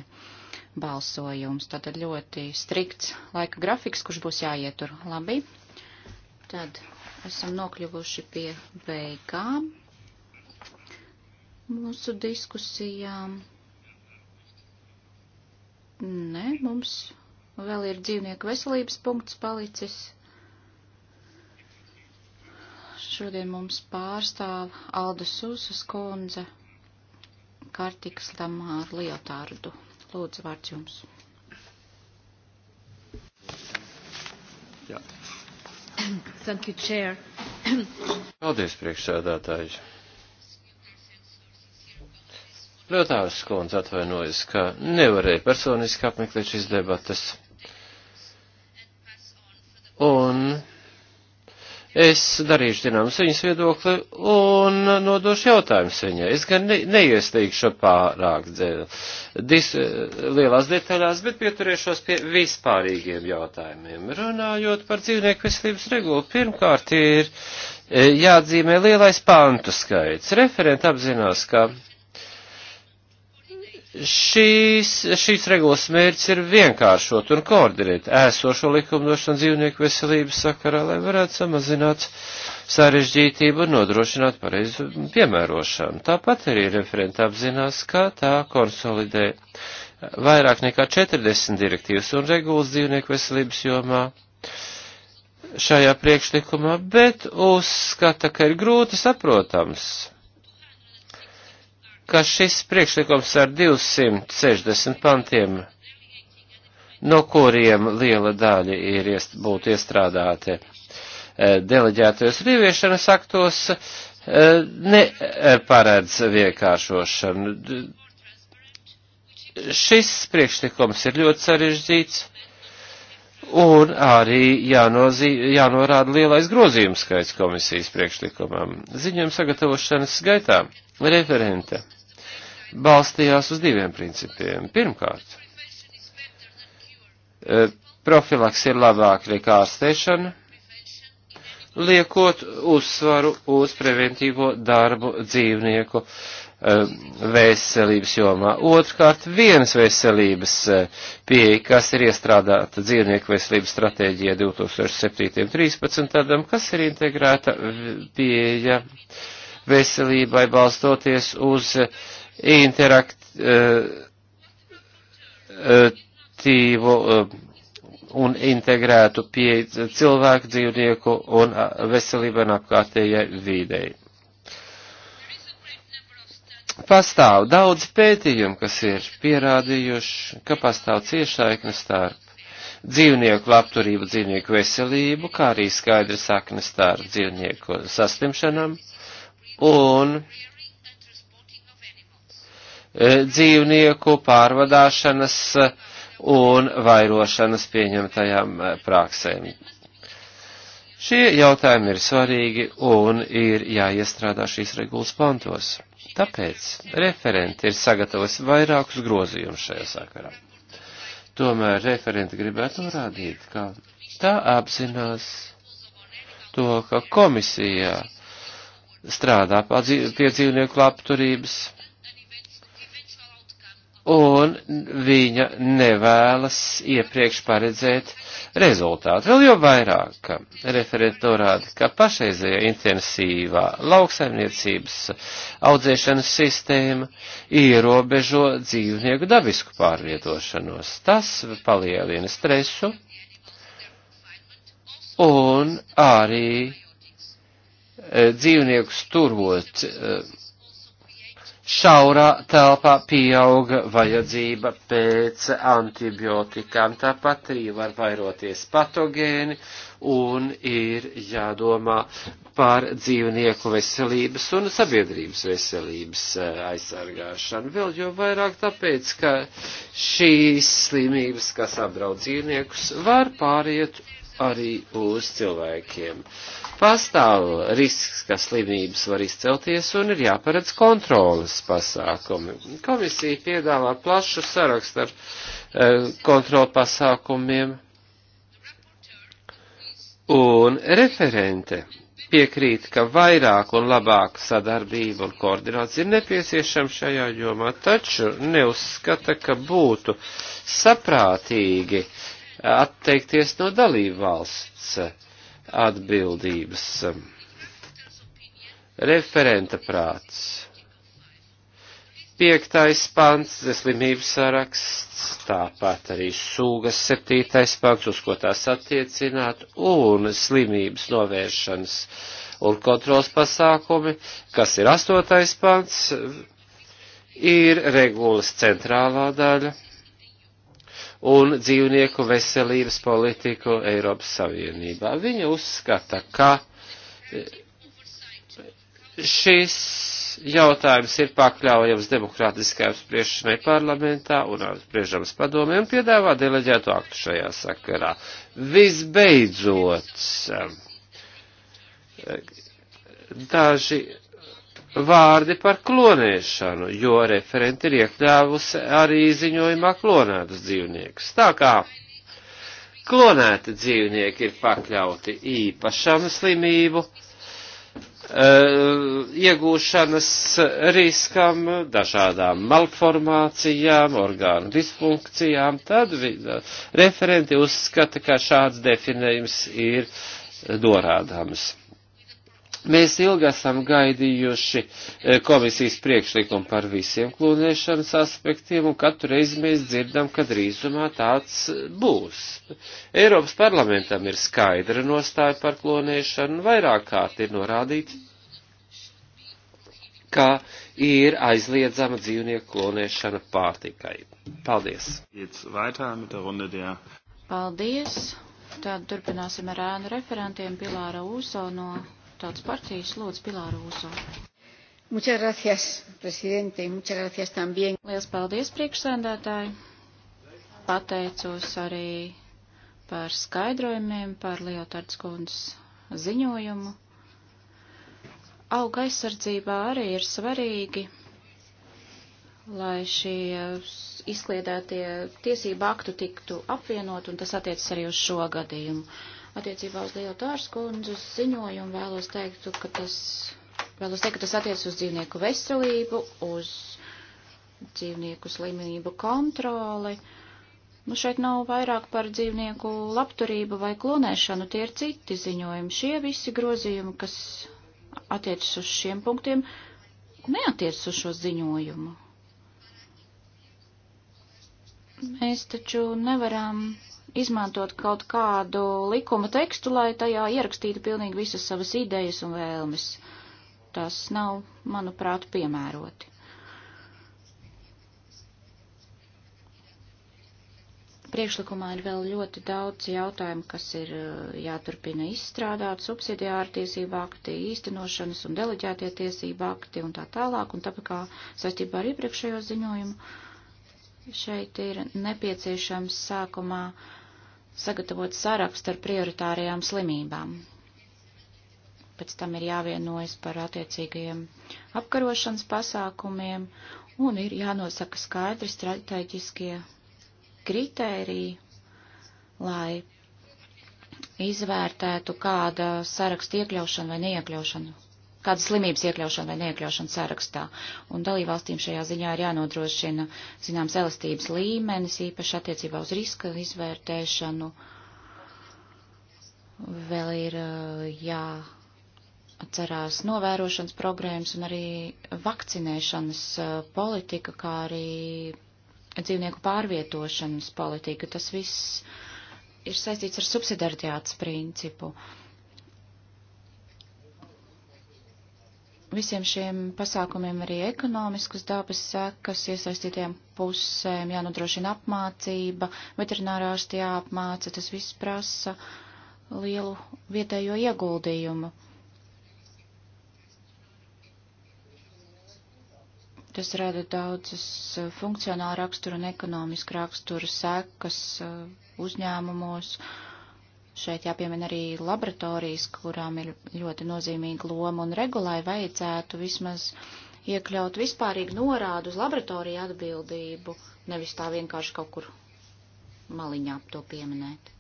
balsojums. Tātad ļoti strikts laika grafiks, kurš būs jāietur. Labi. Tad esam nokļuvuši pie beigām mūsu diskusijām. Nē, mums vēl ir dzīvnieku veselības punkts palicis. Šodien mums pārstāv Alda Susas kundze Kartikas Lamāra Liotārdu. Lūdzu, vārds jums. Jā. Thank you, Chair. Paldies, priekšsēdētāji. Ļotāvis skundze atvainojas, ka nevarēja personiski apmeklēt šīs debatas. Es darīšu zināms viņas viedokli un nodošu jautājumus viņai. Es gan ne, neiesteikšu pārāk dis, lielās detaļās, bet pieturēšos pie vispārīgiem jautājumiem. Runājot par dzīvnieku veselības regulu, pirmkārt ir e, jāatzīmē lielais pantu skaits. Referenti apzinās, ka Šīs, šīs regulas mērķis ir vienkāršot un koordinēt ēsošo likumdošanu dzīvnieku veselības sakarā, lai varētu samazināt sarežģītību un nodrošināt pareizu piemērošanu. Tāpat arī referenta apzinās, kā tā konsolidē vairāk nekā 40 direktīvas un regulas dzīvnieku veselības jomā šajā priekšlikumā, bet uzskata, ka ir grūti saprotams ka šis priekšlikums ar 260 pantiem, no kuriem liela daļa ir iest, būt iestrādāti eh, deleģētajos brīviešanas aktos, eh, neparedz eh, vienkāršošanu. Šis priekšlikums ir ļoti sarežģīts un arī jānozī, jānorāda lielais grozījums skaits komisijas priekšlikumam. Ziņojuma sagatavošanas gaitā referente balstījās uz diviem principiem. Pirmkārt, e, profilaks ir labāk nekā ārstēšana, liekot uzsvaru uz preventīvo darbu dzīvnieku e, veselības jomā. Otrkārt, vienas veselības e, pieeja, kas ir iestrādāta dzīvnieku veselības stratēģijā 2007.13, kas ir integrēta pieeja veselībai balstoties uz uh, interaktīvu eh, eh, eh, un integrētu pieeju cilvēku, dzīvnieku un veselībai un apkārtējai vīdei. Pastāv daudz pētījumu, kas ir pierādījuši, ka pastāv ciešsaikne starp dzīvnieku labturību, dzīvnieku veselību, kā arī skaidra sakne starp dzīvnieku saslimšanām un Eh, dzīvnieku pārvadāšanas eh, un vairošanas pieņemtajām eh, prāksēm. Šie jautājumi ir svarīgi un ir jāiestrādā šīs regulas pantos. Tāpēc referenti ir sagatavojis vairākus grozījumus šajā sakarā. Tomēr referenti gribētu norādīt, ka tā apzinās to, ka komisijā strādā pie dzīvnieku labturības un viņa nevēlas iepriekš paredzēt rezultātu. Vēl jau vairāk referenti norāda, ka pašreizējā intensīvā lauksaimniecības audzēšanas sistēma ierobežo dzīvnieku dabisku pārvietošanos. Tas palielina stresu un arī eh, dzīvniekus turot eh, šaurā telpā pieauga vajadzība pēc antibiotikām. Tāpat arī var vairoties patogēni un ir jādomā par dzīvnieku veselības un sabiedrības veselības eh, aizsargāšanu. Vēl jo vairāk tāpēc, ka šīs slimības, kas apdraud dzīvniekus, var pāriet arī uz cilvēkiem. Uh, Pastāv risks, ka slimības var izcelties un ir jāparedz kontrolas pasākumi. Komisija piedāvā plašu sarakstu ar e, kontrolu pasākumiem un referente piekrīt, ka vairāk un labāk sadarbība un koordinācija ir nepieciešama šajā jomā, taču neuzskata, ka būtu saprātīgi atteikties no dalību valsts atbildības. Referenta prāts. Piektais pants, slimības saraksts, tāpat arī sūgas septītais pants, uz ko tās attiecināt, un slimības novēršanas un kontrols pasākumi, kas ir astotais pants, ir regulas centrālā daļa un dzīvnieku veselības politiku Eiropas Savienībā. Viņa uzskata, ka e, šis jautājums ir pakļaujams demokrātiskajai apspriešanai parlamentā un apspriežams padomē un piedāvā deleģētu aktu šajā sakarā. Visbeidzot, e, daži vārdi par klonēšanu, jo referenti ir iekļāvusi arī ziņojumā klonētus dzīvniekus. Tā kā klonēti dzīvnieki ir pakļauti īpašam slimību, eh, iegūšanas riskam, dažādām malformācijām, orgānu disfunkcijām, tad referenti uzskata, ka šāds definējums ir norādāms. Mēs ilgi esam gaidījuši e, komisijas priekšlikumu par visiem klonēšanas aspektiem, un katru reizi mēs dzirdam, ka drīzumā tāds būs. Eiropas parlamentam ir skaidra nostāja par klonēšanu, vairāk kārt ir norādīts, ka ir aizliedzama dzīvnieku klonēšana pārtikai. Paldies! Paldies! Tad turpināsim ar ēnu referentiem Pilāra Ūso no tautas partijas lūdzu Pilāru Uzo. Muchas gracias, presidente, y muchas gracias también. Liels paldies, priekšsēdētāji. Pateicos arī par skaidrojumiem, par Liotārds kundas ziņojumu. Auga aizsardzībā arī ir svarīgi, lai šie izkliedētie tiesību aktu tiktu apvienot, un tas attiecas arī uz šo gadījumu. Attiecībā uz Lielu Tārskundzes ziņojumu vēlos teikt, ka tas, vēlos teikt, ka tas attiec uz dzīvnieku veselību, uz dzīvnieku slimību kontroli. Nu, šeit nav vairāk par dzīvnieku labturību vai klonēšanu, tie ir citi ziņojumi. Šie visi grozījumi, kas attiecas uz šiem punktiem, neatiecas uz šo ziņojumu. Mēs taču nevaram izmantot kaut kādu likuma tekstu, lai tajā ierakstītu pilnīgi visas savas idejas un vēlmes. Tas nav, manuprāt, piemēroti. Priekšlikumā ir vēl ļoti daudz jautājumu, kas ir uh, jāturpina izstrādāt, subsidiāra tiesība akti, īstenošanas un deleģētie tiesība akti un tā tālāk, un tāpēc kā saistībā ar iepriekšējo ziņojumu šeit ir nepieciešams sākumā uh, sagatavot sarakstu ar prioritārajām slimībām. Pēc tam ir jāvienojas par attiecīgajiem apkarošanas pasākumiem un ir jānosaka skaidri strateģiskie kritēriji, lai izvērtētu, kāda saraksta iekļaušana vai neiekļaušana kādas slimības iekļaušana vai neiekļaušana sarakstā. Un dalībvalstīm šajā ziņā ir jānodrošina zināms elastības līmenis, īpaši attiecībā uz riska izvērtēšanu. Vēl ir uh, jāatcerās novērošanas programmas un arī vakcinēšanas uh, politika, kā arī dzīvnieku pārvietošanas politika. Tas viss ir saistīts ar subsidiaritātes principu. Uh, Visiem šiem pasākumiem arī ekonomiskas dabas sekas iesaistītiem pusēm jānodrošina apmācība, veterinārārsti jāapmāca, tas viss prasa lielu vietējo ieguldījumu. Tas rada daudzas uh, funkcionāla rakstura un ekonomiska rakstura sekas uh, uzņēmumos. Uh, Šeit jāpiemina arī laboratorijas, kurām ir ļoti nozīmīga loma un regulai vajadzētu vismaz iekļaut vispārīgi norādu uz laboratoriju atbildību, nevis tā vienkārši kaut kur maliņā to pieminēt.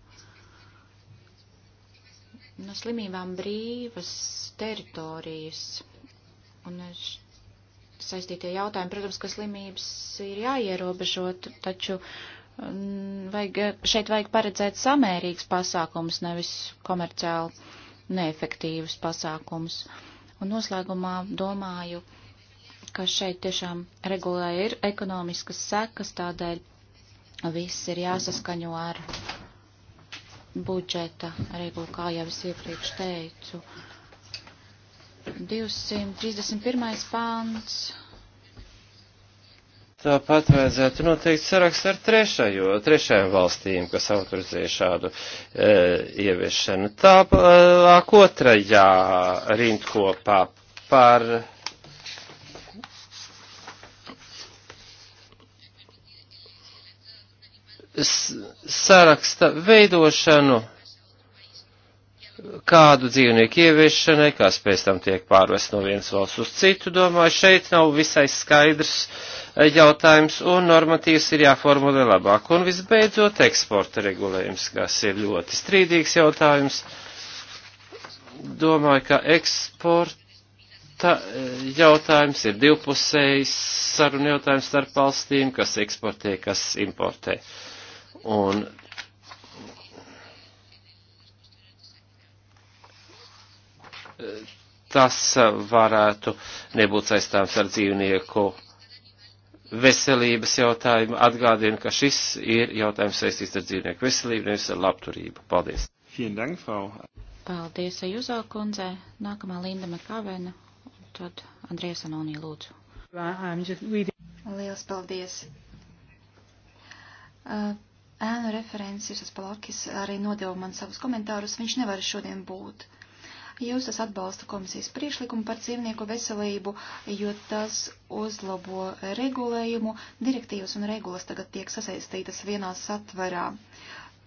No slimībām brīvas teritorijas un saistītie jautājumi, protams, ka slimības ir jāierobežot, taču Vajag, šeit vajag paredzēt samērīgs pasākums, nevis komerciāli neefektīvus pasākums. Un noslēgumā domāju, ka šeit tiešām regulē ir ekonomiskas sekas, tādēļ viss ir jāsaskaņo ar budžeta regulu, kā jau es iepriekš teicu. 231. pāns Tāpat vajadzētu noteikt sarakstu ar trešajo, trešajām valstīm, kas autorizē šādu e, ieviešanu. Tālāk otrajā rindkopā par. saraksta veidošanu kādu dzīvnieku ieviešanai, kas pēc tam tiek pārvest no vienas valsts uz citu, domāju, šeit nav visai skaidrs e, jautājums, un normatīvs ir jāformulē labāk. Un visbeidzot, eksporta regulējums, kas ir ļoti strīdīgs jautājums. Domāju, ka eksporta e, jautājums ir divpusējs sarunu jautājums starp valstīm, kas eksportē, kas importē. Un tas varētu nebūt saistāms ar dzīvnieku veselības jautājumu. Atgādinu, ka šis ir jautājums saistīts ar dzīvnieku veselību, nevis ar labturību. Paldies! Dank, Paldies, Ajuzā kundze. Nākamā Linda Makavena, tad Andrijas Anonī lūdzu. Liels paldies! Uh, ēnu references uz Palakis arī nodeva man savus komentārus. Viņš nevar šodien būt. Uh, Jūs es atbalstu komisijas priešlikumu par dzīvnieku veselību, jo tas uzlabo regulējumu. Direktīvas un regulas tagad tiek sasaistītas vienā satverā.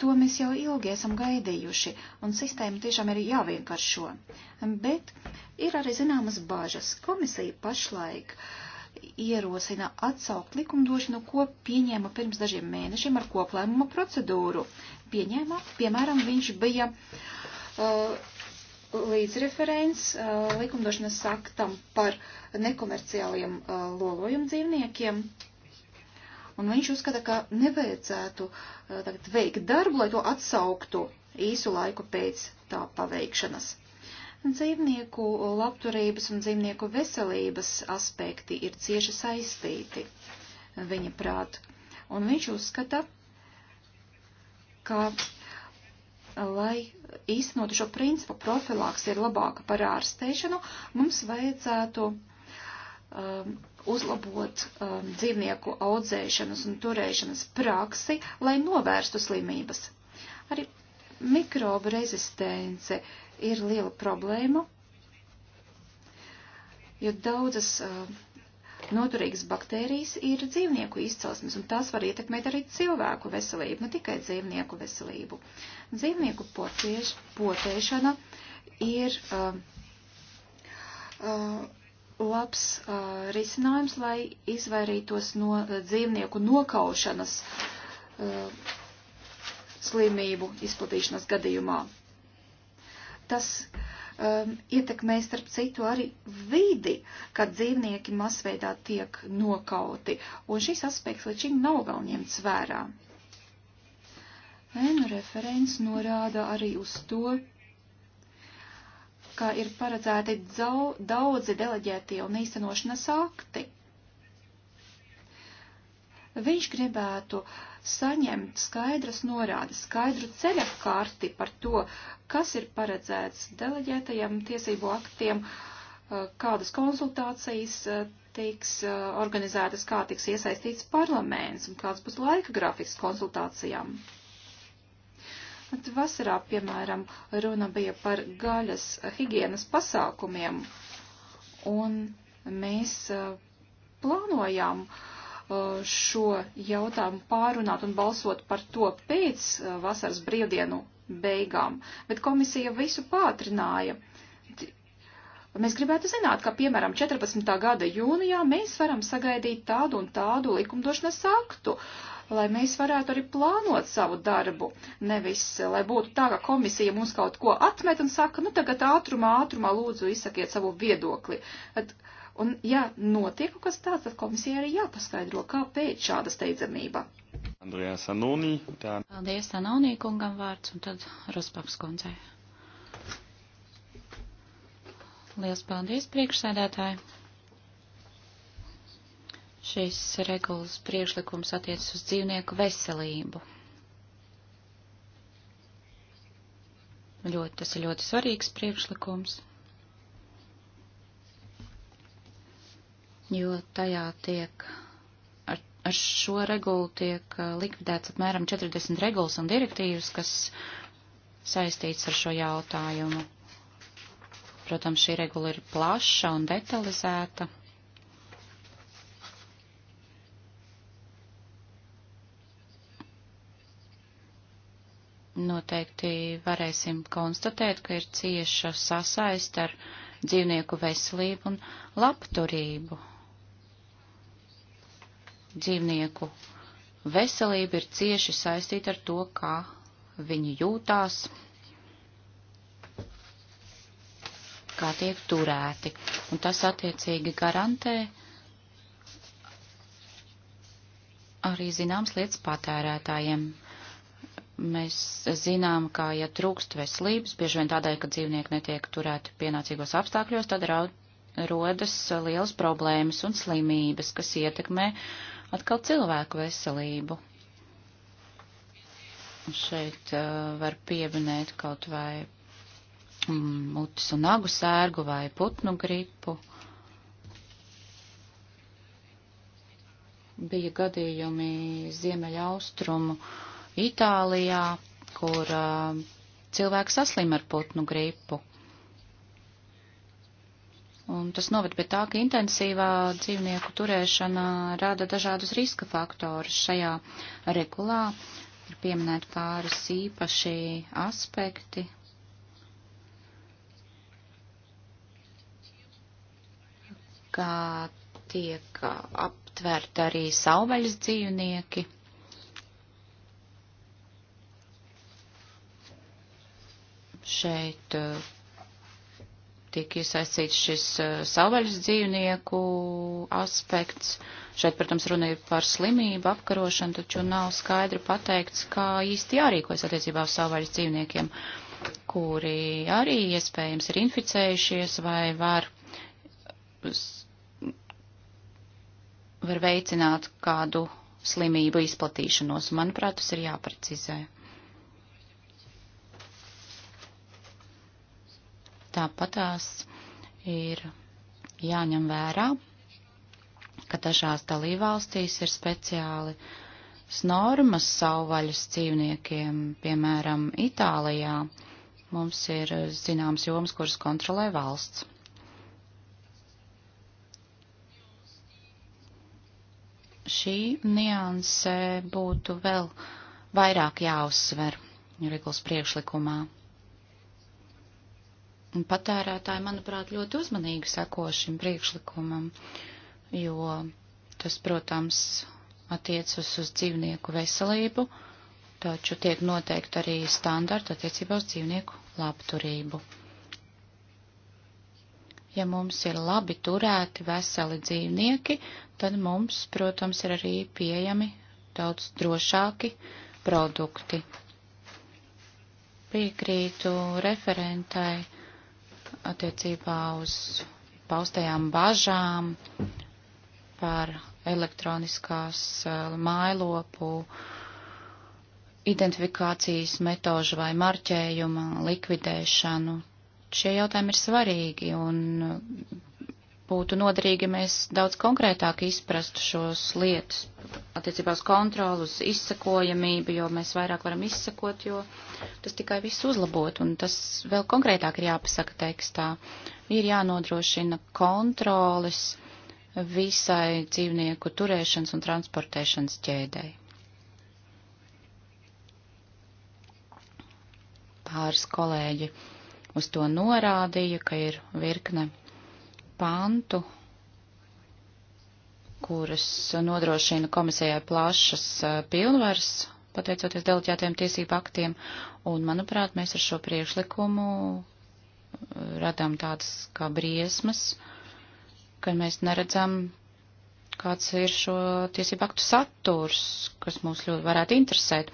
To mēs jau ilgi esam gaidījuši, un sistēma tiešām ir jāvienkāršo. Bet ir arī zināmas bāžas. Komisija pašlaik uh, ierosina atsaukt likumdošanu, ko pieņēma pirms dažiem mēnešiem ar koplēmuma procedūru. Pieņēma, piemēram, viņš bija uh, līdzreferents uh, likumdošanas aktam par nekomerciāliem uh, lolojumu dzīvniekiem. Un viņš uzskata, ka nevajadzētu uh, tagad veikt darbu, lai to atsauktu īsu laiku pēc tā paveikšanas. Dzīvnieku labturības un dzīvnieku veselības aspekti ir cieši saistīti, viņa prāt. Un viņš uzskata, ka, lai īstenotu šo principu profilaks ir labāka par ārsteišanu, mums vajadzētu um, uzlabot um, dzīvnieku audzēšanas un turēšanas praksi, lai novērstu slimības. Arī mikrobu rezistence ir liela problēma, jo daudzas uh, um, noturīgas baktērijas ir dzīvnieku izcelsmes, un tās var ietekmēt arī cilvēku veselību, ne tikai dzīvnieku veselību. Dzīvnieku potieš, potēšana ir uh, uh, labs uh, risinājums, lai izvairītos no uh, dzīvnieku nokaušanas uh, slimību izplatīšanas gadījumā. Tas uh, um, ietekmē starp citu arī vidi, kad dzīvnieki masveidā tiek nokauti, un šis aspekts līdz šim nav vēl ņemts vērā. Ēnu referents norāda arī uz to, ka ir paredzēti daudzi deleģētie un īstenošanas akti. Viņš gribētu saņemt skaidras norādes, skaidru ceļa karti par to, kas ir paredzēts deleģētajiem tiesību aktiem, kādas konsultācijas tiks organizētas, kā tiks iesaistīts parlaments un kāds būs laika grafiks konsultācijām. At vasarā, piemēram, runa bija par gaļas higienas pasākumiem, un mēs plānojām uh, šo jautājumu pārunāt un balsot par to pēc vasaras brīvdienu beigām, bet komisija visu pātrināja. Mēs gribētu zināt, ka, piemēram, 14. gada jūnijā mēs varam sagaidīt tādu un tādu likumdošanas aktu. Uh, lai mēs varētu arī plānot savu darbu, nevis, eh, lai būtu tā, ka komisija mums kaut ko atmet un saka, nu tagad ātrumā, ātrumā lūdzu izsakiet savu viedokli. At, un, ja notiek kaut kas tāds, tad komisija arī jāpaskaidro, kāpēc šāda steidzamība. Andrejā Sanonī. Tā... Paldies Sanonī kungam vārds un tad Rospaps kundzei. Liels paldies priekšsēdētāji. Šis regulas priekšlikums attiecas uz dzīvnieku veselību. Ļoti, tas ir ļoti svarīgs priekšlikums, jo tajā tiek, ar, ar šo regulu tiek uh, likvidēts apmēram 40 regulas un direktīvas, kas saistīts ar šo jautājumu. Protams, šī regula ir plaša un detalizēta. noteikti varēsim konstatēt, ka ir cieša sasaist ar dzīvnieku veselību un labturību. Dzīvnieku veselība ir cieši saistīta ar to, kā viņi jūtās, kā tiek turēti, un tas attiecīgi garantē arī zināms lietas patērētājiem. Mēs zinām, ka, ja trūkst veselības, bieži vien tādēļ, ka dzīvnieki netiek turēti pienācīgos apstākļos, tad raud, rodas liels problēmas un slimības, kas ietekmē atkal cilvēku veselību. Šeit uh, var pieminēt kaut vai mm, mutes un nagu sērgu vai putnu gripu. Bija gadījumi ziemeļa austrumu uh, Itālijā, kur uh, cilvēki saslim ar putnu gripu. Un tas noved pie tā, ka intensīvā dzīvnieku turēšana rada dažādus riska faktorus. Šajā regulā ir pieminēti pāris īpaši aspekti. kā tiek aptvērti arī savvaļas dzīvnieki. Šeit eh, tiek iesaistīts šis eh, savvaļas dzīvnieku aspekts. Šeit, protams, runa ir par slimību apkarošanu, taču nav skaidri pateikts, kā īsti jārīkojas attiecībā uz savvaļas dzīvniekiem, kuri arī iespējams ir inficējušies vai var, var veicināt kādu slimību izplatīšanos. Manuprāt, tas ir jāprecizē. Tāpat tās ir jāņem vērā, ka dažās dalībvalstīs ir speciāli normas savvaļas dzīvniekiem, piemēram, Itālijā. Mums ir zināms joms, kuras kontrolē valsts. Šī nianse būtu vēl vairāk jāuzsver regulas priekšlikumā. Un patērētāji, manuprāt, ļoti uzmanīgi seko šim priekšlikumam, jo tas, protams, attiecas uz dzīvnieku veselību, taču tiek noteikti arī standarti attiecībā uz dzīvnieku labturību. Ja mums ir labi turēti veseli dzīvnieki, tad mums, protams, ir arī pieejami daudz drošāki produkti. Piekrītu referentai attiecībā uz paustajām bažām par elektroniskās eh, mailopu identifikācijas metožu vai marķējuma likvidēšanu. Šie jautājumi ir svarīgi un būtu noderīgi, ja mēs daudz konkrētāk izprastu šos lietas attiecībā uz kontroli, uz izsakojamību, jo mēs vairāk varam izsakot, jo tas tikai viss uzlabot, un tas vēl konkrētāk ir jāpasaka tekstā. Ir jānodrošina kontroles visai dzīvnieku turēšanas un transportēšanas ķēdēji. Pāris kolēģi uz to norādīja, ka ir virkne pantu, kuras nodrošina komisijai plašas eh, pilnvaras, pateicoties deleģētiem tiesību aktiem, un, manuprāt, mēs ar šo priekšlikumu eh, radām tādas kā briesmas, ka mēs neredzam, kāds ir šo tiesību aktu saturs, kas mūs ļoti varētu interesēt.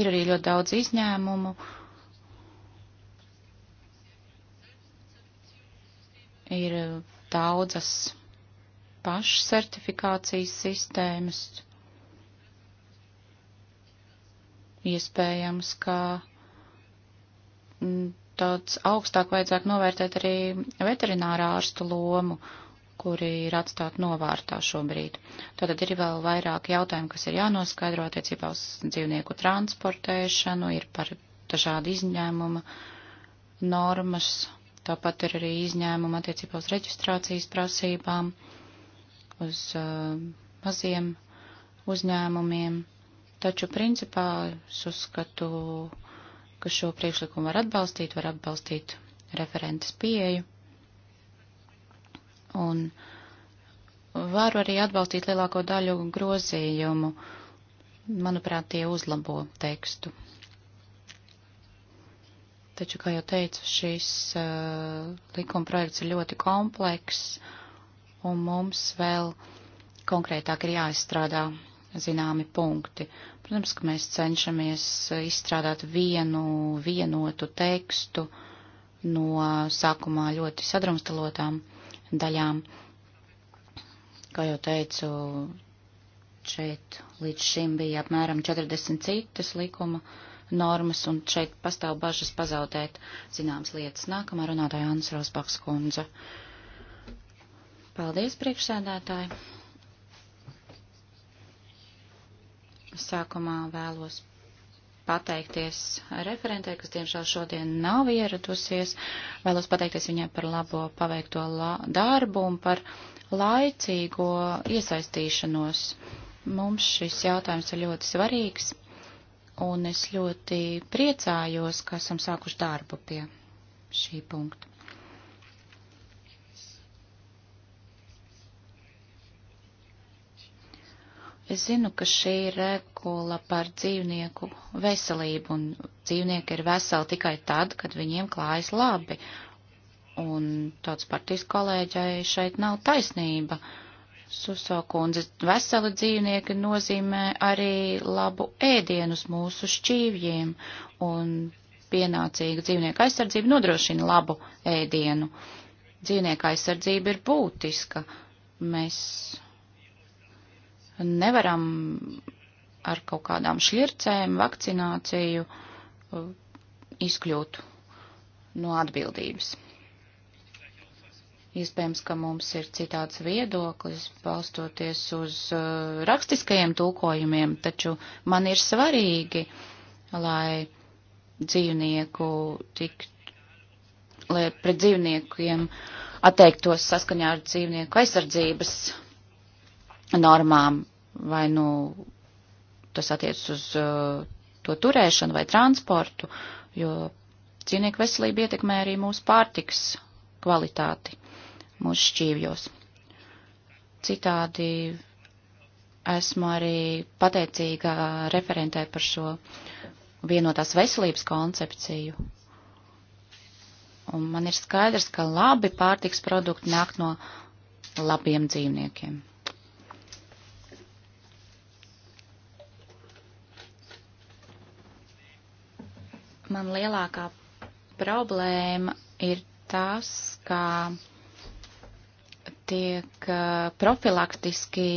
Ir arī ļoti daudz izņēmumu. Ir daudzas pašsertifikācijas sistēmas. Iespējams, ka mm, daudz augstāk vajadzētu novērtēt arī veterinārā ārstu lomu, kuri ir atstāti novārtā šobrīd. Tātad ir vēl vairāk jautājumu, kas ir jānoskaidro attiecībā uz dzīvnieku transportēšanu, ir par dažādu izņēmumu normas Tāpat ir arī izņēmuma attiecībā uz reģistrācijas prasībām, uz uh, maziem uzņēmumiem. Taču principā es uzskatu, ka šo priekšlikumu var atbalstīt, var atbalstīt referentes pieeju. Un varu arī atbalstīt lielāko daļu grozījumu. Manuprāt, tie uzlabo tekstu. Taču, kā jau teicu, šis uh, likuma projekts ir ļoti komplekss, un mums vēl konkrētāk ir jāizstrādā zināmi punkti. Protams, ka mēs cenšamies izstrādāt vienu vienotu tekstu no sākumā ļoti sadrumstalotām daļām. Kā jau teicu, šeit līdz šim bija apmēram 40 citas likuma uh, normas, un šeit pastāv bažas pazaudēt zināmas lietas. Nākamā runātāja Annas Rosbaks kundze. Paldies, priekšsēdētāji. Sākumā vēlos pateikties referentē, kas diemžēl šodien nav ieradusies. Vēlos pateikties viņai par labo paveikto la darbu un par laicīgo iesaistīšanos. Mums šis jautājums ir ļoti svarīgs un es ļoti priecājos, ka esam sākuši darbu pie šī punkta. Es zinu, ka šī ir regula par dzīvnieku veselību, un dzīvnieki ir veseli tikai tad, kad viņiem klājas labi. Un tāds partijas kolēģai šeit nav taisnība. Uh, Suso kundze, veseli dzīvnieki nozīmē arī labu ēdienus mūsu šķīvjiem, un pienācīga dzīvnieku aizsardzība nodrošina labu ēdienu. Dzīvnieku aizsardzība ir būtiska. Mēs nevaram ar kaut kādām šļircēm, vakcināciju uh, izkļūt no atbildības. Iespējams, ka mums ir citāds viedoklis, balstoties uz uh, rakstiskajiem tulkojumiem, taču man ir svarīgi, lai dzīvnieku tik, lai pret dzīvniekiem atteiktos saskaņā ar dzīvnieku aizsardzības normām, vai nu tas attiec uz uh, to turēšanu vai transportu, jo dzīvnieku veselība ietekmē arī mūsu pārtiks kvalitāti mūsu šķīvjos. Citādi esmu arī pateicīga referentē par šo vienotās veselības koncepciju. Un man ir skaidrs, ka labi pārtiks produkti nāk no labiem dzīvniekiem. Man lielākā problēma ir tas, ka tiek eh, profilaktiski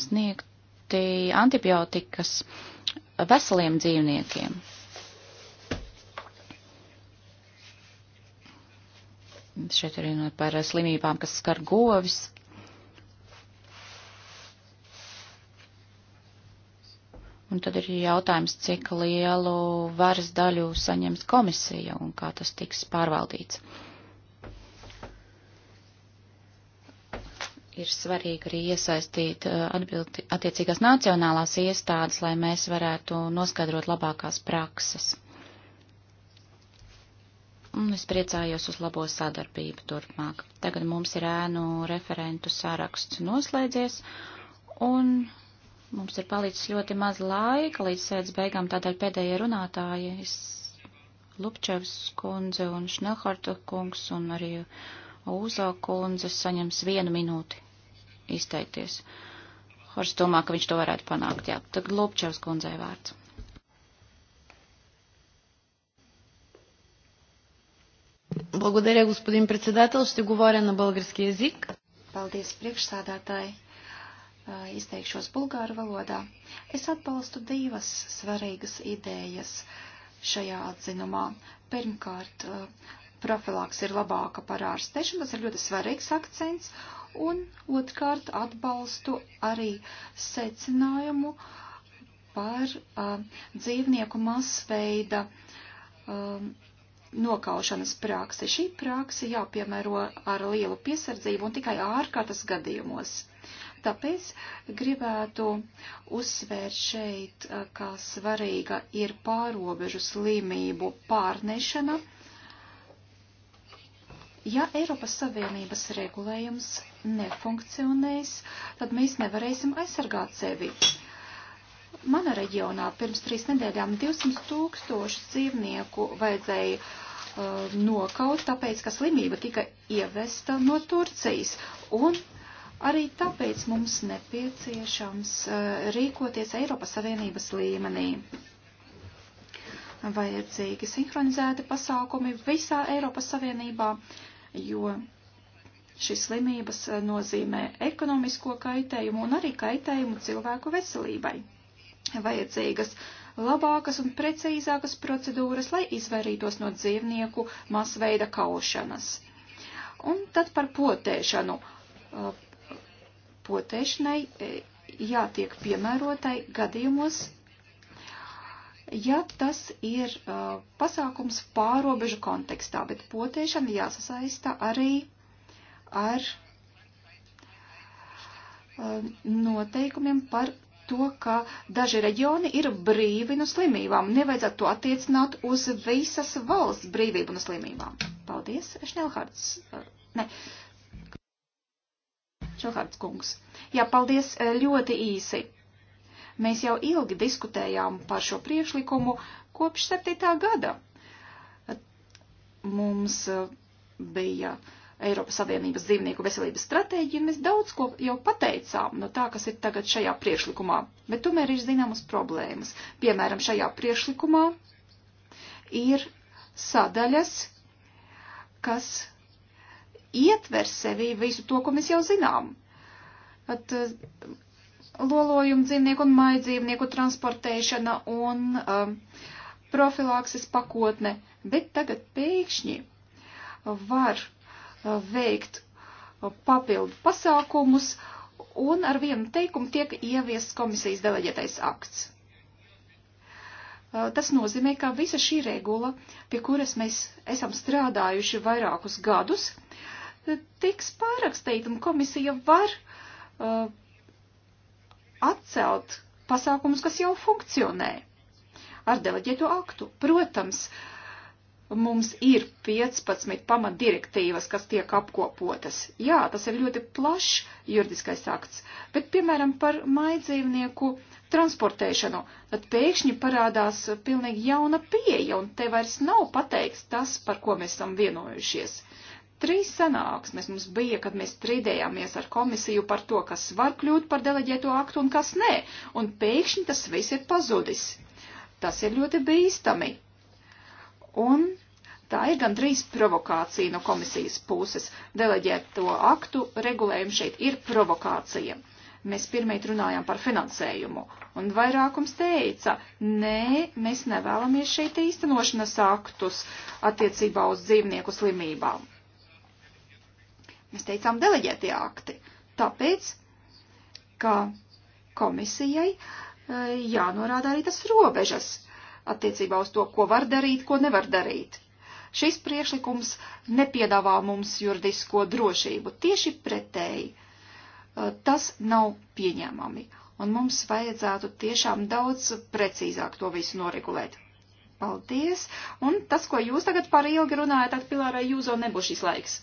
sniegti antibiotikas veseliem dzīvniekiem. Šeit arī runāt par slimībām, kas skar govis. Un tad ir jautājums, cik lielu varas daļu saņems komisija un kā tas tiks pārvaldīts. ir svarīgi arī iesaistīt eh, atbildi, attiecīgās nacionālās iestādes, lai mēs varētu noskaidrot labākās prakses. Un es priecājos uz labo sadarbību turpmāk. Tagad mums ir ēnu referentu saraksts noslēdzies, un mums ir palicis ļoti maz laika līdz sēdes beigām, tādēļ pēdējie runātāji Lupčevs kundze un Šnelharta kungs un arī Uzā kundze saņems vienu minūti izteikties. Horst domā, ka viņš to varētu panākt, jā. Tad Lopčevs kundzei vārds. Благодаря, господин председател. Ще говоря на български язик. Paldies, priekšsādātāji. Э, Izteikšos bulgāru valodā. Es atbalstu divas svarīgas idejas šajā atzinumā. Pirmkārt, eh, profilaks ir labāka par ārstēšanu, tas ir ļoti svarīgs akcents, un otrkārt atbalstu arī secinājumu par uh, dzīvnieku masveida um, nokaušanas praksi. Šī praksi jāpiemēro ar lielu piesardzību un tikai ārkārtas gadījumos. Tāpēc gribētu uzsvērt šeit, kā svarīga ir pārobežu slimību pārnešana. Ja Eiropas Savienības regulējums nefunkcionēs, tad mēs nevarēsim aizsargāt sevi. Mana reģionā pirms trīs nedēļām 200 tūkstoši dzīvnieku vajadzēja uh, nokaut, tāpēc, ka slimība tika ievesta no Turcijas. Un arī tāpēc mums nepieciešams uh, rīkoties Eiropas Savienības līmenī. Vajadzīgi sinhronizēti pasākumi visā Eiropas Savienībā, jo Šīs slimības e, nozīmē ekonomisko kaitējumu un arī kaitējumu cilvēku veselībai. Vajadzīgas labākas un precīzākas procedūras, lai izvairītos no dzīvnieku masveida kaušanas. Un tad par potēšanu. E, potēšanai e, jātiek piemērotai gadījumos, ja tas ir pasākums pārobežu kontekstā, bet potēšana jāsasaista arī ar uh, noteikumiem par to, ka daži reģioni ir brīvi no slimībām. Nevajadzētu to attiecināt uz visas valsts brīvību no slimībām. Paldies, Šnelhards. Uh, ne. Šnelhards kungs. Jā, paldies uh, ļoti īsi. Mēs jau ilgi diskutējām par šo priekšlikumu kopš 7. gada. Mums bija uh, Eiropas Savienības dzīvnieku veselības stratēģiju, mēs daudz ko jau pateicām no tā, kas ir tagad šajā priekšlikumā, bet tomēr ir zināmas problēmas. Piemēram, šajā priekšlikumā ir sadaļas, kas ietver sevī visu to, ko mēs jau zinām. Pat eh, lolojumu dzīvnieku un maidzīvnieku transportēšana un um, profilakses pakotne, bet tagad pēkšņi var Uh, veikt uh, papildu pasākumus, un ar vienu teikumu tiek ieviests komisijas deleģētais akts. Uh, tas nozīmē, ka visa šī regula, pie kuras mēs esam strādājuši vairākus gadus, tiks pārakstīta, un komisija var uh, atcelt pasākumus, kas jau funkcionē ar deleģēto aktu. Protams, uh, mums ir 15 pamatdirektīvas, kas tiek apkopotas. Jā, tas ir ļoti plašs juridiskais akts, bet, piemēram, par maidzīvnieku transportēšanu, tad pēkšņi parādās pilnīgi jauna pieeja, un te vairs nav pateikts tas, par ko mēs esam vienojušies. Trīs sanāksmes mums bija, kad mēs strīdējāmies ar komisiju par to, kas var kļūt par deleģēto aktu un kas nē, un pēkšņi tas viss ir pazudis. Tas ir ļoti bīstami, Un tā ir gan trīs provokācija no komisijas puses. Deleģēt to aktu regulējumu šeit ir provokācija. Mēs pirmīt runājām par finansējumu, un vairākums teica, nē, mēs nevēlamies šeit īstenošanas aktus attiecībā uz dzīvnieku slimībām. Mēs teicām deleģētie akti, tāpēc, ka komisijai e, jānorāda arī tas robežas, attiecībā uz to, ko var darīt, ko nevar darīt. Šis priešlikums nepiedāvā mums juridisko drošību. Tieši pretēji, uh, tas nav pieņēmami, un mums vajadzētu tiešām daudz precīzāk to visu noregulēt. Paldies! Un tas, ko jūs tagad par ilgi runājat, Pilārai Jūzo nebūs šis laiks.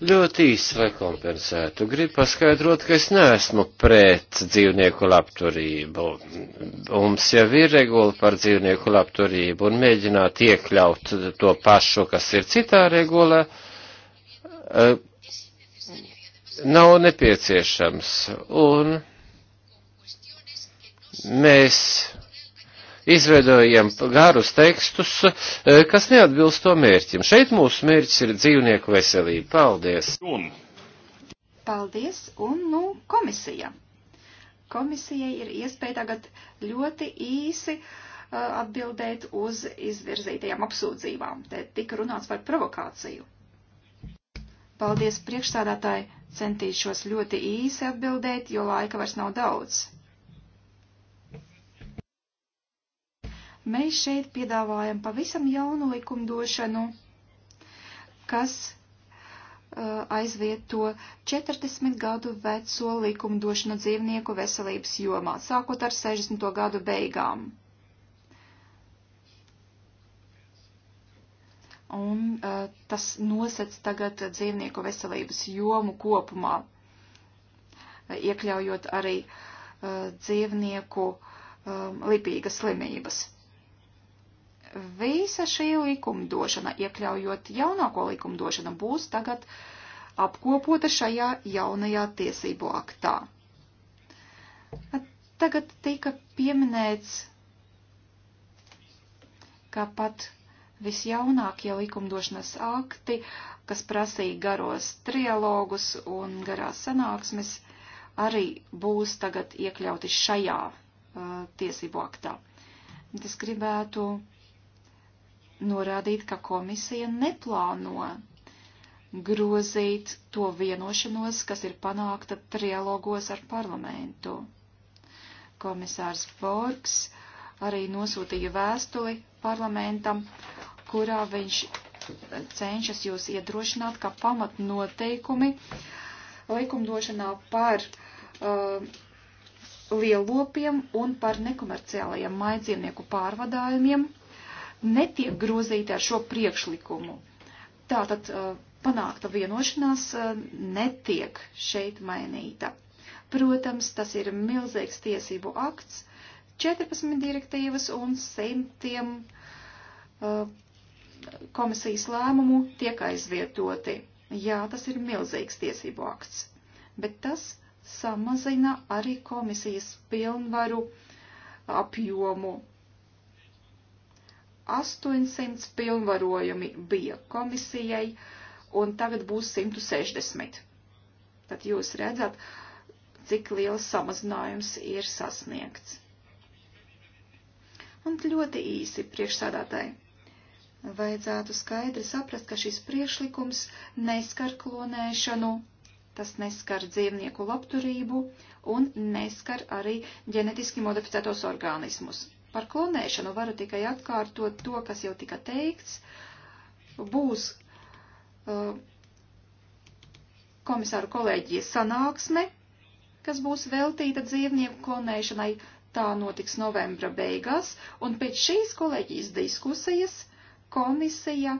Ļoti īsi, lai kompensētu. Gribu paskaidrot, ka es neesmu pret dzīvnieku labturību. Mums jau ir regula par dzīvnieku labturību un mēģināt iekļaut to pašu, kas ir citā regulā, eh, nav nepieciešams. Un mēs izveidojam garus tekstus, eh, kas neatbilst to mērķim. Šeit mūsu mērķis ir dzīvnieku veselība. Paldies! Un. Paldies! Un nu komisija. Komisijai ir iespēja tagad ļoti īsi uh, atbildēt uz izvirzītajām apsūdzībām. Te tika runāts par provokāciju. Paldies priekšstādātāji, centīšos ļoti īsi atbildēt, jo laika vairs nav daudz. Mēs šeit piedāvājam pavisam jaunu likumdošanu, kas uh, aizvieto 40 gadu veco likumdošanu dzīvnieku veselības jomā, sākot ar 60. gadu beigām. Un uh, tas nosec tagad dzīvnieku veselības jomu kopumā, iekļaujot arī uh, dzīvnieku um, lipīgas slimības visa šī likumdošana, iekļaujot jaunāko likumdošanu, būs tagad apkopota šajā jaunajā tiesību aktā. Tagad tika pieminēts, ka pat visjaunākie likumdošanas akti, kas prasīja garos trialogus un garās sanāksmes, arī būs tagad iekļauti šajā uh, tiesību aktā. Bet es gribētu norādīt, ka komisija neplāno grozīt to vienošanos, kas ir panākta trialogos ar parlamentu. Komisārs Borgs arī nosūtīja vēstuli parlamentam, kurā viņš cenšas jūs iedrošināt, ka pamatnoteikumi likumdošanā par uh, lielopiem un par nekomerciālajiem maidzīvnieku pārvadājumiem netiek grozīti ar šo priekšlikumu. Tātad uh, panākta vienošanās uh, netiek šeit mainīta. Protams, tas ir milzīgs tiesību akts, 14 direktīvas un simtiem uh, komisijas lēmumu tiek aizvietoti. Jā, tas ir milzīgs tiesību akts, bet tas samazina arī komisijas pilnvaru apjomu 800 pilnvarojumi bija komisijai, un tagad būs 160. Tad jūs redzat, cik liels samazinājums ir sasniegts. Un ļoti īsi priekšsādātāji. Vajadzētu skaidri saprast, ka šis priekšlikums neskar klonēšanu, tas neskar dzīvnieku labturību un neskar arī ģenetiski modificētos organismus Par klonēšanu varu tikai atkārtot to, kas jau tika teikts. Būs uh, komisāru kolēģijas sanāksme, kas būs veltīta dzīvnieku klonēšanai. Tā notiks novembra beigās, un pēc šīs kolēģijas diskusijas komisija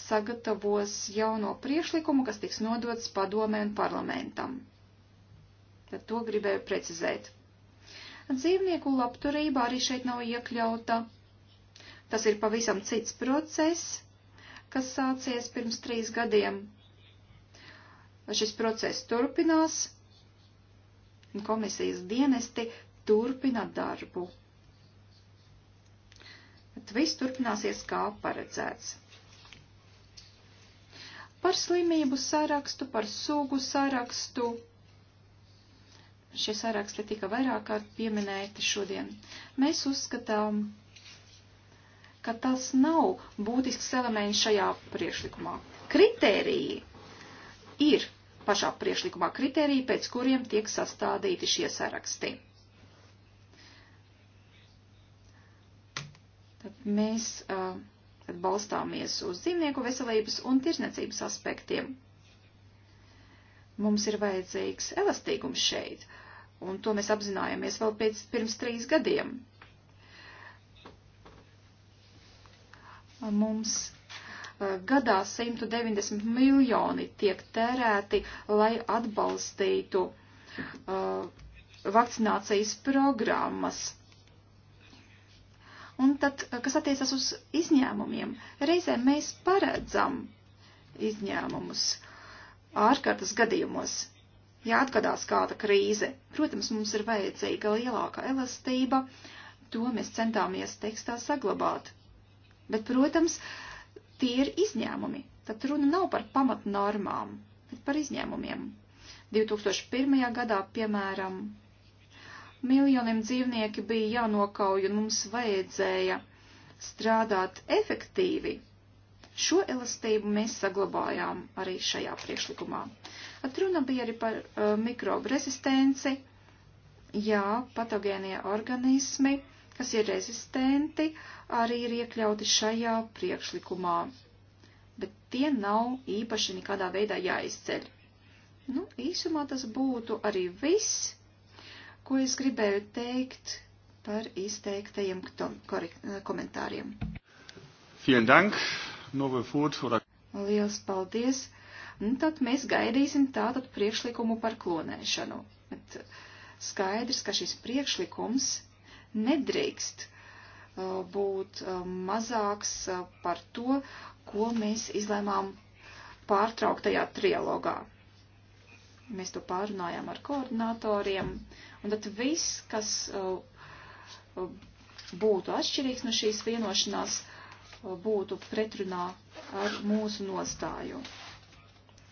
sagatavos jauno priešlikumu, kas tiks nodots padomē un parlamentam. Tad to gribēju precizēt. Dzīvnieku labturība arī šeit nav iekļauta. Tas ir pavisam cits process, kas sācies pirms trīs gadiem. Šis process turpinās, un komisijas dienesti turpina darbu. Bet viss turpināsies kā paredzēts par slimību sarakstu, par sugu sarakstu. Šie saraksti tika vairāk kārt pieminēti šodien. Mēs uzskatām, ka tas nav būtisks elements šajā priekšlikumā. Kritēriji ir pašā priekšlikumā kritēriji, pēc kuriem tiek sastādīti šie saraksti. Tad mēs uh, tad balstāmies uz dzīvnieku veselības un tirsniecības aspektiem. Mums ir vajadzīgs elastīgums šeit, un to mēs apzinājāmies vēl pēc, pirms trīs gadiem. Mums eh, gadā 190 miljoni tiek tērēti, lai atbalstītu uh, vakcinācijas programmas. Un tad, eh, kas attiecas uz izņēmumiem, reizē mēs paredzam izņēmumus ārkārtas gadījumos ja atgadās kāda krīze. Protams, mums ir vajadzīga lielāka elastība, to mēs centāmies tekstā saglabāt. Bet, protams, tie ir izņēmumi. Tad runa nav par pamatnormām, bet par izņēmumiem. 2001. gadā, piemēram, miljoniem dzīvnieki bija jānokauj, un mums vajadzēja strādāt efektīvi, Šo elastību mēs saglabājām arī šajā priekšlikumā. Atruna bija arī par uh, mikrobu rezistenci. Jā, patogēnie organismi, kas ir rezistenti, arī ir iekļauti šajā priekšlikumā, bet tie nav īpaši nekādā veidā jāizceļ. Nu, īsumā tas būtu arī viss, ko es gribēju teikt par izteiktajiem komentāriem. Vielen Dank. Liels paldies! Nu, tad mēs gaidīsim tātad priekšlikumu par klonēšanu. Bet skaidrs, ka šis priekšlikums nedrīkst uh, būt uh, mazāks uh, par to, ko mēs izlēmām pārtrauktajā trialogā. Mēs to pārunājām ar koordinatoriem, un tad viss, kas uh, uh, būtu atšķirīgs no šīs vienošanās, uh, būtu pretrunā ar mūsu nostāju.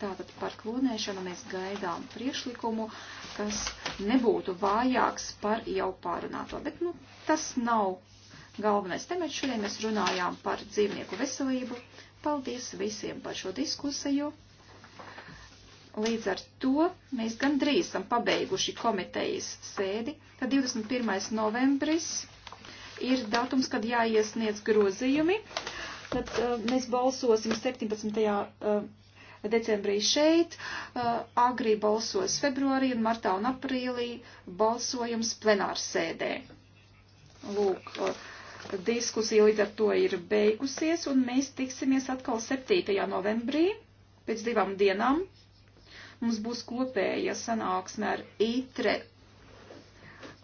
Tātad par klonēšanu mēs gaidām priešlikumu, kas nebūtu vājāks par jau pārunāto, bet nu, tas nav galvenais temats. Šodien mēs runājām par dzīvnieku veselību. Paldies visiem par šo diskusiju. Līdz ar to mēs gandrīz esam pabeiguši komitejas sēdi. Tad 21. novembris ir datums, kad jāiesniedz grozījumi. Tad uh, mēs balsosim 17. Uh, decembrī šeit, uh, agrī balsos februārī un martā un aprīlī balsojums plenārsēdē. Lūk, uh, diskusija līdz ar to ir beigusies un mēs tiksimies atkal 7. novembrī pēc divām dienām. Mums būs kopēja sanāksme ar ITRE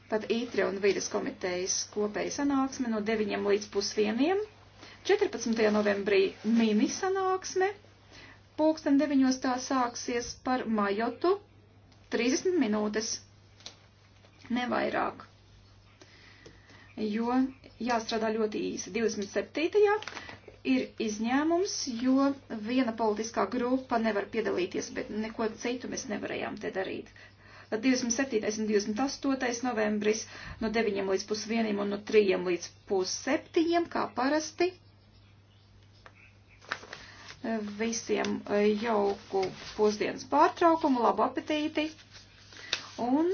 Tad ītri e un vides komitejas kopēja sanāksme no 9 līdz pusvieniem. 14. novembrī mini sanāksme. Pūksten 9. tā sāksies par majotu 30 minūtes. Nevairāk. Jo jāstrādā ļoti īsi. 27. ir izņēmums, jo viena politiskā grupa nevar piedalīties, bet neko citu mēs nevarējām te darīt. 27. un 28. novembris no 9 līdz pusdienim un no 3 līdz pusseptiņiem, kā parasti. Visiem jauku pusdienas pārtraukumu, labu apetīti un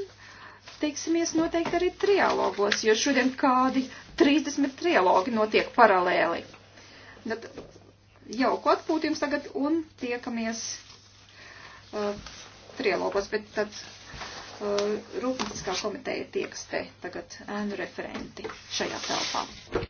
tiksimies noteikti arī trialogos, jo šodien kādi 30 trialogi notiek paralēli. Tad jauku atpūtījums tagad un tiekamies uh, trialogos, bet tad Uh, Rūpnieciskā komiteja tieks te tagad ēnu referenti šajā telpā.